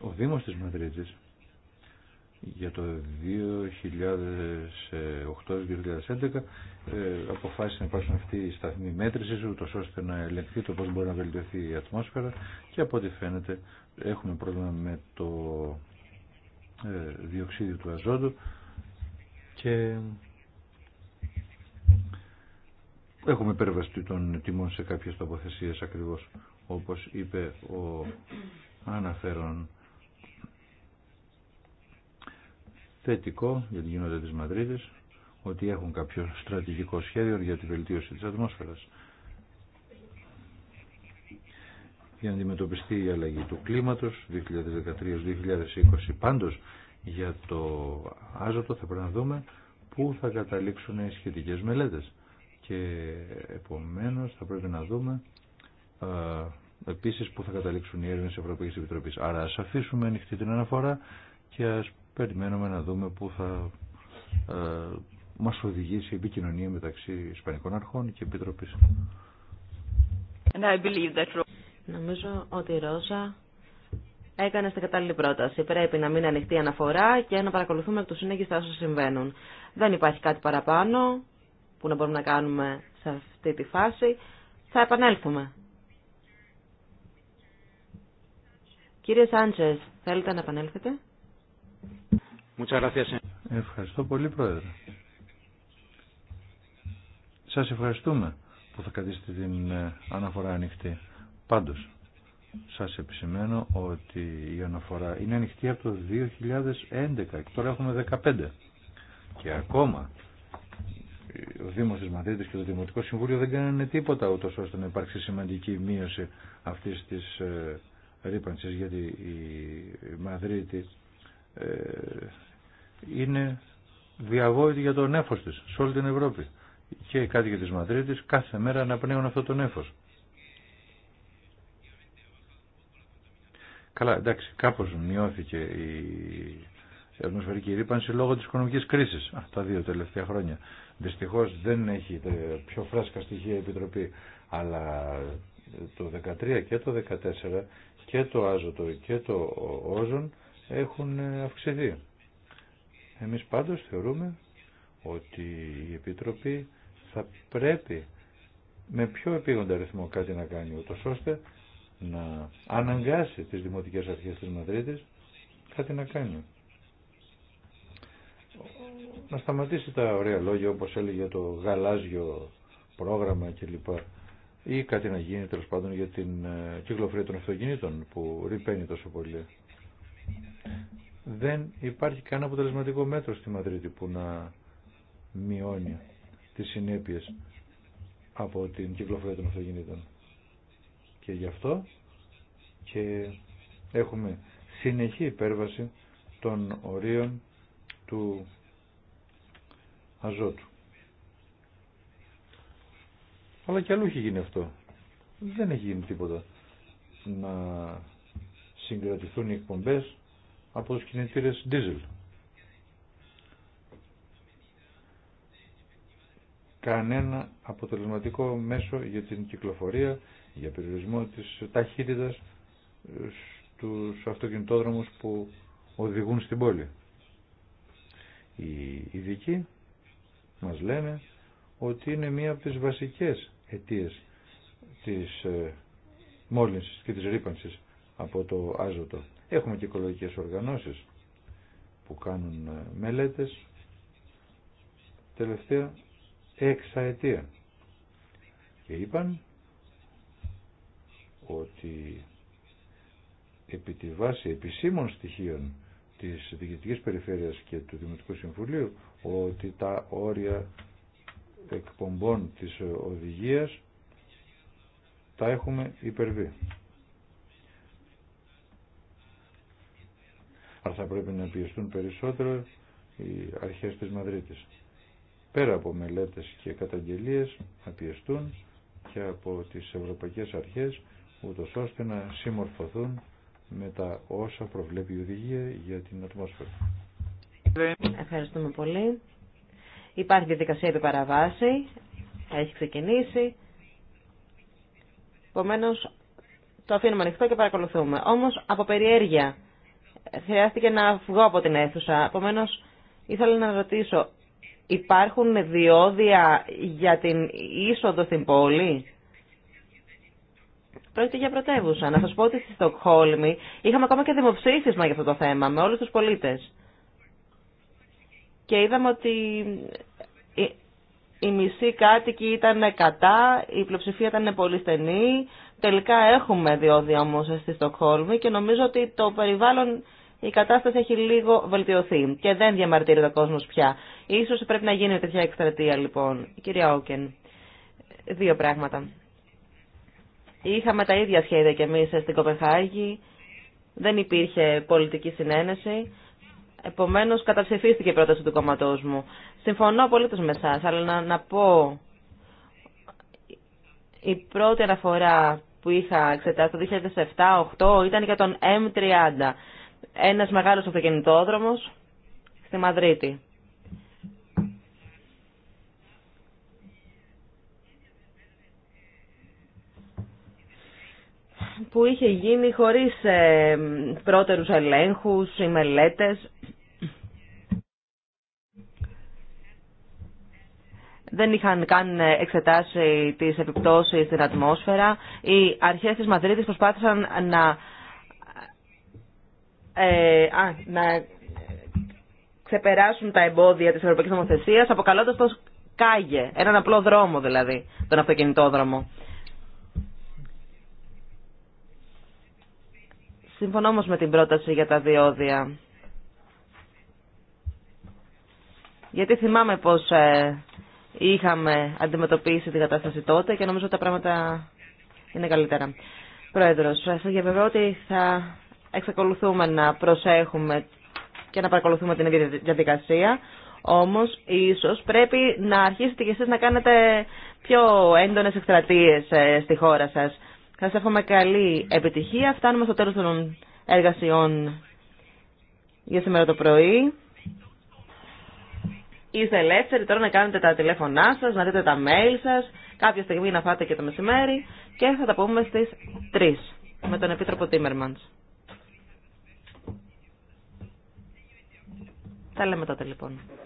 Speaker 2: Ο Δήμος της Μαδρίτης για το 2008-2011 ε, αποφάσισε να υπάρξουν αυτή η σταθμή μέτρησης ούτως ώστε να ελεγχθεί το πώς μπορεί να βελτιωθεί η ατμόσφαιρα και από ό,τι φαίνεται έχουμε πρόβλημα με το ε, διοξίδιο του αζότου και έχουμε υπέρβαση των τιμών σε κάποιες τοποθεσίες ακριβώς όπως είπε ο αναφέρον θετικό για την κοινότητα της Μαδρίτης ότι έχουν κάποιο στρατηγικό σχέδιο για τη βελτίωση της ατμόσφαιρας. για να αντιμετωπιστεί η αλλαγή του κλίματος 2013-2020. Πάντως για το άζωτο θα πρέπει να δούμε πού θα καταλήξουν οι σχετικές μελέτες και επομένως θα πρέπει να δούμε επίσης πού θα καταλήξουν οι έρευνες της Ευρωπαϊκής Επιτροπής. Άρα ας αφήσουμε ανοιχτή την αναφορά και ας περιμένουμε να δούμε πού θα μα μας οδηγήσει η επικοινωνία μεταξύ Ισπανικών Αρχών και Επιτροπής.
Speaker 3: Νομίζω ότι η Ρόζα έκανε στην κατάλληλη πρόταση. Πρέπει να μην ανοιχτή αναφορά και να παρακολουθούμε από το συνέγγιστα όσα συμβαίνουν. Δεν υπάρχει κάτι παραπάνω που να μπορούμε να κάνουμε σε αυτή τη φάση. Θα επανέλθουμε. Κύριε Σάντσες, θέλετε να επανέλθετε.
Speaker 2: Ευχαριστώ πολύ, Πρόεδρε. Σας ευχαριστούμε που θα κρατήσετε την ε, αναφορά ανοιχτή. Πάντως, σας επισημαίνω ότι η αναφορά είναι ανοιχτή από το 2011 και τώρα έχουμε 15. Και ακόμα ο Δήμος της Μαδρίτης και το Δημοτικό Συμβούλιο δεν κάνανε τίποτα ούτως ώστε να υπάρξει σημαντική μείωση αυτής της ε, ρήπανσης γιατί η Μαδρίτη ε, είναι διαβόητη για το νέφος της σε όλη την Ευρώπη και οι κάτοικοι της Μαδρίτης κάθε μέρα αναπνέουν αυτό το νέφος. Καλά, εντάξει, κάπως μειώθηκε η ατμοσφαιρική ρήπανση λόγω της οικονομικής κρίσης τα δύο τελευταία χρόνια. Δυστυχώς δεν έχει ε, πιο φράσκα στοιχεία η Επιτροπή, αλλά το 2013 και το 14 και το άζωτο και το όζον έχουν ε, αυξηθεί. Εμείς πάντως θεωρούμε ότι η Επιτροπή θα πρέπει με πιο επίγοντα ρυθμό κάτι να κάνει, ούτως ώστε να αναγκάσει τις δημοτικές αρχές της Μαδρίτης κάτι να κάνει. Να σταματήσει τα ωραία λόγια όπως έλεγε το γαλάζιο πρόγραμμα κλπ. Ή κάτι να γίνει τέλο πάντων για την ε, κυκλοφορία των αυτοκινήτων που ρηπαίνει τόσο πολύ. Δεν υπάρχει κανένα αποτελεσματικό μέτρο στη Μαδρίτη που να μειώνει τις συνέπειες από την κυκλοφορία των αυτοκινήτων. Και γι' αυτό και έχουμε συνεχή υπέρβαση των ορίων του αζότου. Αλλά και αλλού έχει γίνει αυτό. Δεν έχει γίνει τίποτα. Να συγκρατηθούν οι εκπομπές από τους κινητήρες diesel. Κανένα αποτελεσματικό μέσο για την κυκλοφορία για περιορισμό της ταχύτητας ε, στους αυτοκινητόδρομους που οδηγούν στην πόλη. Οι ειδικοί μας λένε ότι είναι μία από τις βασικές αιτίες της ε, μόλυνσης και της ρήπανσης από το άζωτο. Έχουμε και οικολογικές οργανώσεις που κάνουν ε, μελέτες τελευταία εξαετία. Και είπαν ότι επί τη βάση επισήμων στοιχείων της Διοικητικής Περιφέρειας και του Δημοτικού Συμβουλίου ότι τα όρια εκπομπών της οδηγίας τα έχουμε υπερβεί. Αλλά θα πρέπει να πιεστούν περισσότερο οι αρχές της Μαδρίτης. Πέρα από μελέτες και καταγγελίες να πιεστούν και από τις ευρωπαϊκές αρχές ούτως ώστε να συμμορφωθούν με τα όσα προβλέπει η οδηγία για την ατμόσφαιρα.
Speaker 3: Ευχαριστούμε πολύ. Υπάρχει διαδικασία επί Έχει ξεκινήσει. Επομένω, το αφήνουμε ανοιχτό και παρακολουθούμε. Όμω, από περιέργεια, χρειάστηκε να βγω από την αίθουσα. Επομένω, ήθελα να ρωτήσω, υπάρχουν διόδια για την είσοδο στην πόλη. Πρόκειται για πρωτεύουσα. Να σα πω ότι στη Στοκχόλμη είχαμε ακόμα και δημοψήφισμα για αυτό το θέμα με όλου του πολίτε. Και είδαμε ότι οι, μισοί κάτοικοι ήταν κατά, η πλειοψηφία ήταν πολύ στενή. Τελικά έχουμε διόδια όμω στη Στοκχόλμη και νομίζω ότι το περιβάλλον η κατάσταση έχει λίγο βελτιωθεί και δεν διαμαρτύρεται ο κόσμο πια. σω πρέπει να γίνει τέτοια εκστρατεία λοιπόν. Κυρία Όκεν, δύο πράγματα. Είχαμε τα ίδια σχέδια και εμείς στην Κοπεχάγη. Δεν υπήρχε πολιτική συνένεση. Επομένως, καταψηφίστηκε η πρόταση του κόμματό μου. Συμφωνώ πολύ με εσά, αλλά να, να πω... Η πρώτη αναφορά που είχα εξετάσει το 2007-2008 ήταν για τον M30. Ένας μεγάλος αυτοκινητόδρομος στη Μαδρίτη. που είχε γίνει χωρίς ε, πρώτερους ελέγχους ή μελέτες. Δεν είχαν καν εξετάσει τις επιπτώσεις στην ατμόσφαιρα. Οι αρχές της Μαδρίτης προσπάθησαν να, ε, να ξεπεράσουν τα εμπόδια της Ευρωπαϊκής Νομοθεσίας αποκαλώντας το ΚΑΓΕ, έναν απλό δρόμο δηλαδή, τον αυτοκινητόδρομο. Συμφωνώ όμως με την πρόταση για τα διόδια. Γιατί θυμάμαι πως ε, είχαμε αντιμετωπίσει την κατάσταση τότε και νομίζω ότι τα πράγματα είναι καλύτερα. Πρόεδρος, ε, σας διαβεβαιώ ότι θα εξακολουθούμε να προσέχουμε και να παρακολουθούμε την ίδια διαδικασία. Όμως, ίσως πρέπει να αρχίσετε και εσείς να κάνετε πιο έντονες εκστρατείες ε, στη χώρα σας σας εύχομαι καλή επιτυχία. Φτάνουμε στο τέλος των εργασιών για σήμερα το πρωί. Είστε ελεύθεροι τώρα να κάνετε τα τηλέφωνά σας, να δείτε τα mail σας, κάποια στιγμή να φάτε και το μεσημέρι και θα τα πούμε στις 3 με τον Επίτροπο Τίμερμαντς. Τα λέμε τότε λοιπόν.